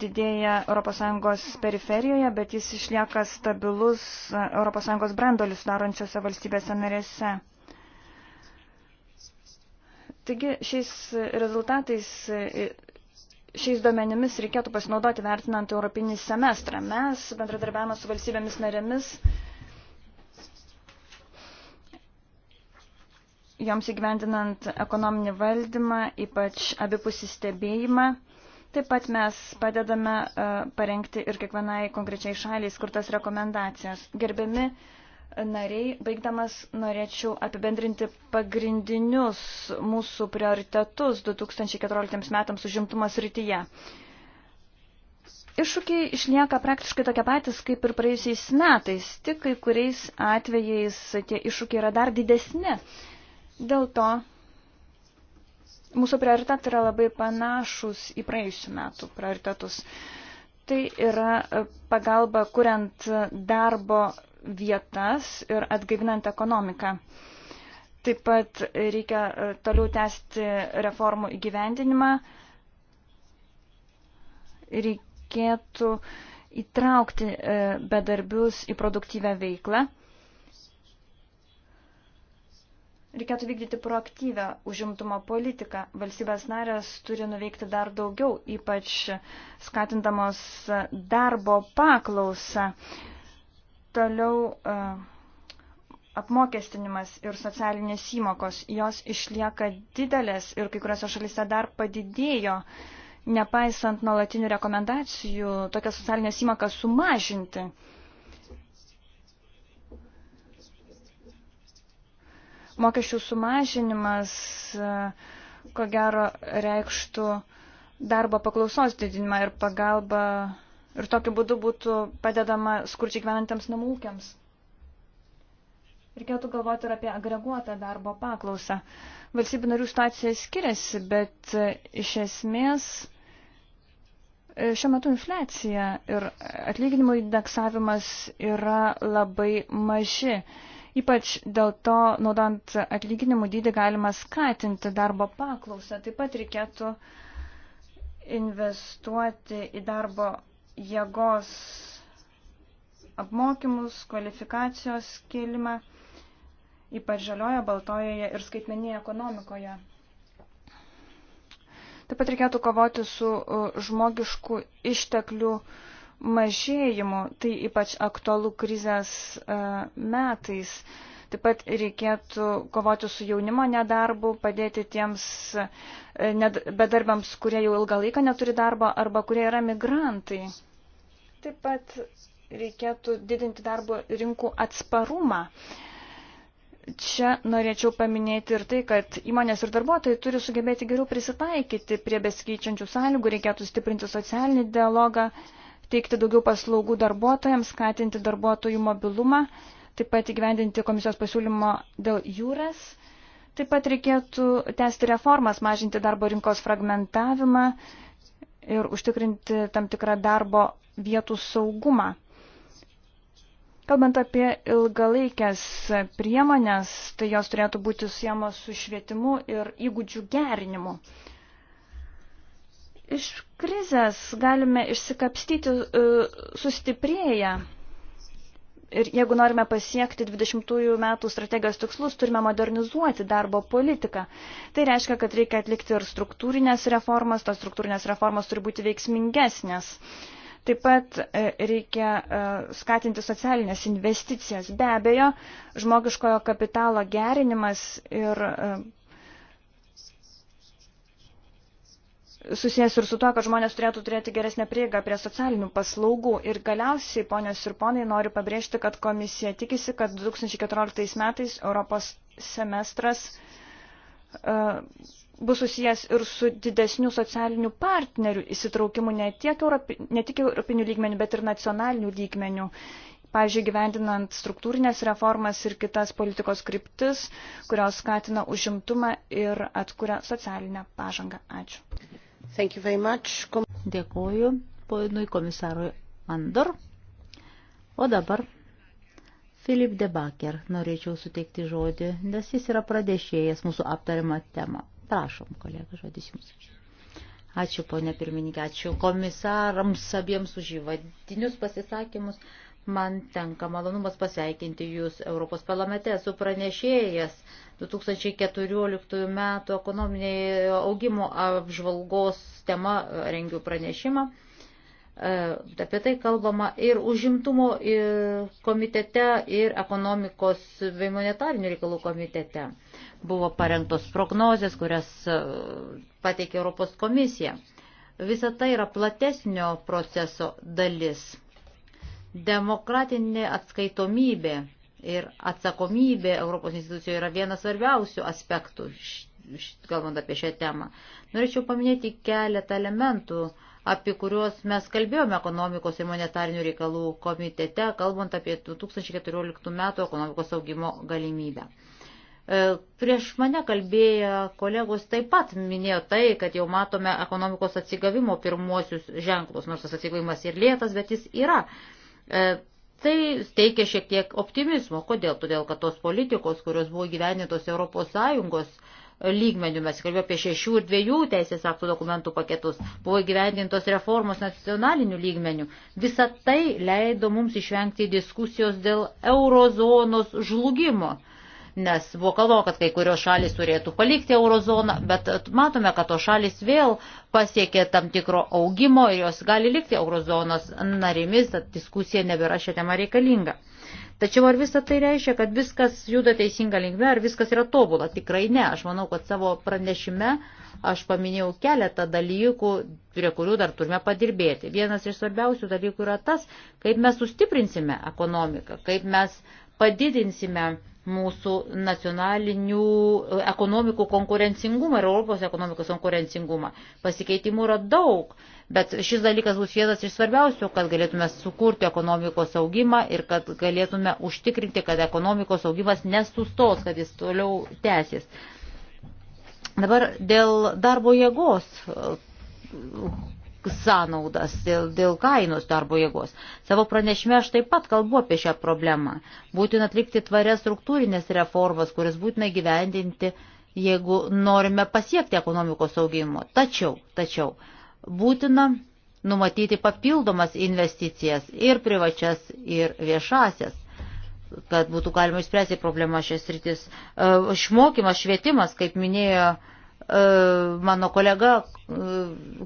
didėja ES periferijoje, bet jis išlieka stabilus ES brandolius darančiose valstybėse narėse. Taigi šiais rezultatais šiais duomenimis reikėtų pasinaudoti vertinant europinį semestrą. Mes bendradarbiavame su valstybėmis narėmis joms įgyvendinant ekonominį valdymą, ypač abipusį stebėjimą. Taip pat mes padedame e, parengti ir kiekvienai konkrečiai šaliai skirtas rekomendacijas. Gerbiami nariai, baigdamas norėčiau apibendrinti pagrindinius mūsų prioritetus 2014 metams užimtumas rytyje. Iššūkiai išlieka praktiškai tokie patys kaip ir praėjusiais metais, tik kai kuriais atvejais tie iššūkiai yra dar didesni. Dėl to mūsų prioritetai yra labai panašus į praėjusių metų prioritetus. Tai yra e, pagalba kuriant darbo vietas ir atgaivinant ekonomiką. Taip pat reikia e, toliau tęsti reformų įgyvendinimą. Reikėtų įtraukti e, bedarbius į produktyvę veiklą. Reikėtų vykdyti proaktyvę užimtumo politiką. Valstybės narės turi nuveikti dar daugiau, ypač skatindamos darbo paklausą. Toliau e, apmokestinimas ir socialinės įmokos, jos išlieka didelės ir kai kuriuose šalyse dar padidėjo nepaisant nuolatinių rekomendacijų tokias socialinės įmokas sumažinti. Mokesčių sumažinimas, e, ko gero, reikštų darbo paklausos didinimą ir pagalbą ir tokiu būdu būtų padedama skurčiai gyvenantiems namų ūkiams. Reikėtų galvoti ir apie agreguotą darbo paklausą. Valstybių narių situacija skiriasi, bet e, iš esmės e, šiuo metu infliacija ir atlyginimų indeksavimas yra labai maži. Ypač dėl to, naudant atlyginimų dydį, galima skatinti darbo paklausą. Taip pat reikėtų investuoti į darbo jėgos apmokymus, kvalifikacijos kėlimą, ypač žalioje, baltojoje ir skaitmeninėje ekonomikoje. Taip pat reikėtų kovoti su uh, žmogiškų išteklių uh, mažėjimu, tai ypač aktualų krizės e, metais. Taip pat reikėtų kovoti su jaunimo nedarbu, padėti tiems e, bedarbams, kurie jau ilgą laiką neturi darbo arba kurie yra migrantai. Taip pat reikėtų didinti darbo rinkų atsparumą. Čia norėčiau paminėti ir tai, kad įmonės ir darbuotojai turi sugebėti geriau prisitaikyti prie besikeičiančių sąlygų, reikėtų stiprinti socialinį dialogą, teikti daugiau paslaugų darbuotojams, skatinti darbuotojų mobilumą, taip pat įgyvendinti komisijos pasiūlymo dėl jūras. Taip pat reikėtų tęsti reformas, mažinti darbo rinkos fragmentavimą ir užtikrinti tam tikrą darbo vietų saugumą. Kalbant apie ilgalaikės priemonės, tai jos turėtų būti siemos su švietimu ir įgūdžių gerinimu. Iš krizės galime išsikapstyti e, sustiprėję. Ir jeigu norime pasiekti 20 metų strategijos tikslus, turime modernizuoti darbo politiką. Tai reiškia, kad reikia atlikti ir struktūrinės reformas, tos struktūrinės reformos turi būti veiksmingesnės. Taip pat e, reikia e, skatinti socialinės investicijas. Be abejo, žmogiškojo kapitalo gerinimas ir susijęs ir su to, kad žmonės turėtų turėti geresnę prieigą prie socialinių paslaugų. Ir galiausiai, ponios ir ponai, noriu pabrėžti, kad komisija tikisi, kad 2014 metais Europos semestras uh, bus susijęs ir su didesniu socialiniu partneriu įsitraukimu ne, tiek Europi, ne tik europinių lygmenių, bet ir nacionalinių lygmenių. Pavyzdžiui, gyvendinant struktūrinės reformas ir kitas politikos kryptis, kurios skatina užimtumą ir atkuria socialinę pažangą. Ačiū. Dėkoju ponui komisarui Andor. O dabar Filip Debaker norėčiau suteikti žodį, nes jis yra pradėšėjęs mūsų aptariamą temą. Prašom, kolega, žodis jums. Ačiū, ponė pirmininkė, ačiū komisarams abiems už įvadinius pasisakymus. Man tenka malonumas pasveikinti Jūs Europos parlamente. Esu pranešėjas 2014 m. ekonominėje augimo apžvalgos tema rengiu pranešimą e, apie tai kalbama ir užimtumo ir e, komitete, ir ekonomikos bei monetarinių reikalų komitete. Buvo parengtos prognozės, kurias e, pateikė Europos komisija. Visa tai yra platesnio proceso dalis. Demokratinė atskaitomybė ir atsakomybė Europos institucijų yra vienas svarbiausių aspektų, kalbant apie šią temą. Norėčiau paminėti keletą elementų, apie kuriuos mes kalbėjome ekonomikos ir monetarinių reikalų komitete, kalbant apie 2014 metų ekonomikos augimo galimybę. E, prieš mane kalbėję kolegos taip pat minėjo tai, kad jau matome ekonomikos atsigavimo pirmuosius ženklus, nors tas atsigavimas ir lėtas, bet jis yra. E, tai teikia šiek tiek optimizmo. Kodėl? Todėl, kad tos politikos, kurios buvo gyvenintos ES lygmenių, mes kalbėjome apie šešių ir dviejų teisės aktų dokumentų paketus, buvo gyvendintos reformos nacionalinių lygmenių. Visa tai leido mums išvengti diskusijos dėl eurozonos žlugimo nes buvo kalbama, kad kai kurios šalis turėtų palikti eurozoną, bet matome, kad tos šalis vėl pasiekė tam tikro augimo ir jos gali likti eurozonos narimis, tad diskusija nebėra šią temą reikalinga. Tačiau ar visą tai reiškia, kad viskas juda teisinga linkme, ar viskas yra tobula? Tikrai ne. Aš manau, kad savo pranešime aš paminėjau keletą dalykų, prie kurių dar turime padirbėti. Vienas iš svarbiausių dalykų yra tas, kaip mes sustiprinsime ekonomiką, kaip mes padidinsime mūsų nacionalinių e, ekonomikų konkurencingumą ir Europos ekonomikos konkurencingumą. Pasikeitimų yra daug, bet šis dalykas bus vienas iš svarbiausių, kad galėtume sukurti ekonomikos augimą ir kad galėtume užtikrinti, kad ekonomikos augimas nesustos, kad jis toliau tęsis. Dabar dėl darbo jėgos sąnaudas, dėl, dėl kainos darbo jėgos. Savo pranešime aš taip pat kalbu apie šią problemą. Būtina atlikti tvarias struktūrinės reformas, kurias būtina gyvendinti, jeigu norime pasiekti ekonomikos augimo. Tačiau, tačiau, būtina numatyti papildomas investicijas ir privačias, ir viešasias kad būtų galima išspręsti problemą šias rytis. E, išmokymas, švietimas, kaip minėjo uh, E, mano kolega, e,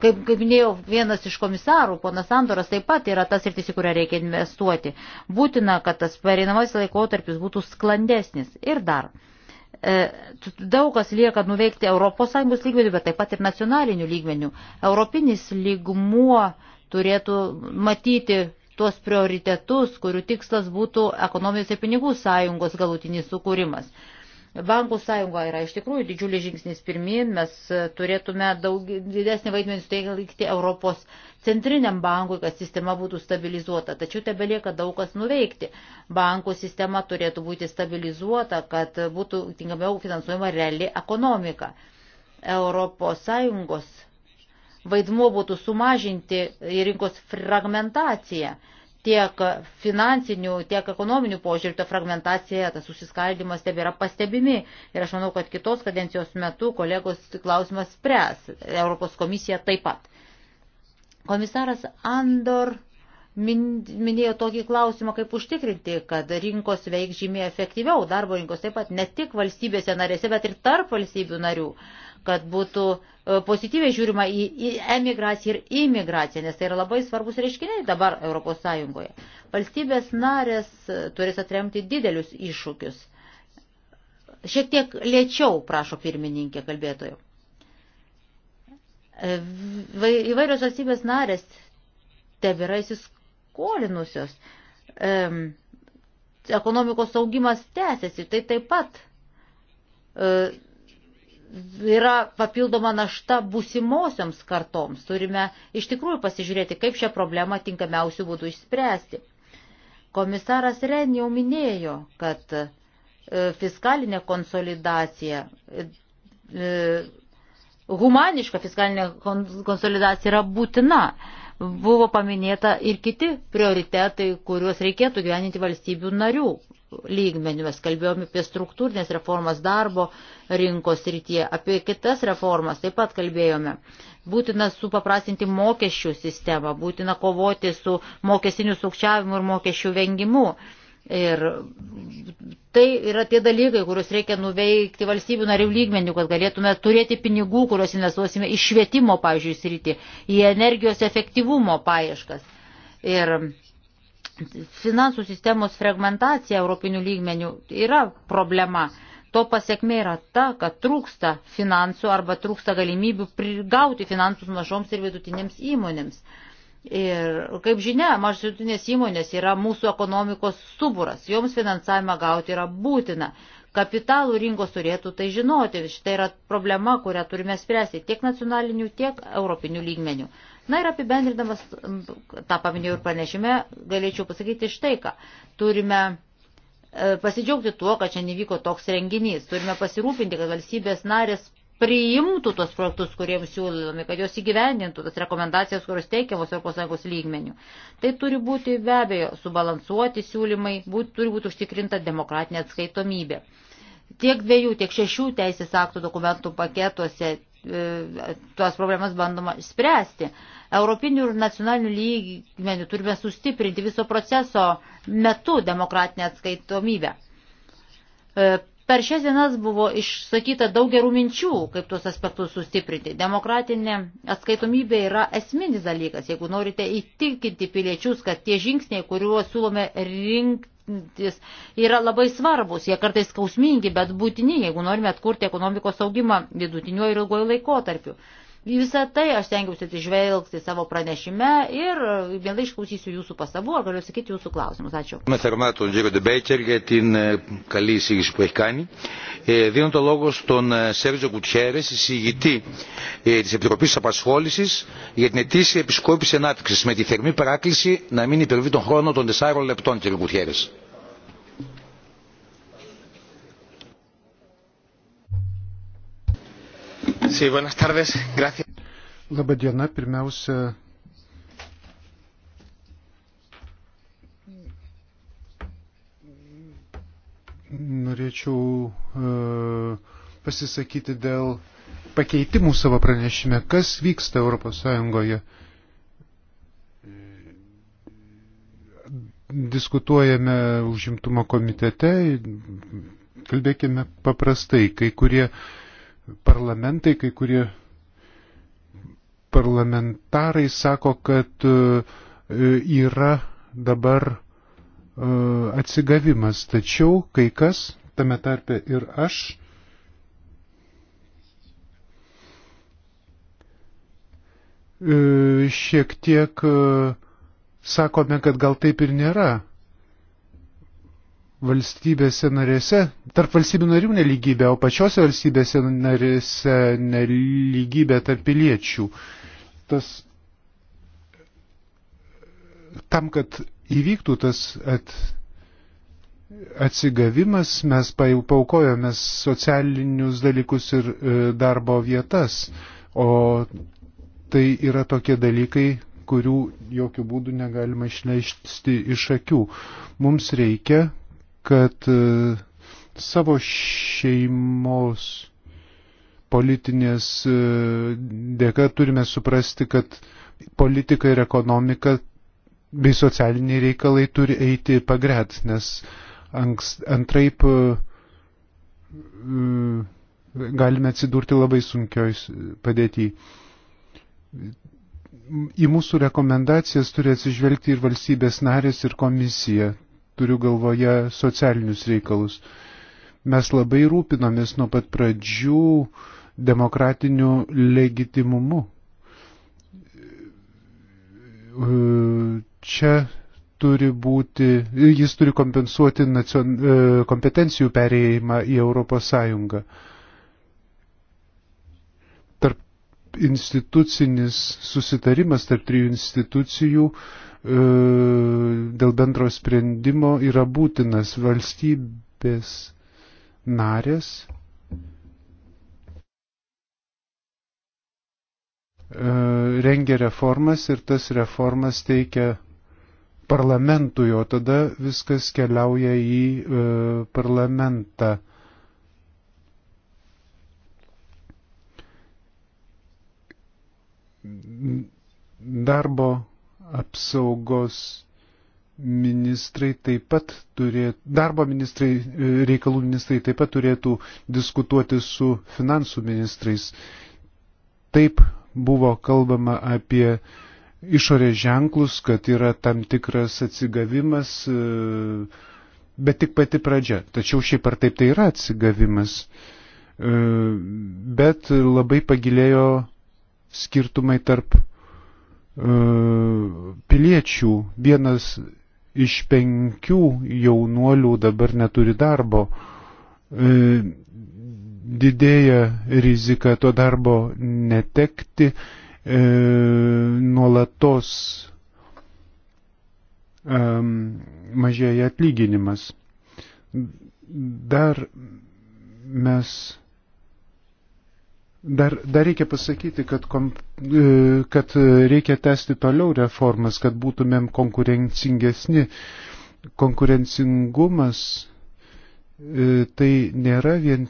kaip, kaip minėjau, vienas iš komisarų, ponas Sandoras, taip pat yra tas ir tiesi, kurią reikia investuoti. Būtina, kad tas pereinamasis laikotarpis būtų sklandesnis. Ir dar. E, daug kas lieka nuveikti ES lygmenių, bet taip pat ir nacionalinių lygmenių. Europinis lygmuo turėtų matyti tuos prioritetus, kurių tikslas būtų ekonomijos ir pinigų sąjungos galutinis sukūrimas. Bankų sąjunga yra iš tikrųjų didžiulis žingsnis pirmin, mes e, turėtume daug didesnį vaidmenį suteikti Europos centriniam bankui, kad sistema būtų stabilizuota, tačiau tebe lieka daug kas nuveikti. Bankų sistema turėtų būti stabilizuota, kad būtų tinkamiau finansuojama reali ekonomika. Europos sąjungos vaidmuo būtų sumažinti rinkos fragmentaciją tiek finansinių, tiek ekonominių požiūrių ta fragmentacija, tas susiskaldimas tebėra pastebimi. Ir aš manau, kad kitos kadencijos metu kolegos klausimas spręs, Europos komisija taip pat. Komisaras Andor minėjo tokį klausimą, kaip užtikrinti, kad rinkos veiks žymiai efektyviau, darbo rinkos taip pat ne tik valstybėse narėse, bet ir tarp valstybių narių. Uh, kad būtų e, pozityviai žiūrima į emigraciją ir imigraciją, nes tai yra labai svarbus reiškiniai dabar ES. Valstybės narės e, turės atremti didelius iššūkius. Šiek tiek lėčiau, prašo pirmininkė kalbėtojų. E, įvairios valstybės narės tebėra įsiskolinusios. Ekonomikos augimas tęsiasi, tai taip pat yra papildoma našta būsimosioms kartoms. Turime iš tikrųjų pasižiūrėti, kaip šią problemą tinkamiausių būdų išspręsti. Komisaras Ren jau minėjo, kad e, fiskalinė konsolidacija, e, e, humaniška fiskalinė konsolidacija yra būtina. Buvo paminėta ir kiti prioritetai, kuriuos reikėtų gyveninti valstybių narių lygmenių. Mes kalbėjome apie struktūrinės reformas darbo rinkos rytyje, apie kitas reformas taip pat kalbėjome. Būtina supaprastinti mokesčių sistemą, būtina kovoti su mokestiniu sukčiavimu ir mokesčių vengimu. Ir tai yra tie dalykai, kuriuos reikia nuveikti valstybių narių lygmenių, kad galėtume turėti pinigų, kuriuos investuosime į švietimo, pavyzdžiui, sritį, į energijos efektyvumo paieškas. Ir Finansų sistemos fragmentacija europinių lygmenių yra problema. To pasiekmė yra ta, kad trūksta finansų arba trūksta galimybių prigauti finansus mažoms ir vidutinėms įmonėms. Ir kaip žinia, mažutinės įmonės yra mūsų ekonomikos stuburas, joms finansavimą gauti yra būtina. Kapitalų rinkos turėtų tai žinoti, šitai yra problema, kurią turime spręsti tiek nacionalinių, tiek europinių lygmenių. Na ir apibendrindamas, tą paminėjau ir pranešime, galėčiau pasakyti štai ką. Turime e, pasidžiaugti tuo, kad čia nevyko toks renginys. Turime pasirūpinti, kad valstybės narės priimtų tos projektus, kuriems siūlomi, kad jos įgyvendintų tas rekomendacijas, kurios teikiamos Europos Sąjungos lygmenių. Tai turi būti be abejo subalansuoti siūlymai, būt, turi būti užtikrinta demokratinė atskaitomybė. Tiek dviejų, tiek šešių teisės aktų dokumentų paketuose E, tuos problemas bandoma spręsti. Europinių ir nacionalinių lygmenių turime sustiprinti viso proceso metu demokratinę atskaitomybę. E, Per šias dienas buvo išsakyta daug gerų minčių, kaip tuos aspektus sustiprinti. Demokratinė atskaitomybė yra esminis dalykas, jeigu norite įtikinti piliečius, kad tie žingsniai, kuriuos siūlome rinktis, yra labai svarbus, jie kartais skausmingi, bet būtini, jeigu norime atkurti ekonomikos augimą vidutiniuoju ir ilguoju laikotarpiu. Visą tai aš tengiausi atsižvelgti savo pranešime ir e, mielai išklausysiu jūsų pastabų ar galiu sakyti jūsų klausimus. Ačiū. Δίνω το λόγο στον Σέρτζο Κουτσέρες, εισηγητή της Επιτροπής Απασχόλησης για την ετήσια επισκόπηση ανάπτυξης με τη θερμή παράκληση να μην υπερβεί τον χρόνο των 4 λεπτών, κύριε Κουτσέρες. Sí, buenas tardes. Gracias. Labą dieną. Pirmiausia, norėčiau uh, pasisakyti dėl pakeitimų savo pranešime. Kas vyksta Europos Sąjungoje? Diskutuojame užimtumo komitete, kalbėkime paprastai, kai kurie uh, parlamentai, kai kurie parlamentarai sako, kad e, yra dabar e, atsigavimas, tačiau kai kas, tame tarpe ir aš, e, šiek tiek sakome, kad gal taip ir nėra valstybėse narėse, tarp valstybių narių neligybė, o pačiose valstybėse narėse neligybė tarp piliečių. Tas, tam, kad įvyktų tas at, atsigavimas, mes paukojame socialinius dalykus ir e, darbo vietas, o tai yra tokie dalykai, kurių jokių būdų negalima išleisti iš akių. Mums reikia kad e, savo šeimos politinės e, dėka turime suprasti, kad politika ir ekonomika bei socialiniai reikalai turi eiti pagret, nes antraip e, galime atsidurti labai sunkioj padėtyje į mūsų rekomendacijas turi atsižvelgti ir valstybės narės, ir komisija turiu galvoje socialinius reikalus. Mes labai rūpinomės nuo pat pradžių demokratiniu legitimumu. Čia turi būti, jis turi kompensuoti nacion, e, kompetencijų perėjimą į Europos Sąjungą. Tarp institucinis susitarimas tarp trijų institucijų uh, E, dėl bendro sprendimo yra būtinas valstybės narės. E, rengia reformas ir tas reformas teikia parlamentui, o tada viskas keliauja į e, parlamentą. Darbo apsaugos ministrai taip pat turėtų, darbo ministrai, e, reikalų ministrai taip pat turėtų diskutuoti su finansų ministrais. Taip buvo kalbama apie išorės ženklus, kad yra tam tikras atsigavimas, e, bet tik pati pradžia. Tačiau šiaip ar taip tai yra atsigavimas. E, bet labai pagilėjo skirtumai tarp piliečių, vienas iš penkių jaunuolių dabar neturi darbo. E, didėja rizika to darbo netekti, e, nuolatos mažėja atlyginimas. Dar mes Dar, dar reikia pasakyti, kad, kom, e, kad e, reikia tęsti toliau reformas, kad būtumėm konkurencingesni. Konkurencingumas e, tai nėra vien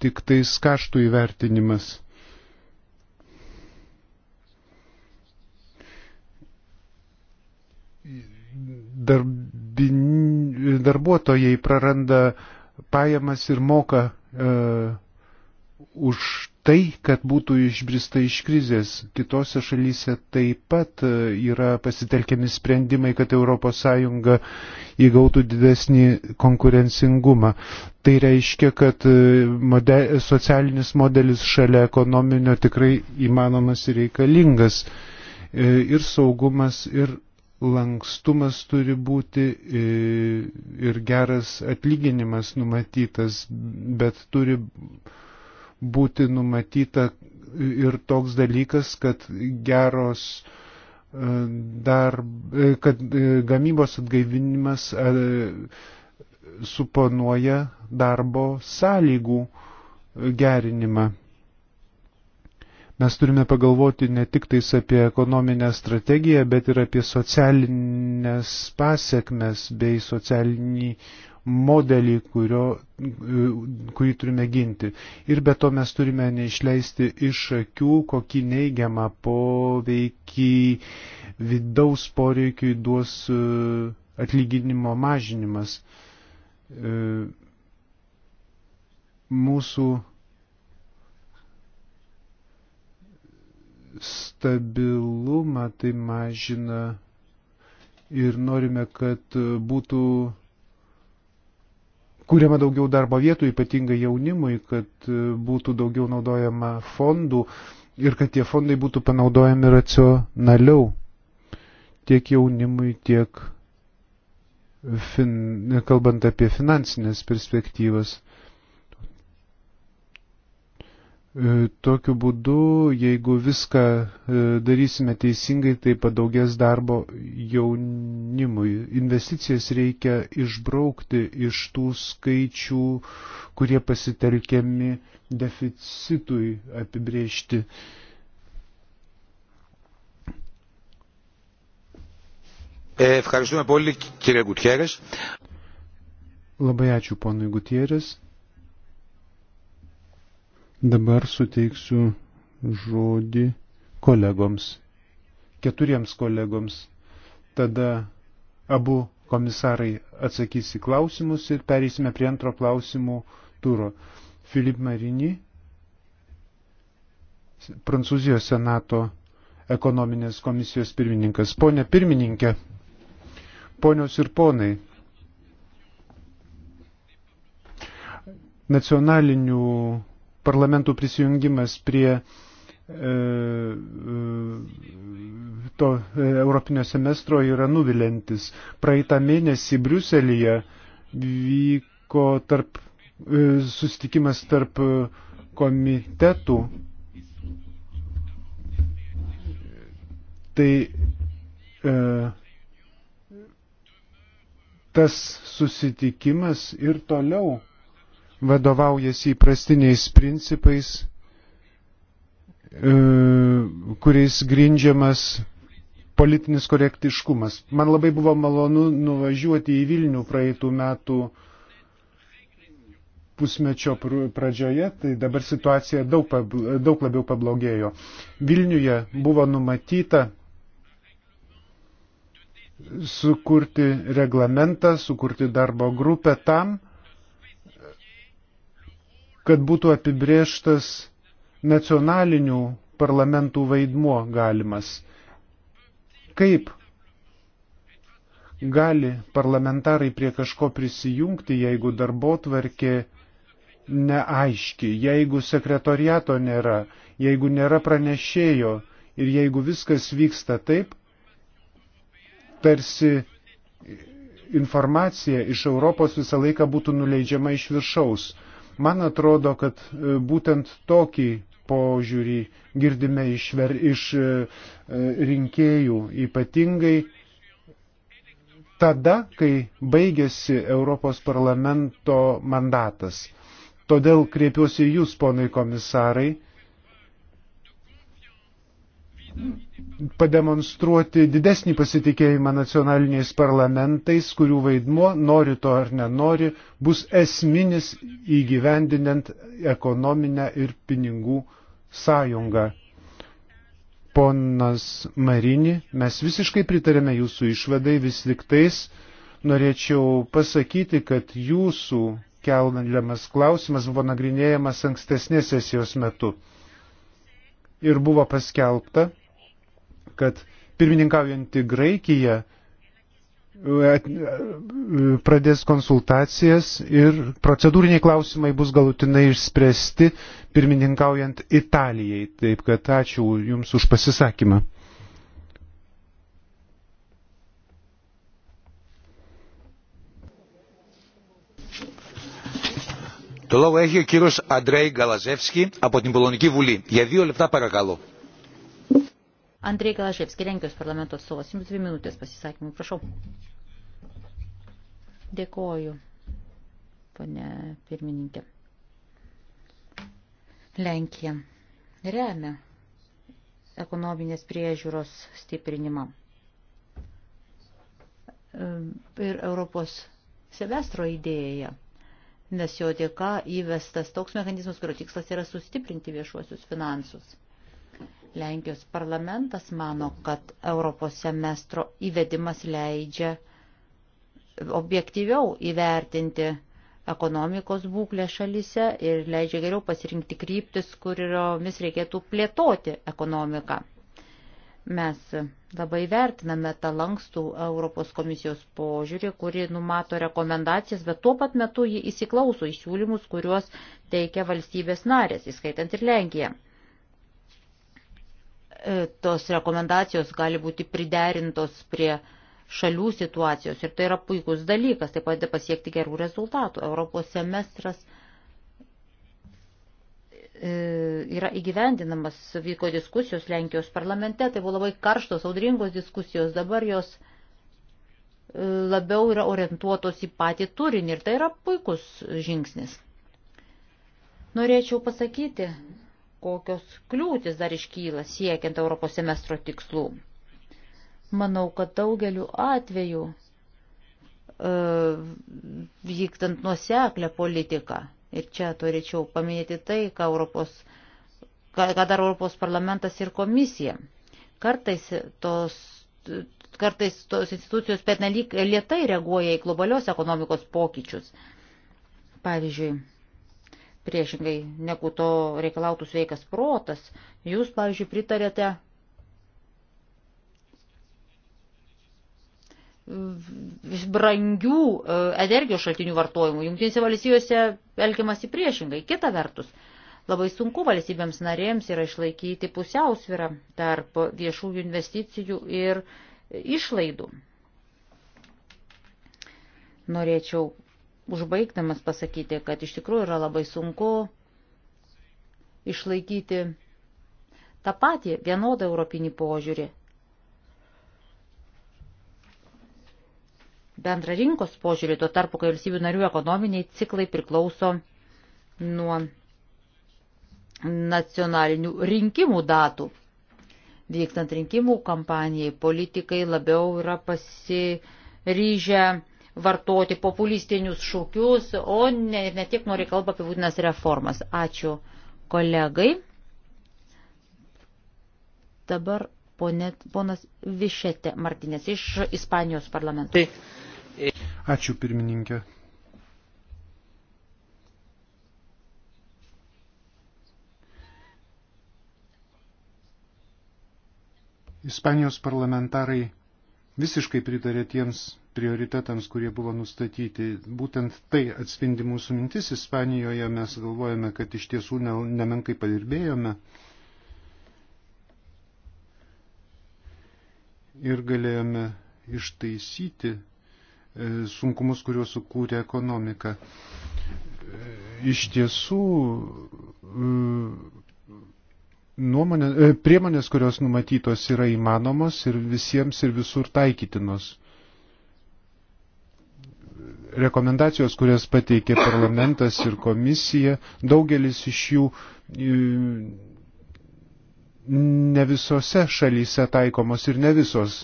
tik tais kaštų įvertinimas. Darbin, darbuotojai praranda pajamas ir moka e, už tai, kad būtų išbrista iš krizės. Kitose šalyse taip pat e, yra pasitelkiami sprendimai, kad ES įgautų didesnį konkurencingumą. Tai reiškia, kad e, model, socialinis modelis šalia ekonominio tikrai įmanomas ir reikalingas. E, ir saugumas, ir lankstumas turi būti ir geras atlyginimas numatytas, bet turi būti numatyta ir toks dalykas, kad geros e, dar, e, kad e, gamybos atgaivinimas suponuoja darbo sąlygų gerinimą. Mes turime pagalvoti ne tik tais apie ekonominę strategiją, bet ir apie socialinės pasiekmes bei socialinį modelį, kurio, e, kurį turime ginti. Ir be to mes turime neišleisti iš akių, kokį neigiamą poveikį vidaus poreikiui duos e, atlyginimo mažinimas. E, mūsų stabilumą tai mažina ir norime, kad būtų kūrėme daugiau darbo vietų, ypatingai jaunimui, kad e, būtų daugiau naudojama fondų ir kad tie fondai būtų panaudojami racionaliau tiek jaunimui, tiek fin, kalbant apie finansinės perspektyvas. E, tokiu būdu, jeigu viską e, darysime teisingai, tai padaugės darbo jaunimui. Investicijas reikia išbraukti iš tų skaičių, kurie pasitelkiami deficitui apibriežti. E, ευχαριστούμε πολύ κύριε Γκουτιέρες. Labai ačiū ponui Gutierės. Dabar suteiksiu žodį kolegoms, keturiems kolegoms. Tada abu komisarai atsakys į klausimus ir pereisime prie antro klausimų turo. Filip Marini, Prancūzijos senato ekonominės komisijos pirmininkas. Pone pirmininkė, ponios ir ponai, nacionalinių parlamentų prisijungimas prie e, e, to e, europinio semestro yra nuvilintis. Praeitą mėnesį Briuselėje vyko tarp, susitikimas tarp komitetų. Tai e, tas susitikimas ir toliau vadovaujasi įprastiniais principais, e, kuriais grindžiamas politinis korektiškumas. Man labai buvo malonu nuvažiuoti į Vilnių praeitų metų pusmečio pradžioje, tai dabar situacija daug, daug labiau pablogėjo. Vilniuje buvo numatyta sukurti reglamentą, sukurti darbo grupę tam, kad būtų apibrieštas nacionalinių parlamentų vaidmuo galimas. Kaip gali parlamentarai prie kažko prisijungti, jeigu darbo tvarkė neaiški, jeigu sekretoriato nėra, jeigu nėra pranešėjo ir jeigu viskas vyksta taip, tarsi informacija iš Europos visą laiką būtų nuleidžiama iš viršaus. Man atrodo, kad e, būtent tokį požiūrį girdime iš, ver, iš e, e, rinkėjų ypatingai tada, kai baigėsi Europos parlamento mandatas. Todėl kreipiuosi jūs, ponai komisarai, pademonstruoti didesnį pasitikėjimą nacionaliniais parlamentais, kurių vaidmuo, nori to ar nenori, bus esminis įgyvendinant ekonominę ir pinigų sąjungą. Ponas Marini, mes visiškai pritarėme jūsų išvadai, vis tik tais norėčiau pasakyti, kad jūsų kelnamas klausimas buvo nagrinėjamas ankstesnės sesijos metu. Ir buvo paskelbta, kad pirmininkaujanti Graikija e, e, pradės konsultacijas ir procedūriniai klausimai bus galutinai išspręsti pirmininkaujant Italijai. Taip kad ačiū Jums už pasisakymą. Το λόγο έχει ο κύριος Αντρέι Γκαλαζεύσκη από την Πολωνική Βουλή. Για δύο λεπτά παρακαλώ. Andrei Galaševski, Lenkijos parlamento atstovas, jums dvi minutės pasisakymų, prašau. Dėkoju, ponė pirmininkė. Lenkija remia ekonominės priežiūros stiprinimą. Ir Europos semestro idėja, nes jo dėka įvestas toks mechanizmas, kurio tikslas yra sustiprinti viešuosius finansus. Lenkijos parlamentas mano, kad Europos semestro įvedimas leidžia objektyviau įvertinti ekonomikos būklę šalyse ir leidžia geriau pasirinkti kryptis, kuriomis reikėtų plėtoti ekonomiką. Mes labai vertiname tą lankstų Europos komisijos požiūrį, kuri numato rekomendacijas, bet tuo pat metu jį įsiklauso į siūlymus, kuriuos teikia valstybės narės, įskaitant ir Lenkiją. E, tos rekomendacijos gali būti priderintos prie šalių situacijos ir tai yra puikus dalykas, tai padeda pasiekti gerų rezultatų. Europos semestras e, yra įgyvendinamas, vyko diskusijos Lenkijos parlamente, tai buvo labai karštos, audringos diskusijos, dabar jos e, labiau yra orientuotos į patį turinį ir tai yra puikus žingsnis. Norėčiau pasakyti, kokios kliūtis dar iškyla siekiant Europos semestro tikslų. Manau, kad daugeliu atveju e, vykdant nuoseklę politiką. Ir čia turėčiau paminėti tai, ką, Europos, ką, ką dar Europos parlamentas ir komisija. Kartais tos, kartais tos institucijos pernelyg lietai reaguoja į globalios ekonomikos pokyčius. Pavyzdžiui, priešingai negu to reikalautų sveikas protas, jūs, pavyzdžiui, pritarėte brangių e, energijos šaltinių vartojimų. Jungtinėse valstijose elgiamasi priešingai. Kita vertus, labai sunku valstybėms narėms yra išlaikyti pusiausvirą tarp viešųjų investicijų ir išlaidų. Norėčiau užbaigdamas pasakyti, kad iš tikrųjų yra labai sunku išlaikyti tą patį vienodą europinį požiūrį. Bendra rinkos požiūrį tuo tarpu, kai valstybių narių ekonominiai ciklai priklauso nuo nacionalinių rinkimų datų. Vykstant rinkimų kampanijai, politikai labiau yra pasiryžę vartoti populistinius šūkius, o ne, ne tiek nori kalba apie būtinas reformas. Ačiū kolegai. Dabar ponė, ponas Višete Martinės iš Ispanijos parlamento. Tai, e, Ačiū pirmininkė. Ispanijos parlamentarai visiškai pritarė tiems prioritetams, kurie buvo nustatyti. Būtent tai atspindi mūsų mintis. Ispanijoje mes galvojame, kad iš tiesų nemenkai padirbėjome. Ir galėjome ištaisyti e, sunkumus, kuriuos sukūrė ekonomika. E, iš tiesų, e, nuomonė, priemonės, kurios numatytos, yra įmanomos ir visiems ir visur taikytinos rekomendacijos, kurias pateikė parlamentas ir komisija, daugelis iš jų e, ne visose šalyse taikomos ir ne visos.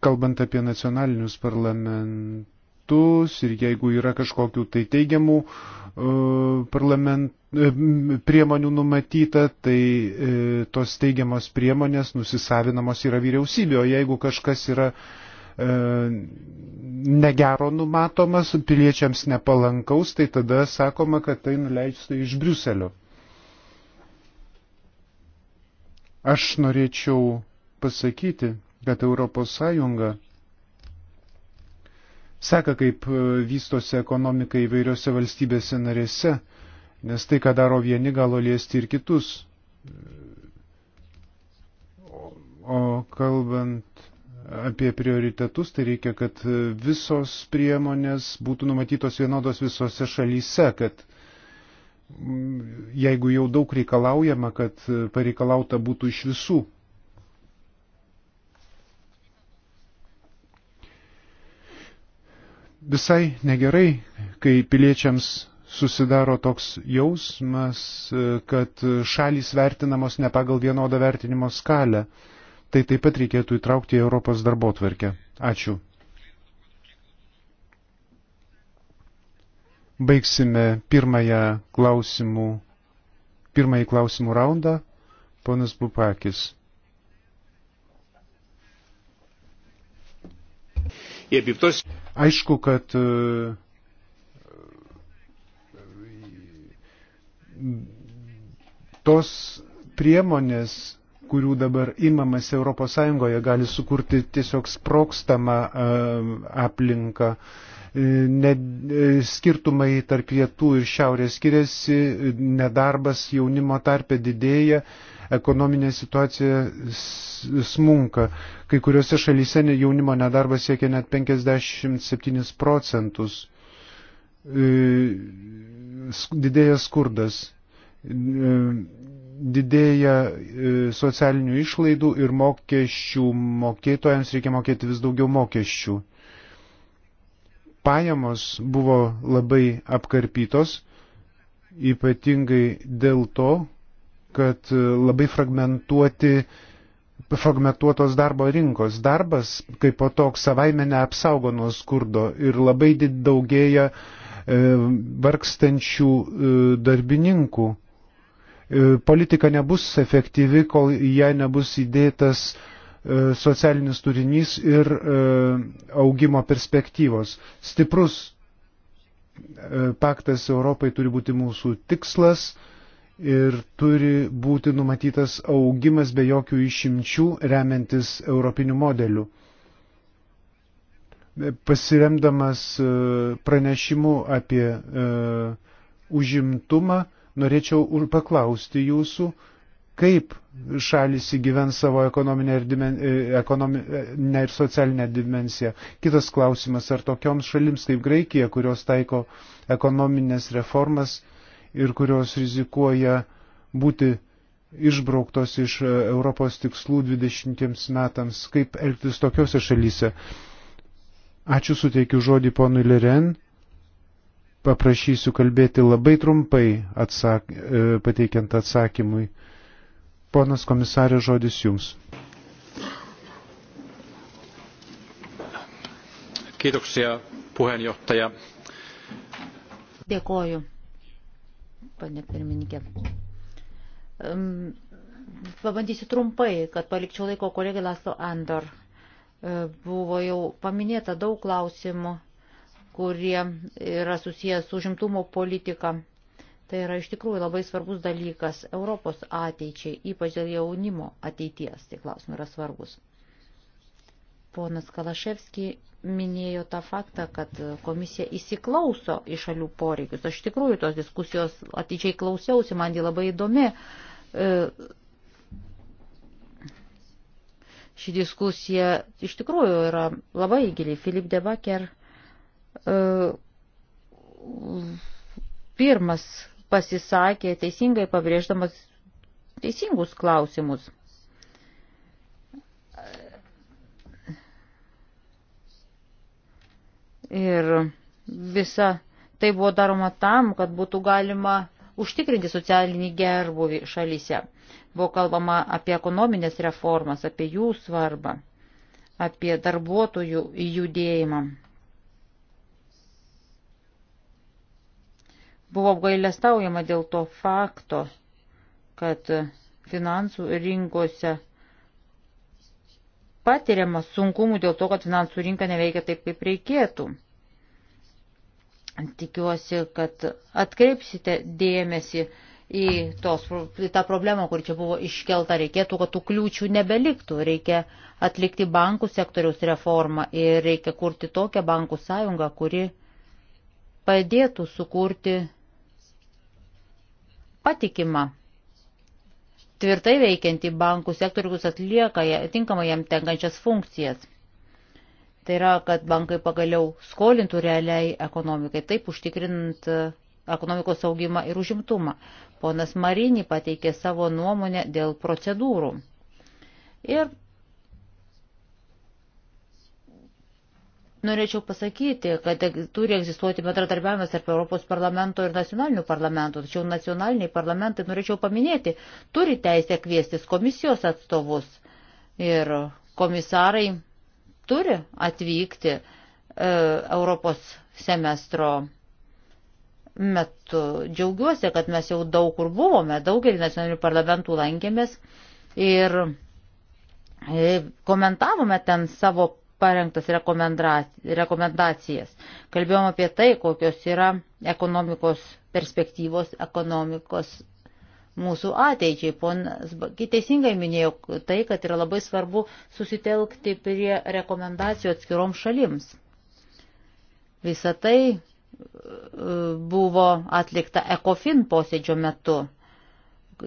Kalbant apie nacionalinius parlamentus ir jeigu yra kažkokių tai teigiamų e, parlament, e, priemonių numatyta, tai tos teigiamos priemonės nusisavinamos yra vyriausybė, o jeigu kažkas yra E, negero numatomas, piliečiams nepalankaus, tai tada sakoma, kad tai nuleista iš Briuselio. Aš norėčiau pasakyti, kad ES seka, kaip e, vystosi ekonomika įvairiose valstybėse narėse, nes tai, ką daro vieni, galo liesti ir kitus. O, o kalbant apie prioritetus, tai reikia, kad visos priemonės būtų numatytos vienodos visose šalyse, kad mm, jeigu jau daug reikalaujama, kad pareikalauta būtų iš visų. Visai negerai, kai piliečiams susidaro toks jausmas, kad šalys vertinamos ne pagal vienodą vertinimo skalę tai taip pat reikėtų įtraukti į Europos darbo tvarkę. Ačiū. Baigsime pirmąją klausimų, pirmąjį klausimų raundą. Ponas Bupakis. Aišku, kad e, tos priemonės kurių dabar imamas ES, gali sukurti tiesiog sprokstamą e, aplinką. E, ne, e, skirtumai tarp pietų ir šiaurės skiriasi, nedarbas jaunimo tarpe didėja, ekonominė situacija smunka. Kai kuriuose šalyse jaunimo nedarbas siekia net 57 procentus. Didėja skurdas didėja e, socialinių išlaidų ir mokesčių mokėtojams reikia mokėti vis daugiau mokesčių. Pajamos buvo labai apkarpytos, ypatingai dėl to, kad e, labai fragmentuoti, fragmentuotos darbo rinkos. Darbas kaip po toks savaime neapsaugo nuo skurdo ir labai daugėja e, vargstančių darbininkų E, politika nebus efektyvi, kol į ją nebus įdėtas e, socialinis turinys ir e, augimo perspektyvos. Stiprus paktas Europai turi būti mūsų tikslas ir turi būti numatytas augimas be jokių išimčių remiantis europiniu modeliu. Pasiremdamas pranešimu apie e, užimtumą, Norėčiau paklausti jūsų, kaip šalis įgyvens savo ekonominę ir, dimen, e, ekonominę ir socialinę dimensiją. Kitas klausimas, ar tokioms šalims kaip Graikija, kurios taiko ekonominės reformas ir kurios rizikuoja būti išbrauktos iš e, Europos tikslų 20 metams, kaip elgtis tokiuose šalyse. Ačiū suteikiu žodį ponui Liren paprašysiu kalbėti labai trumpai, atsak, e, pateikiant atsakymui. Ponas komisarė, žodis jums. Kiitoksia, puheenjohtaja. Dėkoju, pane pirmininkė. Pabandysiu trumpai, kad palikčiau laiko kolegai Lasto Andor. E, buvo jau paminėta daug klausimų kurie yra susijęs su žimtumo politika. Tai yra iš tikrųjų labai svarbus dalykas Europos ateičiai, ypač dėl jaunimo ateities. Tai klausimai yra svarbus. Ponas Kalaševski minėjo tą faktą, kad komisija įsiklauso į šalių poreikius. Aš tikrųjų tos diskusijos atidžiai klausiausi, man ji labai įdomi. E, ši diskusija iš tikrųjų yra labai gili. Filip Debaker E, pirmas pasisakė teisingai pabrėždamas teisingus klausimus. Ir visa tai buvo daroma tam, kad būtų galima užtikrinti socialinį gerbuvį šalyse. Buvo kalbama apie ekonominės reformas, apie jų svarbą, apie darbuotojų judėjimą. Buvo apgailestaujama dėl to fakto, kad finansų rinkose patiriama sunkumų dėl to, kad finansų rinka neveikia taip, kaip reikėtų. Tikiuosi, kad atkreipsite dėmesį į, tos, į tą problemą, kur čia buvo iškelta. Reikėtų, kad tų kliūčių nebeliktų. Reikia atlikti bankų sektoriaus reformą ir reikia kurti tokią bankų sąjungą, kuri padėtų sukurti patikimą tvirtai veikiantį bankų sektorių, kuris atlieka tinkamai jam tenkančias funkcijas. Tai yra, kad bankai pagaliau skolintų realiai ekonomikai, taip užtikrint e, ekonomikos augimą ir užimtumą. Ponas Marinį pateikė savo nuomonę dėl procedūrų. Ir Norėčiau pasakyti, kad e, turi egzistuoti bendradarbiavimas tarp Europos parlamento ir nacionalinių parlamentų, tačiau nacionaliniai parlamentai, norėčiau paminėti, turi teisę kviestis komisijos atstovus ir komisarai turi atvykti e, Europos semestro metu. Džiaugiuosi, kad mes jau daug kur buvome, daugelį nacionalinių parlamentų lankėmės ir e, komentavome ten savo parengtas rekomendacijas. Kalbėjom apie tai, kokios yra ekonomikos perspektyvos, ekonomikos mūsų ateičiai. Ponas teisingai minėjo tai, kad yra labai svarbu susitelkti prie rekomendacijų atskirom šalims. Visą tai e, buvo atlikta ECOFIN posėdžio metu.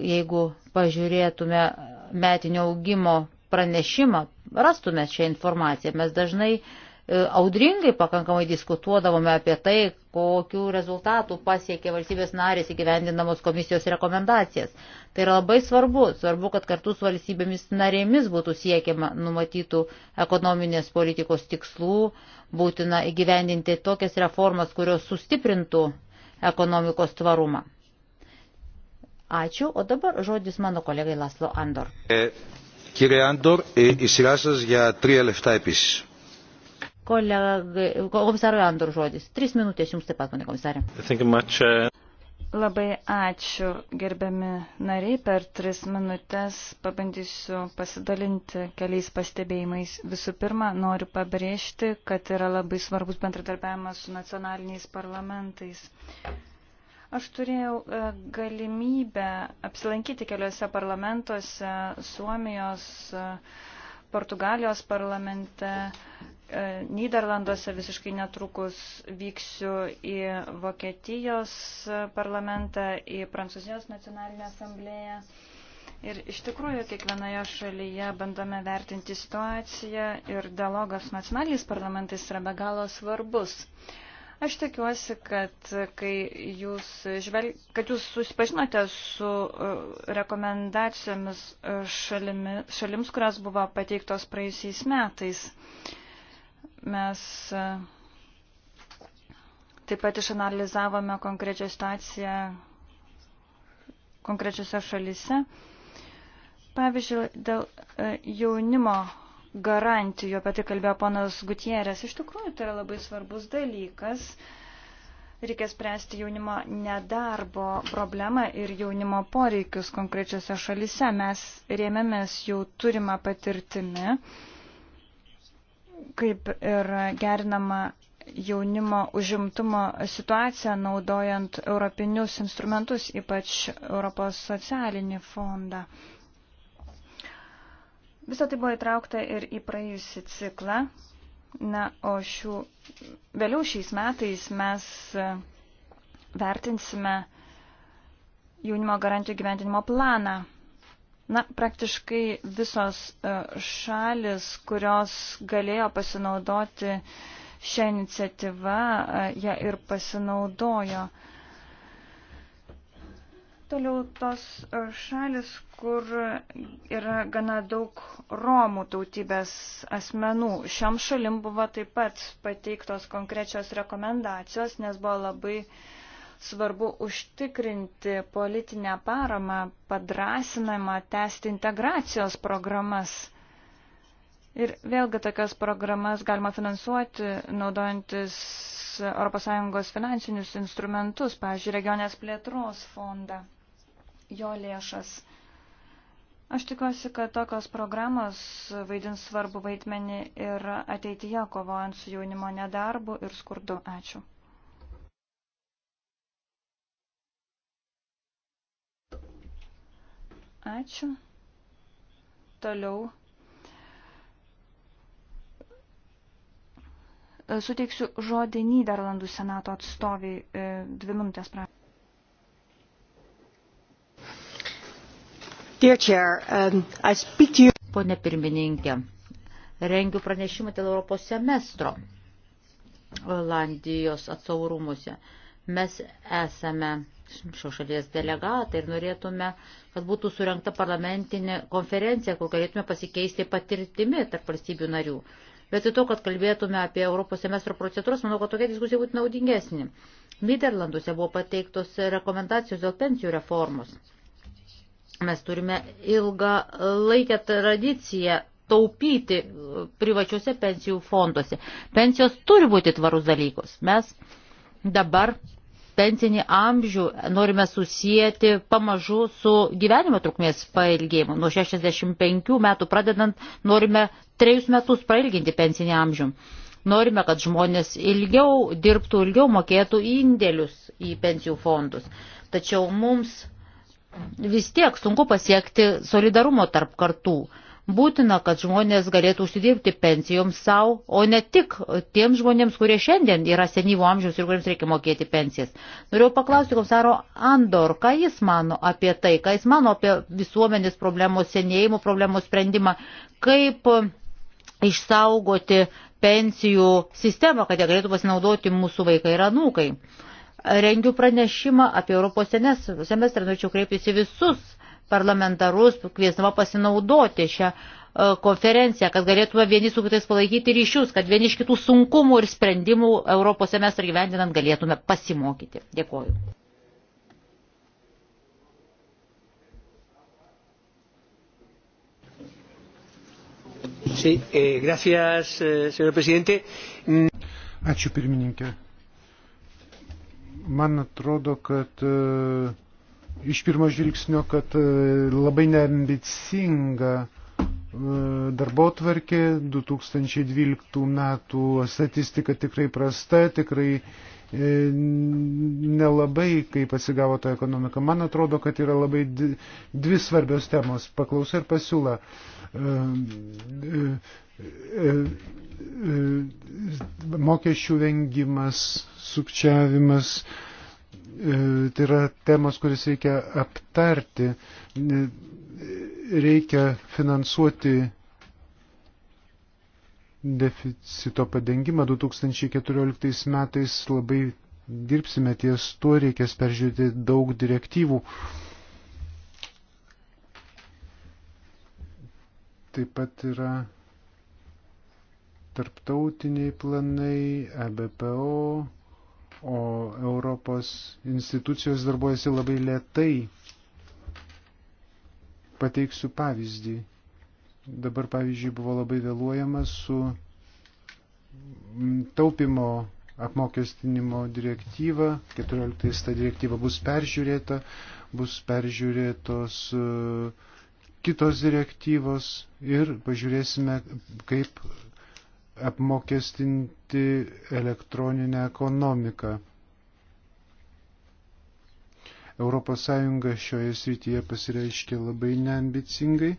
Jeigu pažiūrėtume metinio augimo pranešimą rastume šią informaciją. Mes dažnai e, audringai pakankamai diskutuodavome apie tai, kokiu rezultatu pasiekė valstybės narės įgyvendinamos komisijos rekomendacijas. Tai yra labai svarbu. Svarbu, kad kartu su valstybėmis narėmis būtų siekiama numatytų ekonominės politikos tikslų, būtina įgyvendinti tokias reformas, kurios sustiprintų ekonomikos tvarumą. Ačiū, o dabar žodis mano kolegai Laslo Andor. E... Κύριε Άντορ, η σειρά σας για τρία λεφτά επίσης. Kolegai, komisarui Andor žodis. Tris minutės jums taip pat, mane komisarė. Labai ačiū, gerbiami nariai. Per tris minutės pabandysiu pasidalinti keliais pastebėjimais. Visų pirma, noriu pabrėžti, kad yra labai svarbus bendradarbiavimas su nacionaliniais parlamentais. Aš turėjau e, galimybę apsilankyti keliuose parlamentuose, Suomijos, e, Portugalijos parlamente, e, Niderlanduose visiškai netrukus vyksiu į Vokietijos parlamentą, į Prancūzijos nacionalinę asamblėją. Ir iš tikrųjų kiekvienoje šalyje bandome vertinti situaciją ir dialogas nacionaliniais parlamentais yra be galo svarbus. Uh, Aš tikiuosi, kad kai jūs, žvelg... kad jūs susipažinote su e, rekomendacijomis e, šalimi... šalims, kurios buvo pateiktos praeisiais metais. Mes e, taip pat išanalizavome konkrečią situaciją konkrečiose šalise. Pavyzdžiui, dėl jaunimo garantijų, apie tai kalbėjo ponas Gutierės. Iš tikrųjų, tai yra labai svarbus dalykas. Reikia spręsti jaunimo nedarbo problemą ir jaunimo poreikius konkrečiose šalise. Mes rėmėmės jau turimą patirtimi, kaip ir gerinama jaunimo užimtumo situacija naudojant europinius instrumentus, ypač Europos socialinį fondą. Visą tai buvo įtraukta ir į praėjusią ciklą. Na, o šių, vėliau šiais metais mes e, vertinsime jaunimo garantijų gyventinimo planą. Na, praktiškai visos e, šalis, kurios galėjo pasinaudoti šią iniciatyvą, e, ją ir pasinaudojo. Toliau tos e, šalis, kur yra gana daug Romų tautybės asmenų. Šiam šalim buvo taip pat pateiktos konkrečios rekomendacijos, nes buvo labai svarbu užtikrinti politinę paramą, padrasinamą tęsti integracijos programas. Ir vėlgi tokias programas galima finansuoti naudojantis ES finansinius instrumentus, pavyzdžiui, regionės plėtros fondą jo lėšas. Aš tikiuosi, kad tokios programos vaidins svarbu vaidmenį ir ateityje kovojant su jaunimo nedarbu ir skurdu. Ačiū. Ačiū. Toliau. Suteiksiu žodį Niderlandų senato atstoviai e, dvi minutės prašymą. Um, Pone pirmininkė, rengiu pranešimą dėl Europos semestro Olandijos atstovų rūmose. Mes esame šios šalies delegatai ir norėtume, kad būtų surinkta parlamentinė konferencija, kur galėtume pasikeisti patirtimi tarp valstybių narių. Bet į to, kad kalbėtume apie Europos semestro procedūras, manau, kad tokia diskusija būtų naudingesnė. Niderlanduose buvo pateiktos rekomendacijos dėl pensijų reformos. Mes turime ilgą laikę tradiciją taupyti privačiuose pensijų fonduose. Pensijos turi būti tvarus dalykos. Mes dabar pensinį amžių norime susijęti pamažu su gyvenimo trukmės pailgėjimu. Nuo 65 metų pradedant norime trejus metus prailginti pensinį amžių. Norime, kad žmonės ilgiau dirbtų, ilgiau mokėtų indėlius į pensijų fondus. Tačiau mums vis tiek sunku pasiekti solidarumo tarp kartų. Būtina, kad žmonės galėtų užsidirbti pensijoms savo, o ne tik tiems žmonėms, kurie šiandien yra senyvo amžiaus ir kuriems reikia mokėti pensijas. Norėjau paklausti komisaro Andor, ką jis mano apie tai, ką jis mano apie visuomenės problemos senėjimo problemos sprendimą, kaip išsaugoti pensijų sistemą, kad jie galėtų pasinaudoti mūsų vaikai ir anūkai. Uh, rengiu pranešimą apie Europos semestrą, norėčiau kreiptis į visus parlamentarus, kviesdama pasinaudoti šią e, konferenciją, kad galėtume vieni su kitais palaikyti ryšius, kad vieni iš kitų sunkumų ir sprendimų Europos semestrą gyvendinant galėtume pasimokyti. Dėkuoju. Sí, eh, gracias, eh, señor presidente. Ačiū pirmininkė. Man atrodo, kad e, iš pirmo žvilgsnio, kad e, labai neambicinga darbo tvarkė, 2012 metų statistika tikrai prasta, tikrai E, nelabai kaip atsigavo ta ekonomika. Man atrodo, kad yra labai dvi svarbios temos - paklausa ir pasiūla. E, e, mokesčių vengimas, sukčiavimas. Tai yra temos, kuris reikia aptarti. Reikia finansuoti deficito padengimą 2014 metais labai dirbsime ties tuo, reikės peržiūrėti daug direktyvų. Taip pat yra tarptautiniai planai, EBPO, o Europos institucijos darbuojasi labai lietai. Pateiksiu pavyzdį Dabar, pavyzdžiui, buvo labai vėluojama su mm, taupimo apmokestinimo direktyva, 14 ta direktyva bus peržiūrėta, bus peržiūrėtos e, kitos direktyvos ir pažiūrėsime, kaip apmokestinti elektroninę ekonomiką. ES šioje srityje pasireiškia labai neambicingai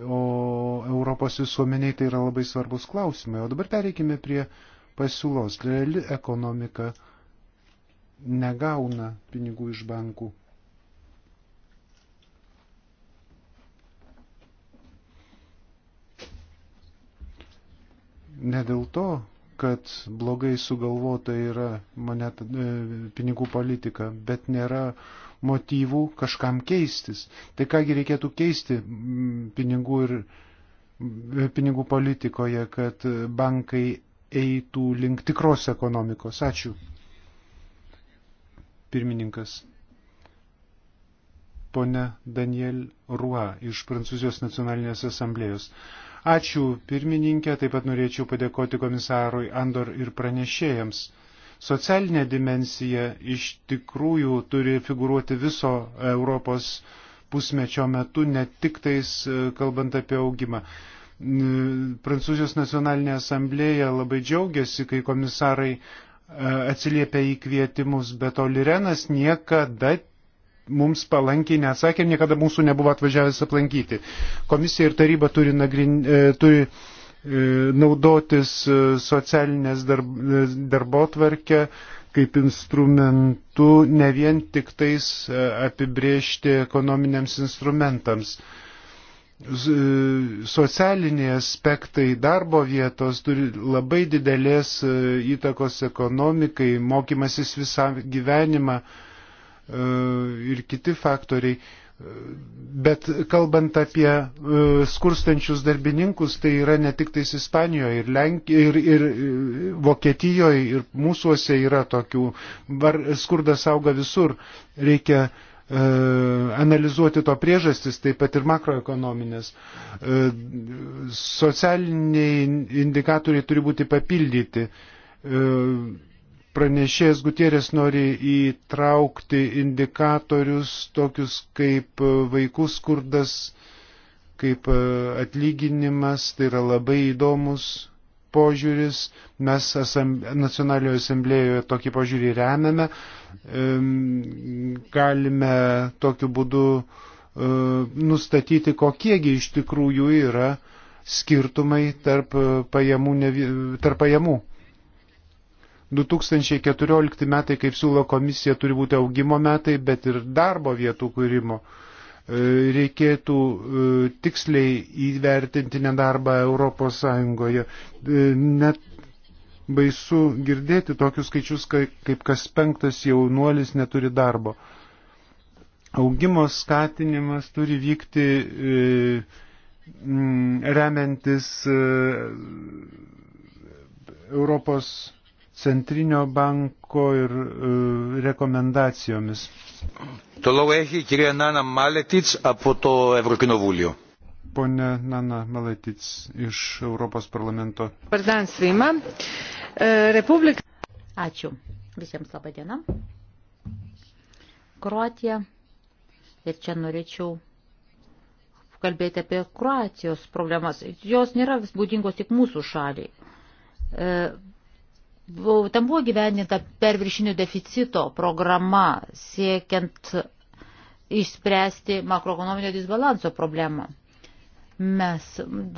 O Europos visuomeniai tai yra labai svarbus klausimai. O dabar pereikime prie pasiūlos. Reali ekonomika negauna pinigų iš bankų. Ne dėl to, kad blogai sugalvota yra monet, e, pinigų politika, bet nėra motyvų kažkam keistis. Tai kągi reikėtų keisti mm, pinigų ir mm, pinigų politikoje, kad bankai eitų link tikros ekonomikos. Ačiū. Pirmininkas. Pone Daniel Rua iš Prancūzijos nacionalinės asamblėjos. Ačiū pirmininkė, taip pat norėčiau padėkoti komisarui Andor ir pranešėjams. Socialinė dimensija iš tikrųjų turi figuruoti viso Europos pusmečio metu, ne tik tais e, kalbant apie augimą. Prancūzijos nacionalinė asamblėja labai džiaugiasi, kai komisarai e, atsiliepia į kvietimus, bet Olirenas niekada mums palankiai neatsakė, niekada mūsų nebuvo atvažiavęs aplankyti. Komisija ir taryba turi, nagrin, e, turi E, naudotis e, socialinės e, darbo tvarkę kaip instrumentu ne vien tik tais apibriežti ekonominiams instrumentams. Socialiniai aspektai darbo vietos turi labai didelės įtakos ekonomikai, mokymasis visą gyvenimą ir kiti faktoriai Bet kalbant apie e, skurstančius darbininkus, tai yra ne tik tais Ispanijoje ir, Lenk, ir, ir e, Vokietijoje ir mūsųose yra tokių. Var, skurdas auga visur. Reikia e, analizuoti to priežastis, taip pat ir makroekonominės. Socialiniai indikatoriai turi būti papildyti Pranešėjas Gutierės nori įtraukti indikatorius tokius kaip e, vaikų skurdas, kaip e, atlyginimas, tai yra labai įdomus požiūris, mes nacionalinėje asamblėjoje tokį požiūrį remiame, galime tokiu būdu e, nustatyti, kokiegi iš tikrųjų yra skirtumai tarp pajamų. Tarp pajamų. 2014 metai, kaip siūlo komisija, turi būti augimo metai, bet ir darbo vietų kūrimo. E, reikėtų e, tiksliai įvertinti nedarbą Europos Sąjungoje. E, net baisu girdėti tokius skaičius, kaip kas penktas jaunuolis neturi darbo. Augimo skatinimas turi vykti remiantis Europos centrinio banko ir e, rekomendacijomis. Toliau ehi, kirija Nana Maletic, apo to Eurokinovulio. Pone Nana Maletic iš Europos parlamento. Vardan svima. E, Republika. Ačiū. Visiems laba diena. Kroatija. Ir čia norėčiau kalbėti apie Kroatijos problemas. Jos nėra būdingos tik mūsų šaliai. E, ten buvo gyveninta perviršinių deficito programa siekiant išspręsti makroekonominio disbalanso problemą. Mes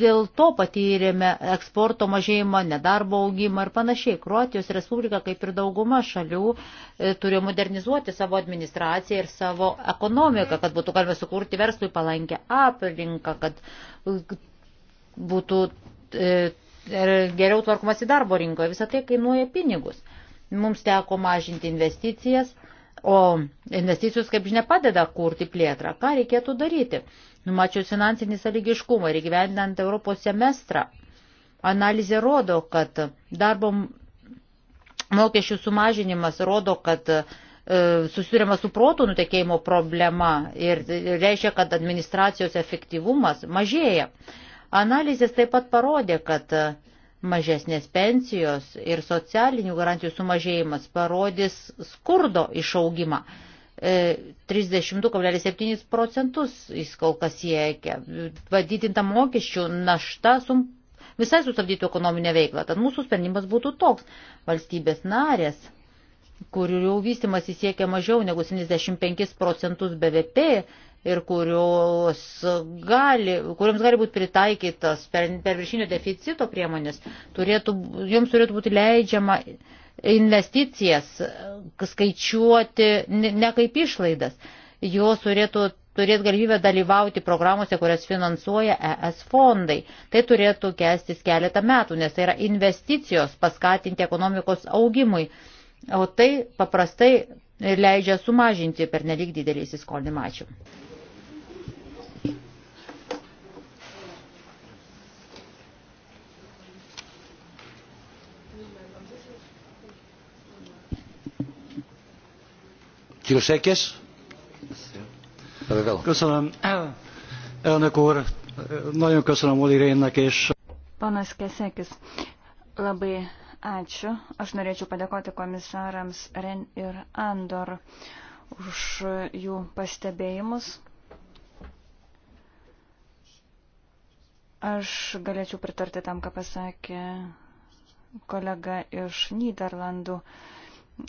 dėl to patyrėme eksporto mažėjimą, nedarbo augimą ir panašiai. Kroatijos Respublika, kaip ir dauguma šalių, e, turėjo modernizuoti savo administraciją ir savo ekonomiką, kad būtų galima sukurti verslui palankę aplinką, kad būtų e, geriau tvarkomas į darbo rinkoje. Visą tai kainuoja pinigus. Mums teko mažinti investicijas, o investicijos, kaip žinia, padeda kurti plėtrą. Ką reikėtų daryti? Numačius finansinį sąlygiškumą ir gyvendant Europos semestrą, analizė rodo, kad darbo mokesčių sumažinimas rodo, kad e, susidurima su protų nutekėjimo problema ir reiškia, kad administracijos efektyvumas mažėja. Analizės taip pat parodė, kad mažesnės pensijos ir socialinių garantijų sumažėjimas parodys skurdo išaugimą. 32,7 e, procentus jis kol kas siekia. Vadydinta mokesčių našta sum, visai sustabdytų ekonominę veiklą. Tad mūsų sprendimas būtų toks. Valstybės narės, kurių vystimas įsiekia mažiau negu 75 procentus BVP, ir kurios gali, kuriams gali būti pritaikytas per, per viršinio deficito priemonės, turėtų, joms turėtų būti leidžiama investicijas skaičiuoti ne, ne kaip išlaidas. Jos turėtų turėti galimybę dalyvauti programuose, kurias finansuoja ES fondai. Tai turėtų kestis keletą metų, nes tai yra investicijos paskatinti ekonomikos augimui. O tai paprastai leidžia sumažinti per nelik didelį įsiskolinimą. Ačiū. Κύριο Σέκες. Παρακαλώ. Köszönöm. Elnök úr, nagyon köszönöm Oli Rénnek és... Panas Kesekis, labai ačiū. Aš norėčiau padėkoti komisarams Ren ir Andor už jų pastebėjimus. Aš galėčiau pritarti tam, ką pasakė kolega iš Niderlandų. Uh,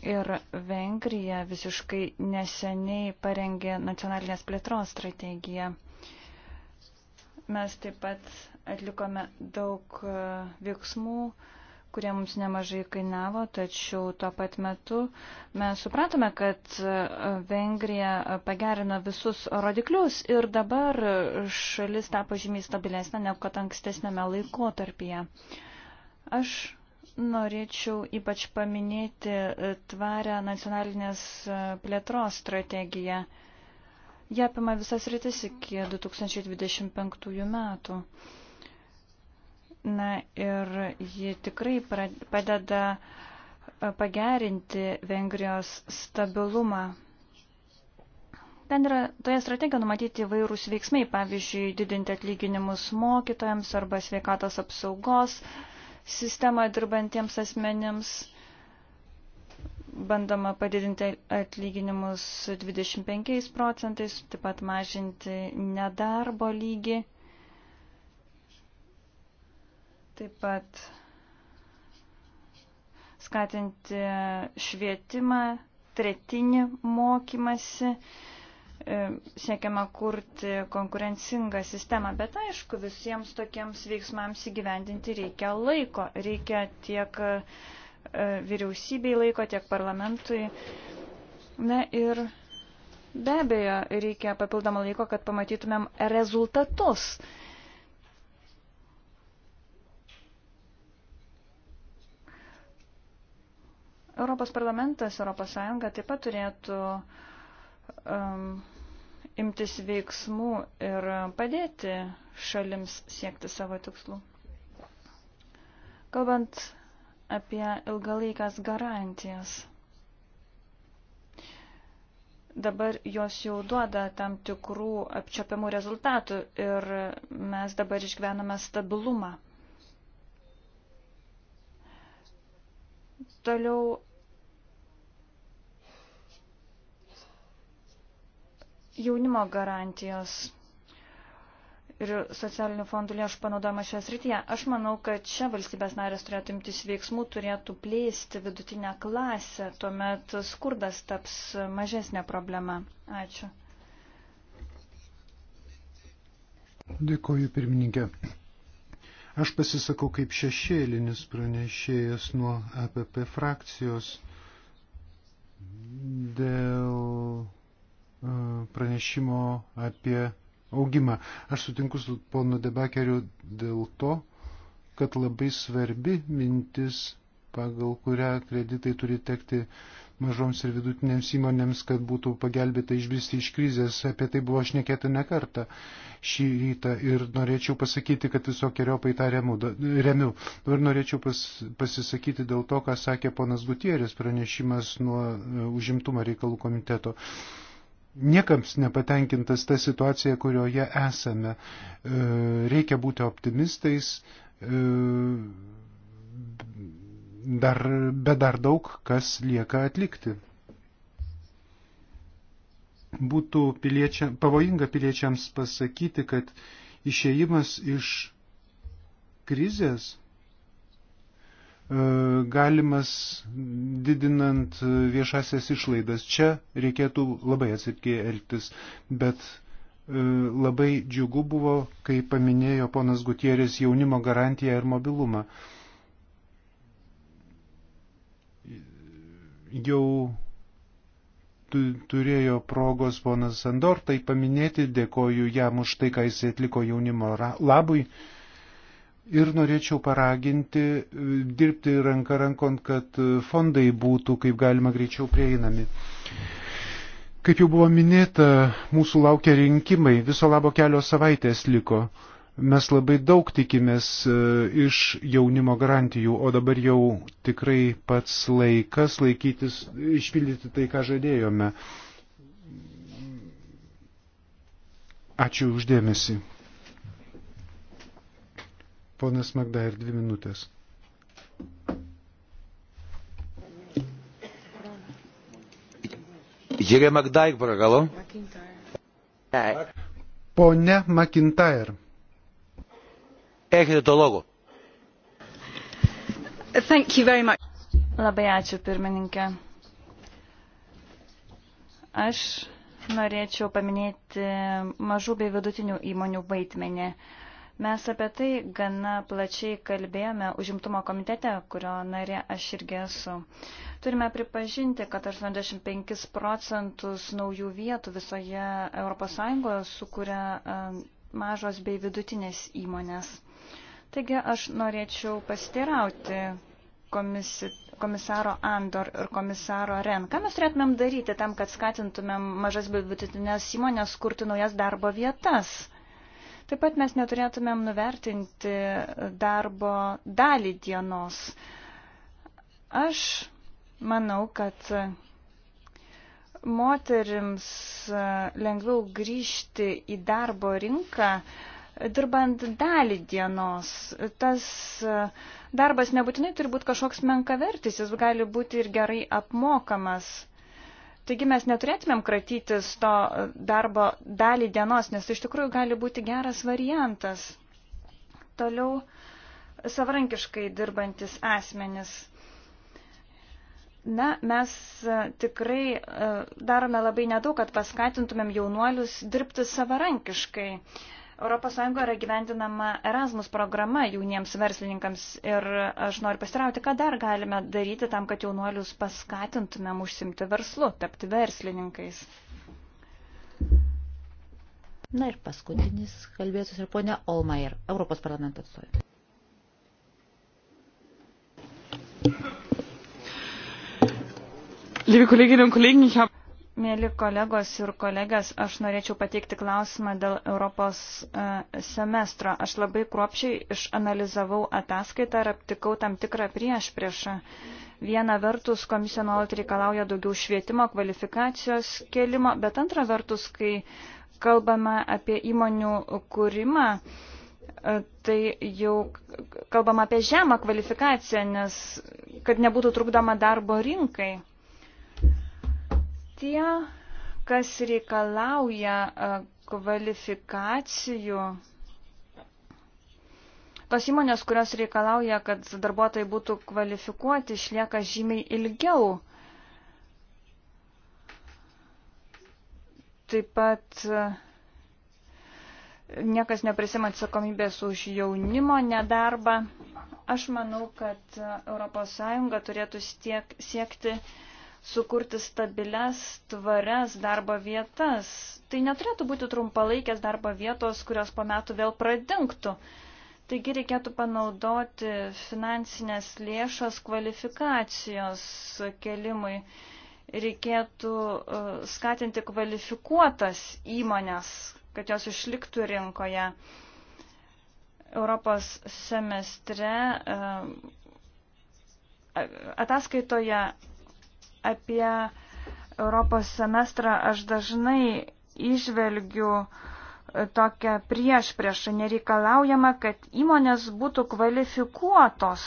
Ir Vengrija visiškai neseniai parengė nacionalinės plėtros strategiją. Mes taip pat atlikome daug e, veiksmų, kurie mums nemažai kainavo, tačiau tuo pat metu mes supratome, kad e, Vengrija pagerino visus rodiklius ir dabar šalis tapo žymiai stabilesnė negu kad ankstesnėme laikotarpyje. Aš norėčiau ypač paminėti e, tvarę nacionalinės e, plėtros strategiją. Jie apima visas rytis iki 2025 metų. Na ir ji tikrai padeda e, pagerinti Vengrijos stabilumą. Ten yra toje strategijoje numatyti vairūs veiksmai, pavyzdžiui, didinti atlyginimus mokytojams arba sveikatos apsaugos uh, sistemą dirbantiems asmenims. Bandoma padidinti atlyginimus 25 procentais, taip pat mažinti nedarbo lygį. Taip pat skatinti švietimą, tretinį mokymasi. E, siekiama kurti konkurencingą sistemą, bet aišku, visiems tokiems veiksmams įgyvendinti reikia laiko, reikia tiek e, vyriausybei laiko, tiek parlamentui. Na ir be abejo, reikia papildomą laiko, kad pamatytumėm rezultatus. Europos parlamentas, Europos Sąjunga taip pat turėtų um, imtis veiksmų ir padėti šalims siekti savo tikslų. Kalbant apie ilgalaikas garantijas, dabar jos jau duoda tam tikrų apčiopiamų rezultatų ir mes dabar išgyvename stabilumą. Toliau jaunimo garantijos ir socialinių fondų lėšų panaudojimas šioje srityje. Aš manau, kad čia valstybės narės turėtų imtis veiksmų, turėtų plėsti vidutinę klasę, tuomet skurdas taps mažesnė problema. Ačiū. Dėkoju, pirmininkė. Aš pasisakau kaip šešėlinis pranešėjas nuo APP frakcijos dėl E, pranešimo apie augimą. Aš sutinku su ponu Debakeriu dėl to, kad labai svarbi mintis, pagal kurią kreditai turi tekti mažoms ir vidutinėms įmonėms, kad būtų pagelbėta išbristi iš krizės. Apie tai buvo šnekėta ne kartą šį rytą ir norėčiau pasakyti, kad visokiojopai tą remiu. Dabar norėčiau pas, pasisakyti dėl to, ką sakė ponas Gutierės pranešimas nuo e, užimtumo reikalų komiteto. Uh, niekams nepatenkintas tą situaciją, kurioje esame. E, reikia būti optimistais, e, dar, bet dar daug kas lieka atlikti. Būtų piliečia, pavojinga piliečiams pasakyti, kad išėjimas iš krizės E, galimas didinant viešasias išlaidas. Čia reikėtų labai atsargiai elgtis, bet e, labai džiugu buvo, kai paminėjo ponas Gutierės jaunimo garantiją ir mobilumą. Jau turėjo progos ponas Andor tai paminėti, dėkoju jam už tai, ką jis atliko jaunimo labui. Ir norėčiau paraginti e, dirbti ranką rankon, kad e, fondai būtų kaip galima greičiau prieinami. Kaip jau buvo minėta, mūsų laukia rinkimai, viso labo kelios savaitės liko. Mes labai daug tikimės e, iš jaunimo garantijų, o dabar jau tikrai pats laikas laikytis, išpildyti tai, ką žadėjome. Ačiū uždėmesi. Ponas Magda ir dvi minutės. Jėgė Magdaik, paragalo. Pone McIntyre. Έχετε το λόγο. Thank you very much. Labai ačiū, pirmininkė. Aš norėčiau paminėti mažų bei vidutinių įmonių vaidmenį. Uh, Mes apie tai gana plačiai kalbėjome užimtumo komitete, kurio narė aš irgi esu. Turime pripažinti, kad 85 procentus naujų vietų visoje ES sukuria e, mažos bei vidutinės įmonės. Taigi aš norėčiau pasiteirauti komisi, komisaro Andor ir komisaro Ren. Ką mes turėtumėm daryti tam, kad skatintumėm mažas bei vidutinės įmonės kurti naujas darbo vietas? Taip pat mes neturėtumėm nuvertinti darbo dalį dienos. Aš manau, kad moterims lengviau grįžti į darbo rinką, dirbant dalį dienos. Tas darbas nebūtinai turi būti kažkoks menkavertis, jis gali būti ir gerai apmokamas. Taigi mes neturėtumėm kratytis to darbo dalį dienos, nes iš tikrųjų gali būti geras variantas. Toliau savarankiškai dirbantis asmenis. Na, mes tikrai e, darome labai nedaug, kad paskatintumėm jaunuolius dirbti savarankiškai. Uh, ES yra gyvendinama Erasmus programa jauniems verslininkams ir aš noriu pasirauti, ką dar galime daryti tam, kad jaunuolius paskatintumėm užsimti verslu, tapti verslininkais. Na ir paskutinis kalbėtus ir ponia Olmayer, Europos parlamento atstovė. Liebe Kolleginnen und Kollegen, ich habe Mėly kolegos ir kolegės, aš norėčiau pateikti klausimą dėl Europos e, semestro. Aš labai kruopšiai išanalizavau ataskaitą ir aptikau tam tikrą prieš priešą. Viena vertus, komisija nuolat reikalauja daugiau švietimo, kvalifikacijos kelimo, bet antra vertus, kai kalbame apie įmonių kūrimą, e, tai jau kalbam apie žemą kvalifikaciją, nes kad nebūtų trukdoma darbo rinkai. Tie, kas reikalauja kvalifikacijų, tos įmonės, kurios reikalauja, kad darbuotojai būtų kvalifikuoti, išlieka žymiai ilgiau. Taip pat niekas neprisima atsakomybės už jaunimo nedarbą. Aš manau, kad ES turėtų siek, siekti sukurti stabiles, tvarias darbo vietas. Tai neturėtų būti trumpalaikės darbo vietos, kurios po metų vėl pradingtų. Taigi reikėtų panaudoti finansinės lėšas kvalifikacijos kelimui. Reikėtų e, skatinti kvalifikuotas įmonės, kad jos išliktų rinkoje. Europos semestre e, ataskaitoje apie Europos semestrą aš dažnai išvelgiu e, tokią prieš priešą. Nereikalaujama, kad įmonės būtų kvalifikuotos.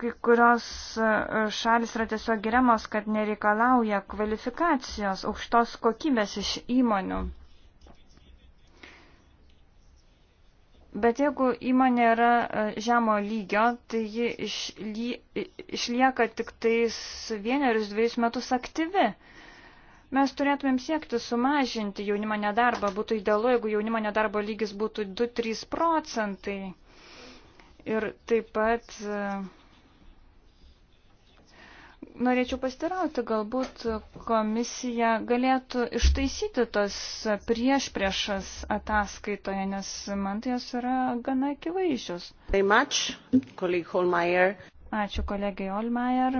Kai kurios e, šalis yra tiesiog geriamos, kad nereikalauja kvalifikacijos, aukštos kokybės iš įmonių. Bet jeigu įmonė yra e, žemo lygio, tai ji išly, išlieka tik tais vienerius dviejus metus aktyvi. Mes turėtumėm siekti sumažinti jaunimo nedarbą. Būtų idealu, jeigu jaunimo nedarbo lygis būtų 2-3 procentai. Ir taip pat. Uh, norėčiau pastirauti, galbūt komisija galėtų ištaisyti tas prieš priešas ataskaitoje, nes man tai jos yra gana akivaizdžios. Ačiū kolegai Olmeier.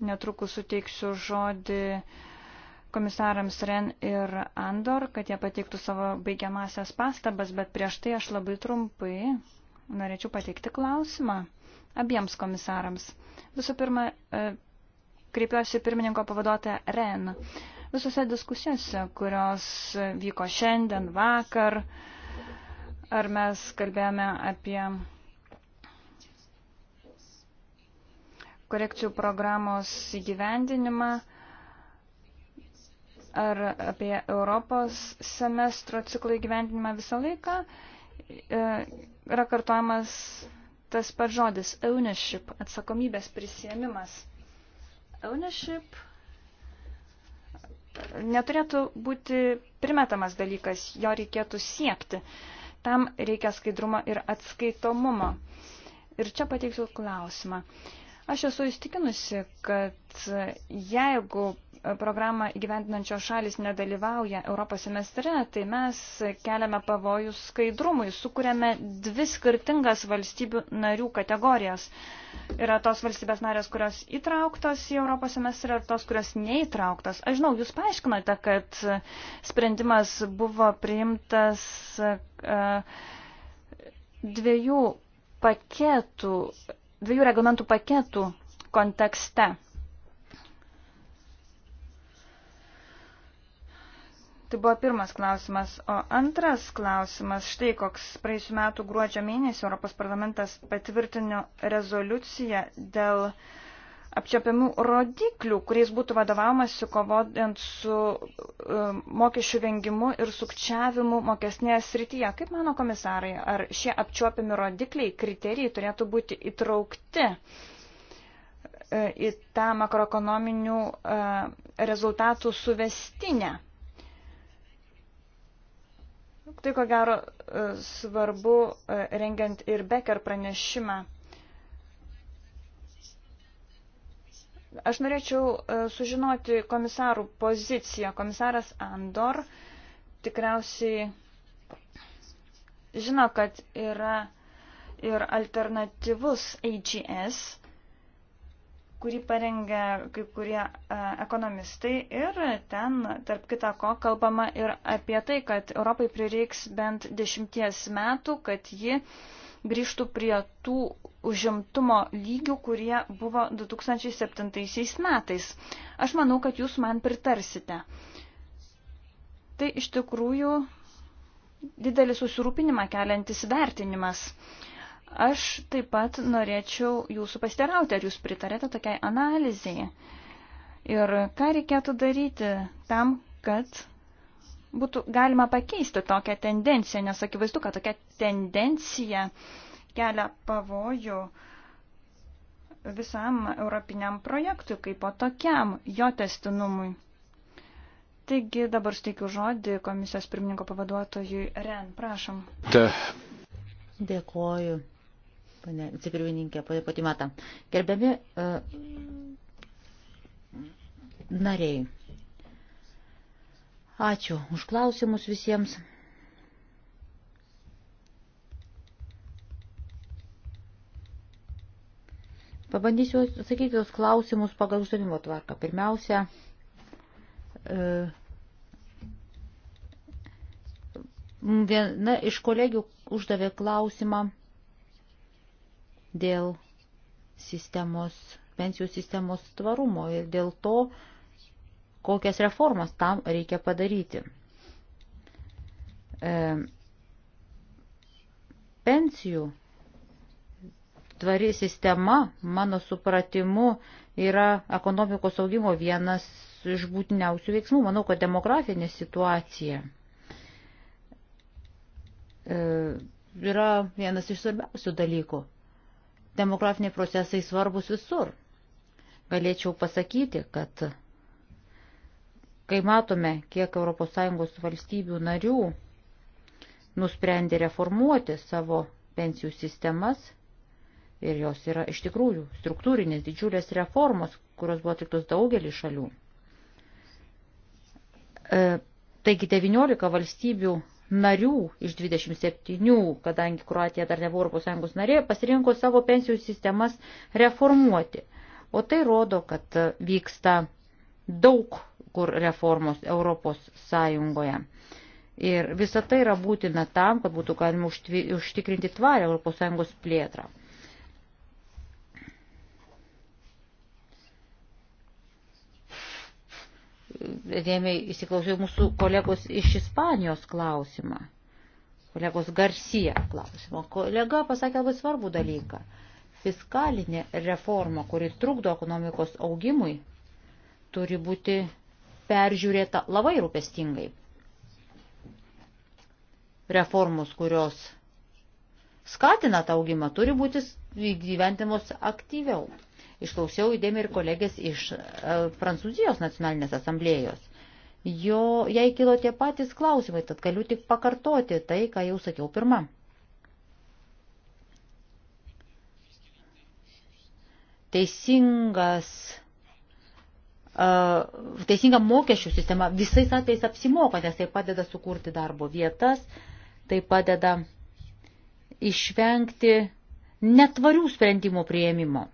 Netrukus suteiksiu žodį komisarams Ren ir Andor, kad jie pateiktų savo baigiamasias pastabas, bet prieš tai aš labai trumpai norėčiau pateikti klausimą abiems komisarams. Visų pirma, e, kreipiuosi pirmininko pavaduotę Ren. Visose diskusijose, kurios vyko šiandien, vakar, ar mes kalbėjome apie korekcijų programos įgyvendinimą, ar apie Europos semestro ciklo įgyvendinimą visą laiką, e, yra kartuojamas tas pats žodis ownership, atsakomybės prisėmimas. Ownership neturėtų būti primetamas dalykas, jo reikėtų siekti. Tam reikia skaidrumo ir atskaitomumo. Ir čia pateiksiu klausimą. Aš esu įstikinusi, kad jeigu programą įgyvendinančios šalis nedalyvauja Europos semestre, tai mes keliame pavojų skaidrumui, sukūrėme dvi skirtingas valstybių narių kategorijas. Yra tos valstybės narės, kurios įtrauktos į Europos semestrą ir tos, kurios neįtrauktos. Aš žinau, jūs paaiškinote, kad sprendimas buvo priimtas e, dviejų paketų, dviejų reglamentų paketų kontekste. Tai buvo pirmas klausimas. O antras klausimas, štai koks praėjusiu metu gruodžio mėnesį Europos parlamentas patvirtino rezoliuciją dėl apčiopiamų rodiklių, kuriais būtų vadovaujamasi kovodant su um, mokesčių vengimu ir sukčiavimu mokesnėje srityje. Kaip mano komisarai, ar šie apčiopiami rodikliai, kriterijai turėtų būti įtraukti e, į tą makroekonominių e, rezultatų suvestinę? Tai ko gero e, svarbu e, rengiant ir Becker pranešimą. Aš norėčiau e, sužinoti komisarų poziciją. Komisaras Andor tikriausiai žino, kad yra ir alternatyvus AGS kurį parengė kai kurie ekonomistai ir ten, tarp kita ko, kalbama ir apie tai, kad Europai prireiks bent dešimties metų, kad ji grįžtų prie tų užimtumo lygių, kurie buvo 2007 metais. Aš manau, kad jūs man pritarsite. Tai iš tikrųjų didelis susirūpinimą keliantis vertinimas. Uh, Aš taip pat norėčiau jūsų pasiterauti, ar jūs pritarėte tokiai analizėje ir ką reikėtų daryti tam, kad būtų galima pakeisti tokią tendenciją, nes akivaizdu, kad tokia tendencija kelia pavojų visam europiniam projektui, kaip po tokiam jo testinumui. Taigi dabar steikiu žodį komisijos pirmininko pavaduotojui Ren, prašom. Ta. Dėkoju. Pane vicepirmininkė, pane Patimata. Gerbiami e, nariai. Ačiū už klausimus visiems. Pabandysiu atsakyti tos klausimus pagal uždavimo tvarką. Pirmiausia, e, viena iš kolegių uždavė klausimą dėl sistemos, pensijų sistemos tvarumo ir dėl to, kokias reformas tam reikia padaryti. E, pensijų tvari sistema, mano supratimu, yra ekonomikos augimo vienas iš būtiniausių veiksmų. Manau, kad demografinė situacija e, yra vienas iš svarbiausių dalykų demografiniai procesai svarbus visur. Galėčiau pasakyti, kad kai matome, kiek ES valstybių narių nusprendė reformuoti savo pensijų sistemas, ir jos yra iš tikrųjų struktūrinės didžiulės reformos, kurios buvo atliktos daugelį šalių. E, taigi 19 valstybių narių iš 27, kadangi Kroatija dar nebuvo ES narė, pasirinko savo pensijų sistemas reformuoti. O tai rodo, kad vyksta daug kur reformos ES. Ir visa tai yra būtina tam, kad būtų galima užtikrinti tvarę ES plėtrą. dėmiai įsiklausiau mūsų kolegos iš Ispanijos klausimą, kolegos Garcia klausimą. Kolega pasakė labai svarbų dalyką. Fiskalinė reforma, kuri trukdo ekonomikos augimui, turi būti peržiūrėta labai rūpestingai. Reformos, kurios skatina tą augimą, turi būti gyventimos aktyviau. Išklausiau įdėmį ir kolegės iš e, Prancūzijos nacionalinės asamblėjos. Jo, jai kilo tie patys klausimai, tad galiu tik pakartoti tai, ką jau sakiau pirmą. Teisingas e, teisinga mokesčių sistema visais atvejais apsimoka, nes tai padeda sukurti darbo vietas, tai padeda išvengti netvarių sprendimų prieimimo.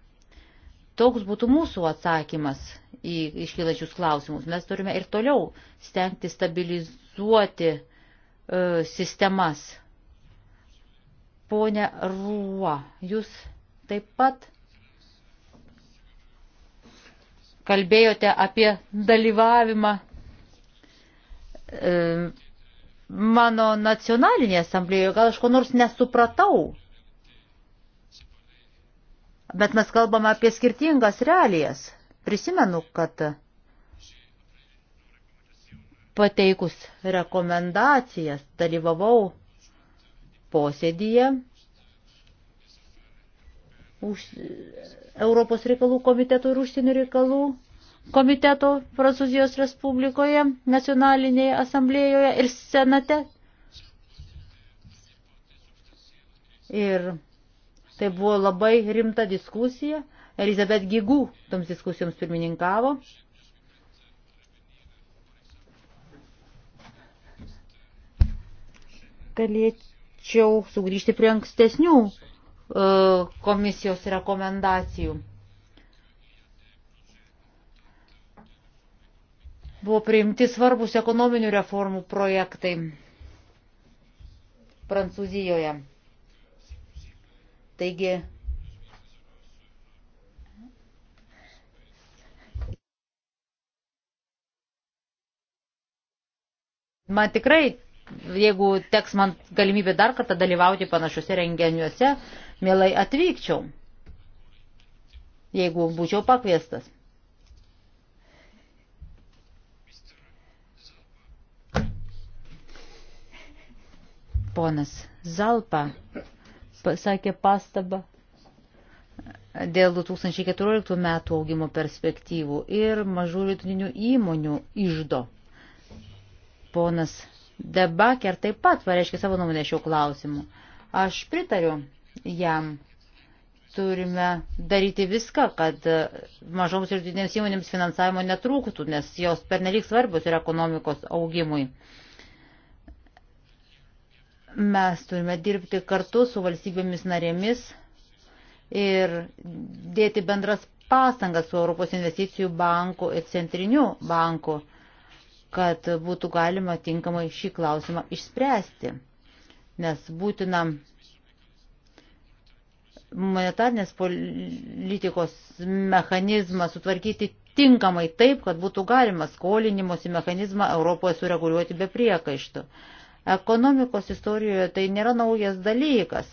Toks būtų mūsų atsakymas į iškylačius klausimus. Mes turime ir toliau stengti stabilizuoti e, sistemas. Pone Ruo, jūs taip pat kalbėjote apie dalyvavimą e, mano nacionalinėje asamblėjoje. Gal aš ko nors nesupratau? Bet mes kalbame apie skirtingas realijas. Prisimenu, kad pateikus rekomendacijas dalyvavau posėdyje už Europos reikalų komiteto ir užsienio reikalų komiteto Prancūzijos Respublikoje, nacionalinėje asamblėjoje ir senate. Ir Tai buvo labai rimta diskusija. Elizabet Gigų toms diskusijoms pirmininkavo. Galėčiau sugrįžti prie ankstesnių e, komisijos rekomendacijų. Buvo priimti svarbus ekonominių reformų projektai Prancūzijoje. Taigi, man tikrai, jeigu teks man galimybė dar kartą dalyvauti panašiuose renginiuose, mielai atvykčiau, jeigu būčiau pakviestas. Ponas Zalpa pasakė pastabą dėl 2014 metų augimo perspektyvų ir mažų rytinių įmonių išdo. Ponas Debaker taip pat pareiškė savo nuomonę šiuo klausimu. Aš pritariu jam. Turime daryti viską, kad mažoms ir didinėms įmonėms finansavimo netrūktų, nes jos pernelyg svarbios yra ekonomikos augimui. Mes turime dirbti kartu su valstybėmis narėmis ir dėti bendras pastangas su Europos investicijų banku ir centriniu banku, kad būtų galima tinkamai šį klausimą išspręsti. Nes būtina monetarnės politikos mechanizmą sutvarkyti tinkamai taip, kad būtų galima skolinimosi mechanizmą Europoje sureguliuoti be priekaištų. Ekonomikos istorijoje tai nėra naujas dalykas.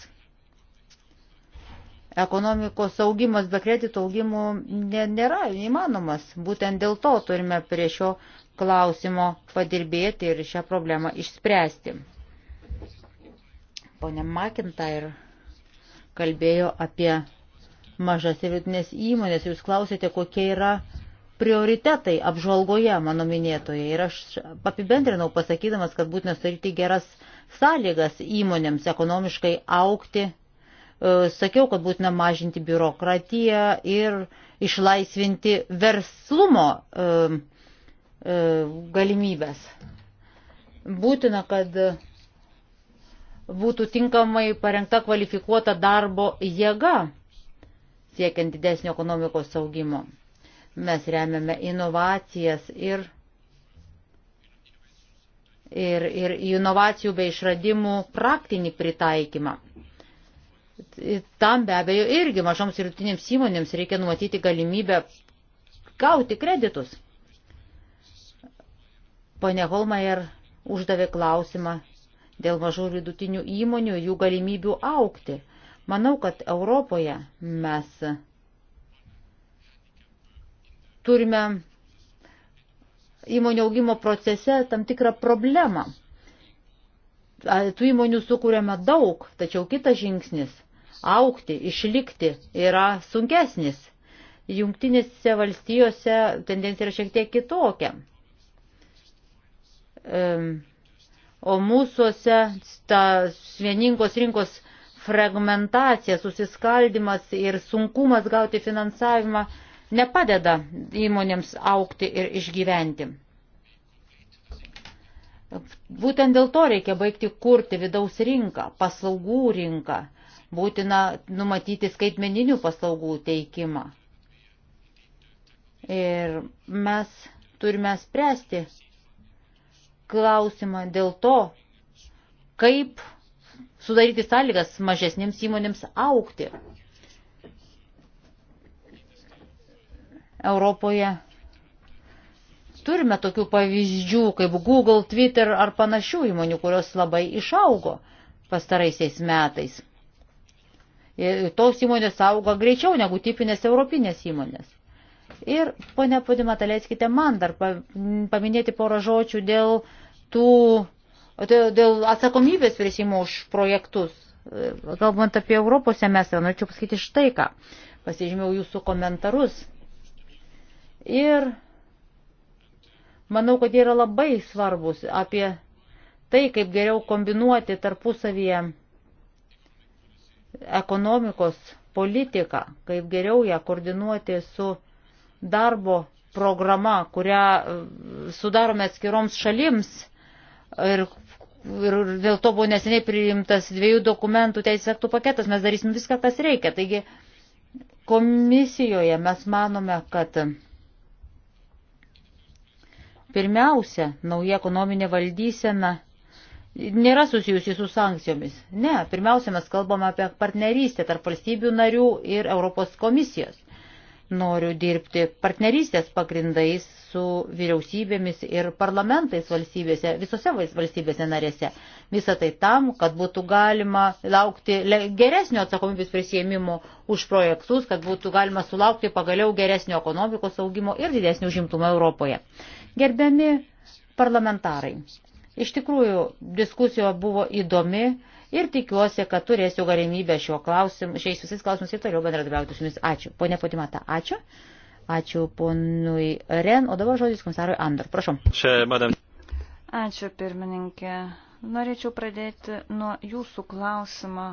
Ekonomikos augimas be kredito augimų nėra įmanomas. Būtent dėl to turime prie šio klausimo padirbėti ir šią problemą išspręsti. Pone McIntyre kalbėjo apie mažas ir vidutinės įmonės. Jūs klausėte, kokie yra prioritetai apžvalgoje mano minėtoje. Ir aš apibendrinau pasakydamas, kad būtina sudaryti geras sąlygas įmonėms ekonomiškai aukti. E, sakiau, kad būtina mažinti biurokratiją ir išlaisvinti verslumo e, e, galimybės. Būtina, kad būtų tinkamai parengta kvalifikuota darbo jėga siekiant didesnio ekonomikos saugimo. Mes remiame inovacijas ir, ir, ir inovacijų bei išradimų praktinį pritaikymą. Tam be abejo irgi mažoms ir rutinėms įmonėms reikia numatyti galimybę gauti kreditus. Pone Holmajer uždavė klausimą dėl mažų ir vidutinių įmonių, jų galimybių aukti. Manau, kad Europoje mes turime įmonių augimo procese tam tikrą problemą. Tų įmonių sukūrėme daug, tačiau kitas žingsnis - aukti, išlikti - yra sunkesnis. Jungtinėse valstijose tendencija yra šiek tiek kitokia. O mūsųse ta vieningos rinkos fragmentacija, susiskaldimas ir sunkumas gauti finansavimą nepadeda įmonėms aukti ir išgyventi. Būtent dėl to reikia baigti kurti vidaus rinką, paslaugų rinką, būtina numatyti skaitmeninių paslaugų teikimą. Ir mes turime spręsti klausimą dėl to, kaip sudaryti sąlygas mažesnėms įmonėms aukti. Europoje turime tokių pavyzdžių kaip Google, Twitter ar panašių įmonių, kurios labai išaugo pastaraisiais metais. Ir tos įmonės auga greičiau negu tipinės europinės įmonės. Ir, ponia Pudimata, leiskite man dar paminėti porą žodžių dėl, tų, dėl atsakomybės prisimo už projektus. Galbant apie Europos semestrą, norėčiau pasakyti štai ką. Pasižymėjau jūsų komentarus Ir manau, kad jie yra labai svarbus apie tai, kaip geriau kombinuoti tarpusavyje ekonomikos politiką, kaip geriau ją koordinuoti su darbo programa, kurią e, sudarome atskiroms šalims ir, ir dėl to buvo neseniai priimtas dviejų dokumentų teisės aktų paketas, mes darysim viską, kas reikia. Taigi komisijoje mes manome, kad Pirmiausia, nauja ekonominė valdysena nėra susijusi su sankcijomis. Ne, pirmiausia, mes kalbame apie partnerystę tarp valstybių narių ir Europos komisijos. Noriu dirbti partnerystės pagrindais su vyriausybėmis ir parlamentais valstybėse, visose valstybėse narėse. Visą tai tam, kad būtų galima laukti geresnio atsakomybės prisėmimo už projektus, kad būtų galima sulaukti pagaliau geresnio ekonomikos augimo ir didesnio užimtumo Europoje. Gerbiami parlamentarai, iš tikrųjų diskusija buvo įdomi ir tikiuosi, kad turėsiu galimybę šiuo klausimu, šiais visais klausimais ir toliau bendradarbiauti su jumis. Ačiū. Pone Potimata, ačiū. Ačiū ponui Ren, o dabar žodis komisarui Andor. Prašom. Čia, madam. Ačiū, pirmininkė. Norėčiau pradėti nuo jūsų klausimo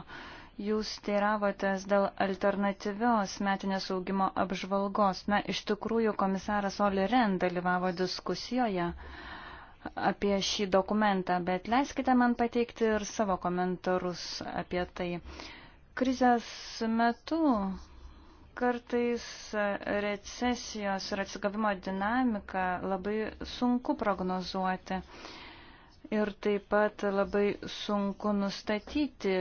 Jūs teiravotės dėl alternatyvios metinės augimo apžvalgos. Na, iš tikrųjų, komisaras Oli Ren dalyvavo diskusijoje apie šį dokumentą, bet leiskite man pateikti ir savo komentarus apie tai. Krizės metu kartais recesijos ir atsigavimo dinamiką labai sunku prognozuoti ir taip pat labai sunku nustatyti,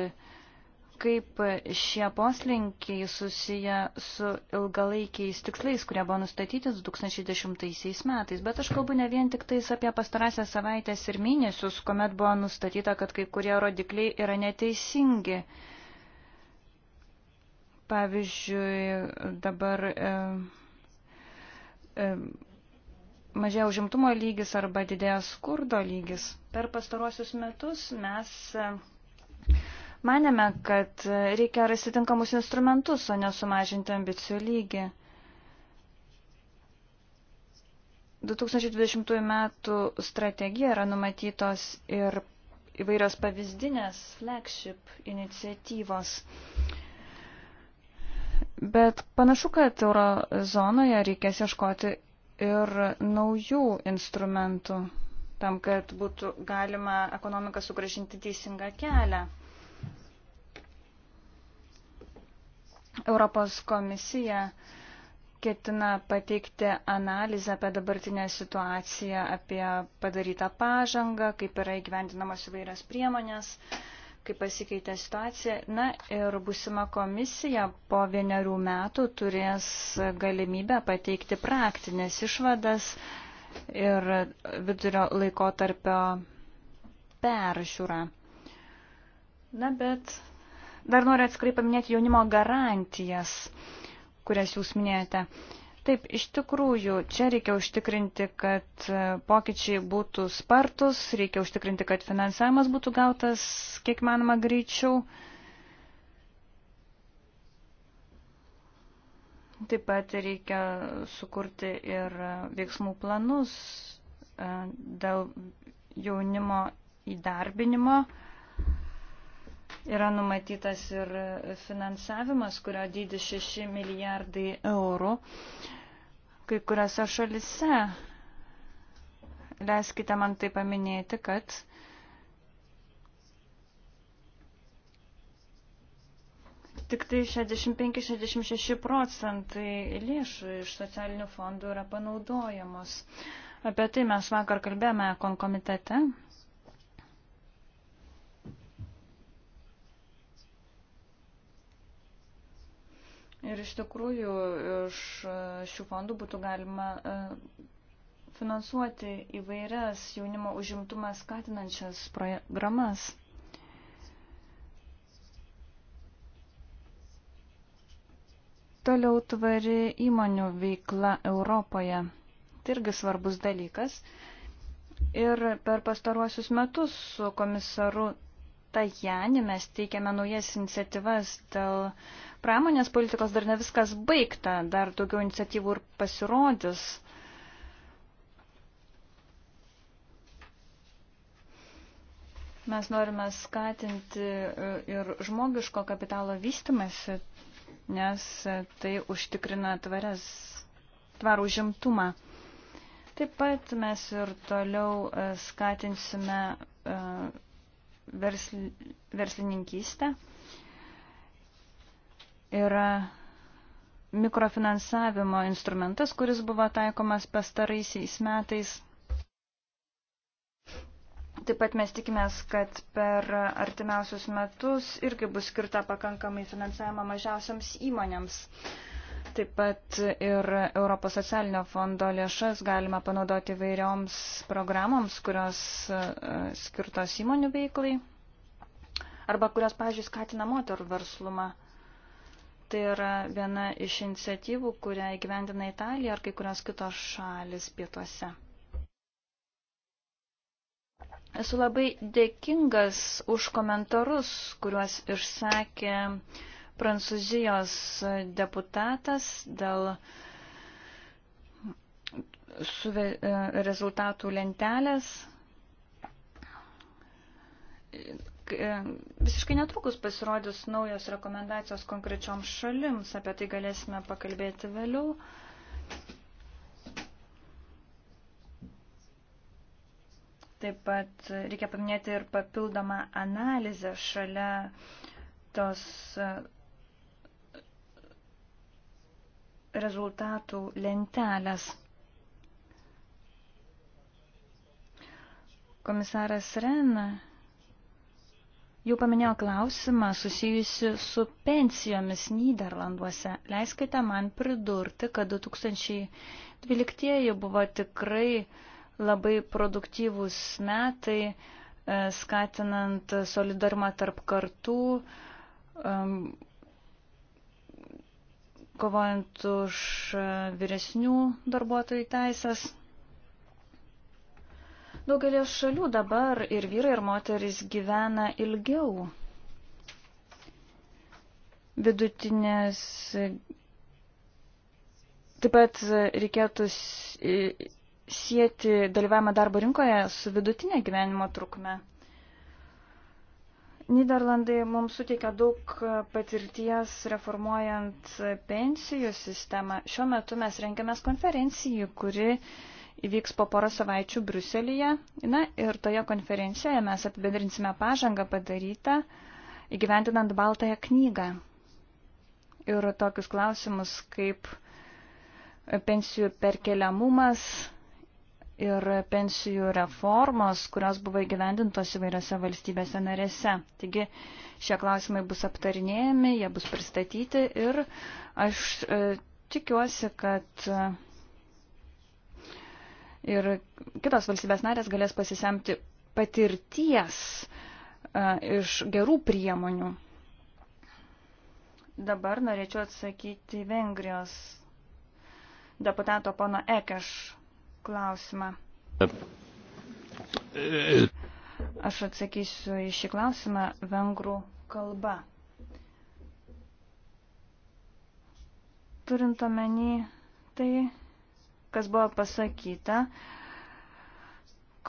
kaip šie poslinkiai susiję su ilgalaikiais tikslais, kurie buvo nustatyti 2010 metais. Bet aš kalbu ne vien tik tais apie pastarąsias savaitės ir mėnesius, kuomet buvo nustatyta, kad kai kurie rodikliai yra neteisingi. Pavyzdžiui, dabar e, e, mažėjo užimtumo lygis arba didėjo skurdo lygis. Per pastarosius metus mes. E, Manėme, kad reikia rasti tinkamus instrumentus, o nesumažinti ambicijų lygį. 2020 metų strategija yra numatytos ir įvairios pavyzdinės flagship iniciatyvos. Bet panašu, kad eurozonoje reikės ieškoti ir naujų instrumentų tam, kad būtų galima ekonomiką sugražinti teisingą kelią. Europos komisija ketina pateikti analizę apie dabartinę situaciją, apie padarytą pažangą, kaip yra įgyvendinamos įvairias priemonės, kaip pasikeitė situacija. Na ir būsima komisija po vienerių metų turės galimybę pateikti praktinės išvadas ir vidurio laikotarpio peržiūrą. Na bet Dar noriu atskrai paminėti jaunimo garantijas, kurias jūs minėjote. Taip, iš tikrųjų, čia reikia užtikrinti, kad e, pokyčiai būtų spartus, reikia užtikrinti, kad finansavimas būtų gautas kiek manoma greičiau. Taip pat reikia sukurti ir e, veiksmų planus e, dėl jaunimo įdarbinimo. Yra numatytas ir finansavimas, kurio dydis 6 milijardai eurų. Kai kuriuose šalise, leiskite man tai paminėti, kad tik tai 65-66 procentai lėšų iš socialinių fondų yra panaudojamos. Apie tai mes vakar kalbėjome konkomitete. komitete. Ir iš tikrųjų iš šių fondų būtų galima e, finansuoti įvairias jaunimo užimtumą skatinančias programas. Toliau tvari įmonių veikla Europoje. Tai irgi svarbus dalykas. Ir per pastaruosius metus su komisaru Tajani mes teikiame naujas iniciatyvas dėl pramonės politikos, dar ne viskas baigta, dar daugiau iniciatyvų ir pasirodys. Mes norime skatinti e, ir žmogiško kapitalo vystimasi, nes tai užtikrina tvarias, tvarų žimtumą. Taip pat mes ir toliau e, skatinsime e, versl, verslininkystę. Yra mikrofinansavimo instrumentas, kuris buvo taikomas pastaraisiais metais. Taip pat mes tikimės, kad per artimiausius metus irgi bus skirta pakankamai finansavimo mažiausiams įmonėms. Uh, Taip pat ir Europos socialinio fondo lėšas galima panaudoti vairioms programoms, kurios e, skirtos įmonių veiklai arba kurios, pavyzdžiui, skatina moterų verslumą. Tai yra viena iš iniciatyvų, kurią įgyvendina Italija ar kai kurios kitos šalis pietuose. Esu labai dėkingas už komentarus, kuriuos išsakė uh, Prancūzijos deputatas dėl suve, e, rezultatų lentelės. E, visiškai netrukus pasirodys naujos rekomendacijos konkrečioms šalims, apie tai galėsime pakalbėti vėliau. Taip pat reikia paminėti ir papildomą analizę šalia tos e, rezultatų lentelės. Komisaras Ren jau paminėjo klausimą susijusi su pensijomis Niderlanduose. Leiskite man pridurti, kad 2012 buvo tikrai labai produktyvūs metai, e, skatinant solidarumą tarp kartų, kovojant už e, vyresnių darbuotojų teisės. Daugelio šalių dabar ir vyrai, ir moteris gyvena ilgiau. Vidutinės. Taip pat reikėtų sieti dalyvavimą darbo rinkoje su vidutinė gyvenimo trukme. Niderlandai mums suteikia daug patirties reformuojant pensijų sistemą. Šiuo metu mes rengiamės konferencijai, kuri įvyks po porą savaičių Bruselėje. Na ir toje konferencijoje mes apibendrinsime pažangą padarytą įgyvendinant Baltąją knygą. Ir tokius klausimus kaip pensijų perkeliamumas, ir pensijų reformos, kurios buvo įgyvendintos įvairiose valstybėse narėse. Taigi šie klausimai bus aptarinėjami, jie bus pristatyti ir aš e, tikiuosi, kad e, ir kitos valstybės narės galės pasisemti patirties e, iš gerų priemonių. Dabar norėčiau atsakyti Vengrijos deputato pono Ekeš klausimą. Aš atsakysiu į šį klausimą vengrų kalba. Turint omeny tai, kas buvo pasakyta,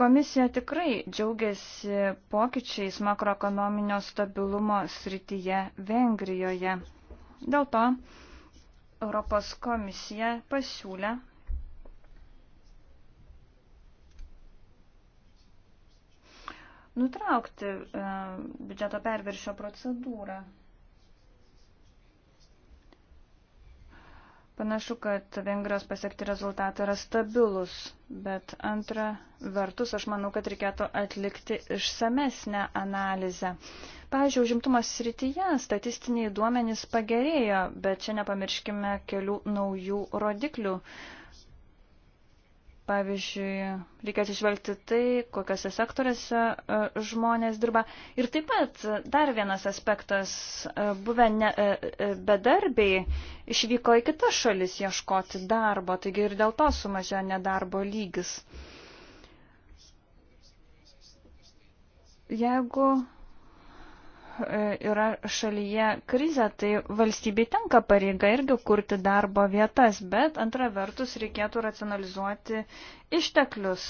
komisija tikrai džiaugiasi pokyčiais makroekonominio stabilumo srityje Vengrijoje. Dėl to Europos komisija pasiūlė nutraukti e, biudžeto perviršio procedūrą. Panašu, kad Vengrijos pasiekti rezultatai yra stabilus, bet antra vertus, aš manau, kad reikėtų atlikti išsamesnę analizę. Pavyzdžiui, užimtumos srityje statistiniai duomenys pagerėjo, bet čia nepamirškime kelių naujų rodiklių. Uh, Pavyzdžiui, reikia atsižvelgti tai, kokiuose sektoriuose e, žmonės dirba. Ir taip pat e, dar vienas aspektas, e, buvę ne, bedarbiai išvyko į kitas šalis ieškoti darbo, taigi ir dėl to sumažėjo nedarbo lygis. Jeigu E, yra šalyje krizė, tai valstybei tenka pareiga irgi kurti darbo vietas, bet antra vertus reikėtų racionalizuoti išteklius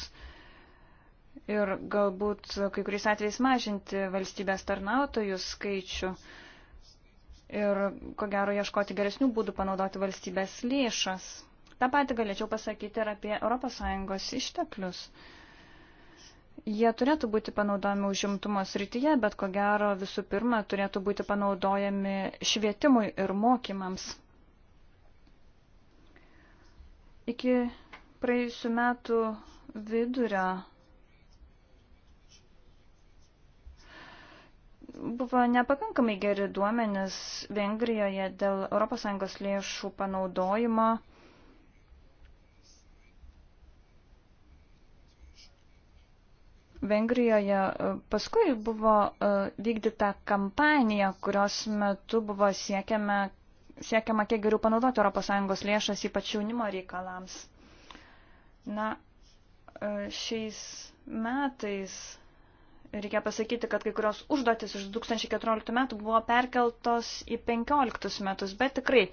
ir galbūt kai kuriais atvejais mažinti valstybės tarnautojų skaičių ir ko gero ieškoti geresnių būdų panaudoti valstybės lėšas. Ta pati galėčiau pasakyti ir apie ES išteklius. Uh, Jie turėtų būti panaudojami užimtumo srityje, bet ko gero visų pirma turėtų būti panaudojami švietimui ir mokymams. Iki praėjusių metų vidurio buvo nepakankamai geri duomenys Vengrijoje dėl ES lėšų panaudojimo Vengrijoje e, paskui buvo e, vykdyta kampanija, kurios metu buvo siekiama, siekiama kiek geriau panaudoti ES lėšas, ypač jaunimo reikalams. Na, e, šiais metais reikia pasakyti, kad kai kurios užduotis iš 2014 metų buvo perkeltos į 2015 metus, bet tikrai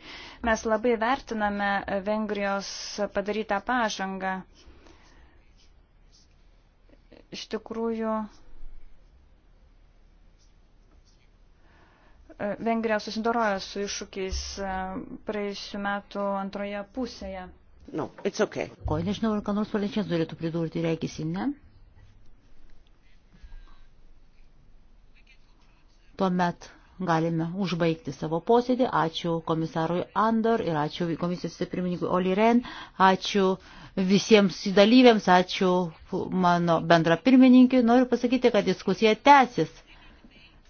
mes labai vertiname Vengrijos padarytą pažangą iš tikrųjų e, Vengrija susidoroja su iššūkiais e, praėjusiu metu antroje pusėje. No, it's okay. O nežinau, ar ką nors Valenčias norėtų pridurti, reikėsi, ne? Tuomet galime užbaigti savo posėdį. Ačiū komisarui Andor ir ačiū komisijos pirmininkui Oliren, ačiū visiems dalyviams, ačiū mano bendra pirmininkiai. Noriu pasakyti, kad diskusija tęsis.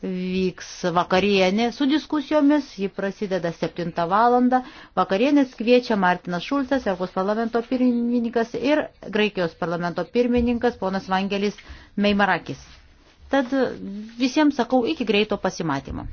Vyks vakarienė su diskusijomis, ji prasideda 7 valandą. Vakarienės kviečia Martinas Šulcas, Europos parlamento pirmininkas ir Graikijos parlamento pirmininkas ponas Vangelis Meimarakis. Tad visiems sakau iki greito pasimatymo.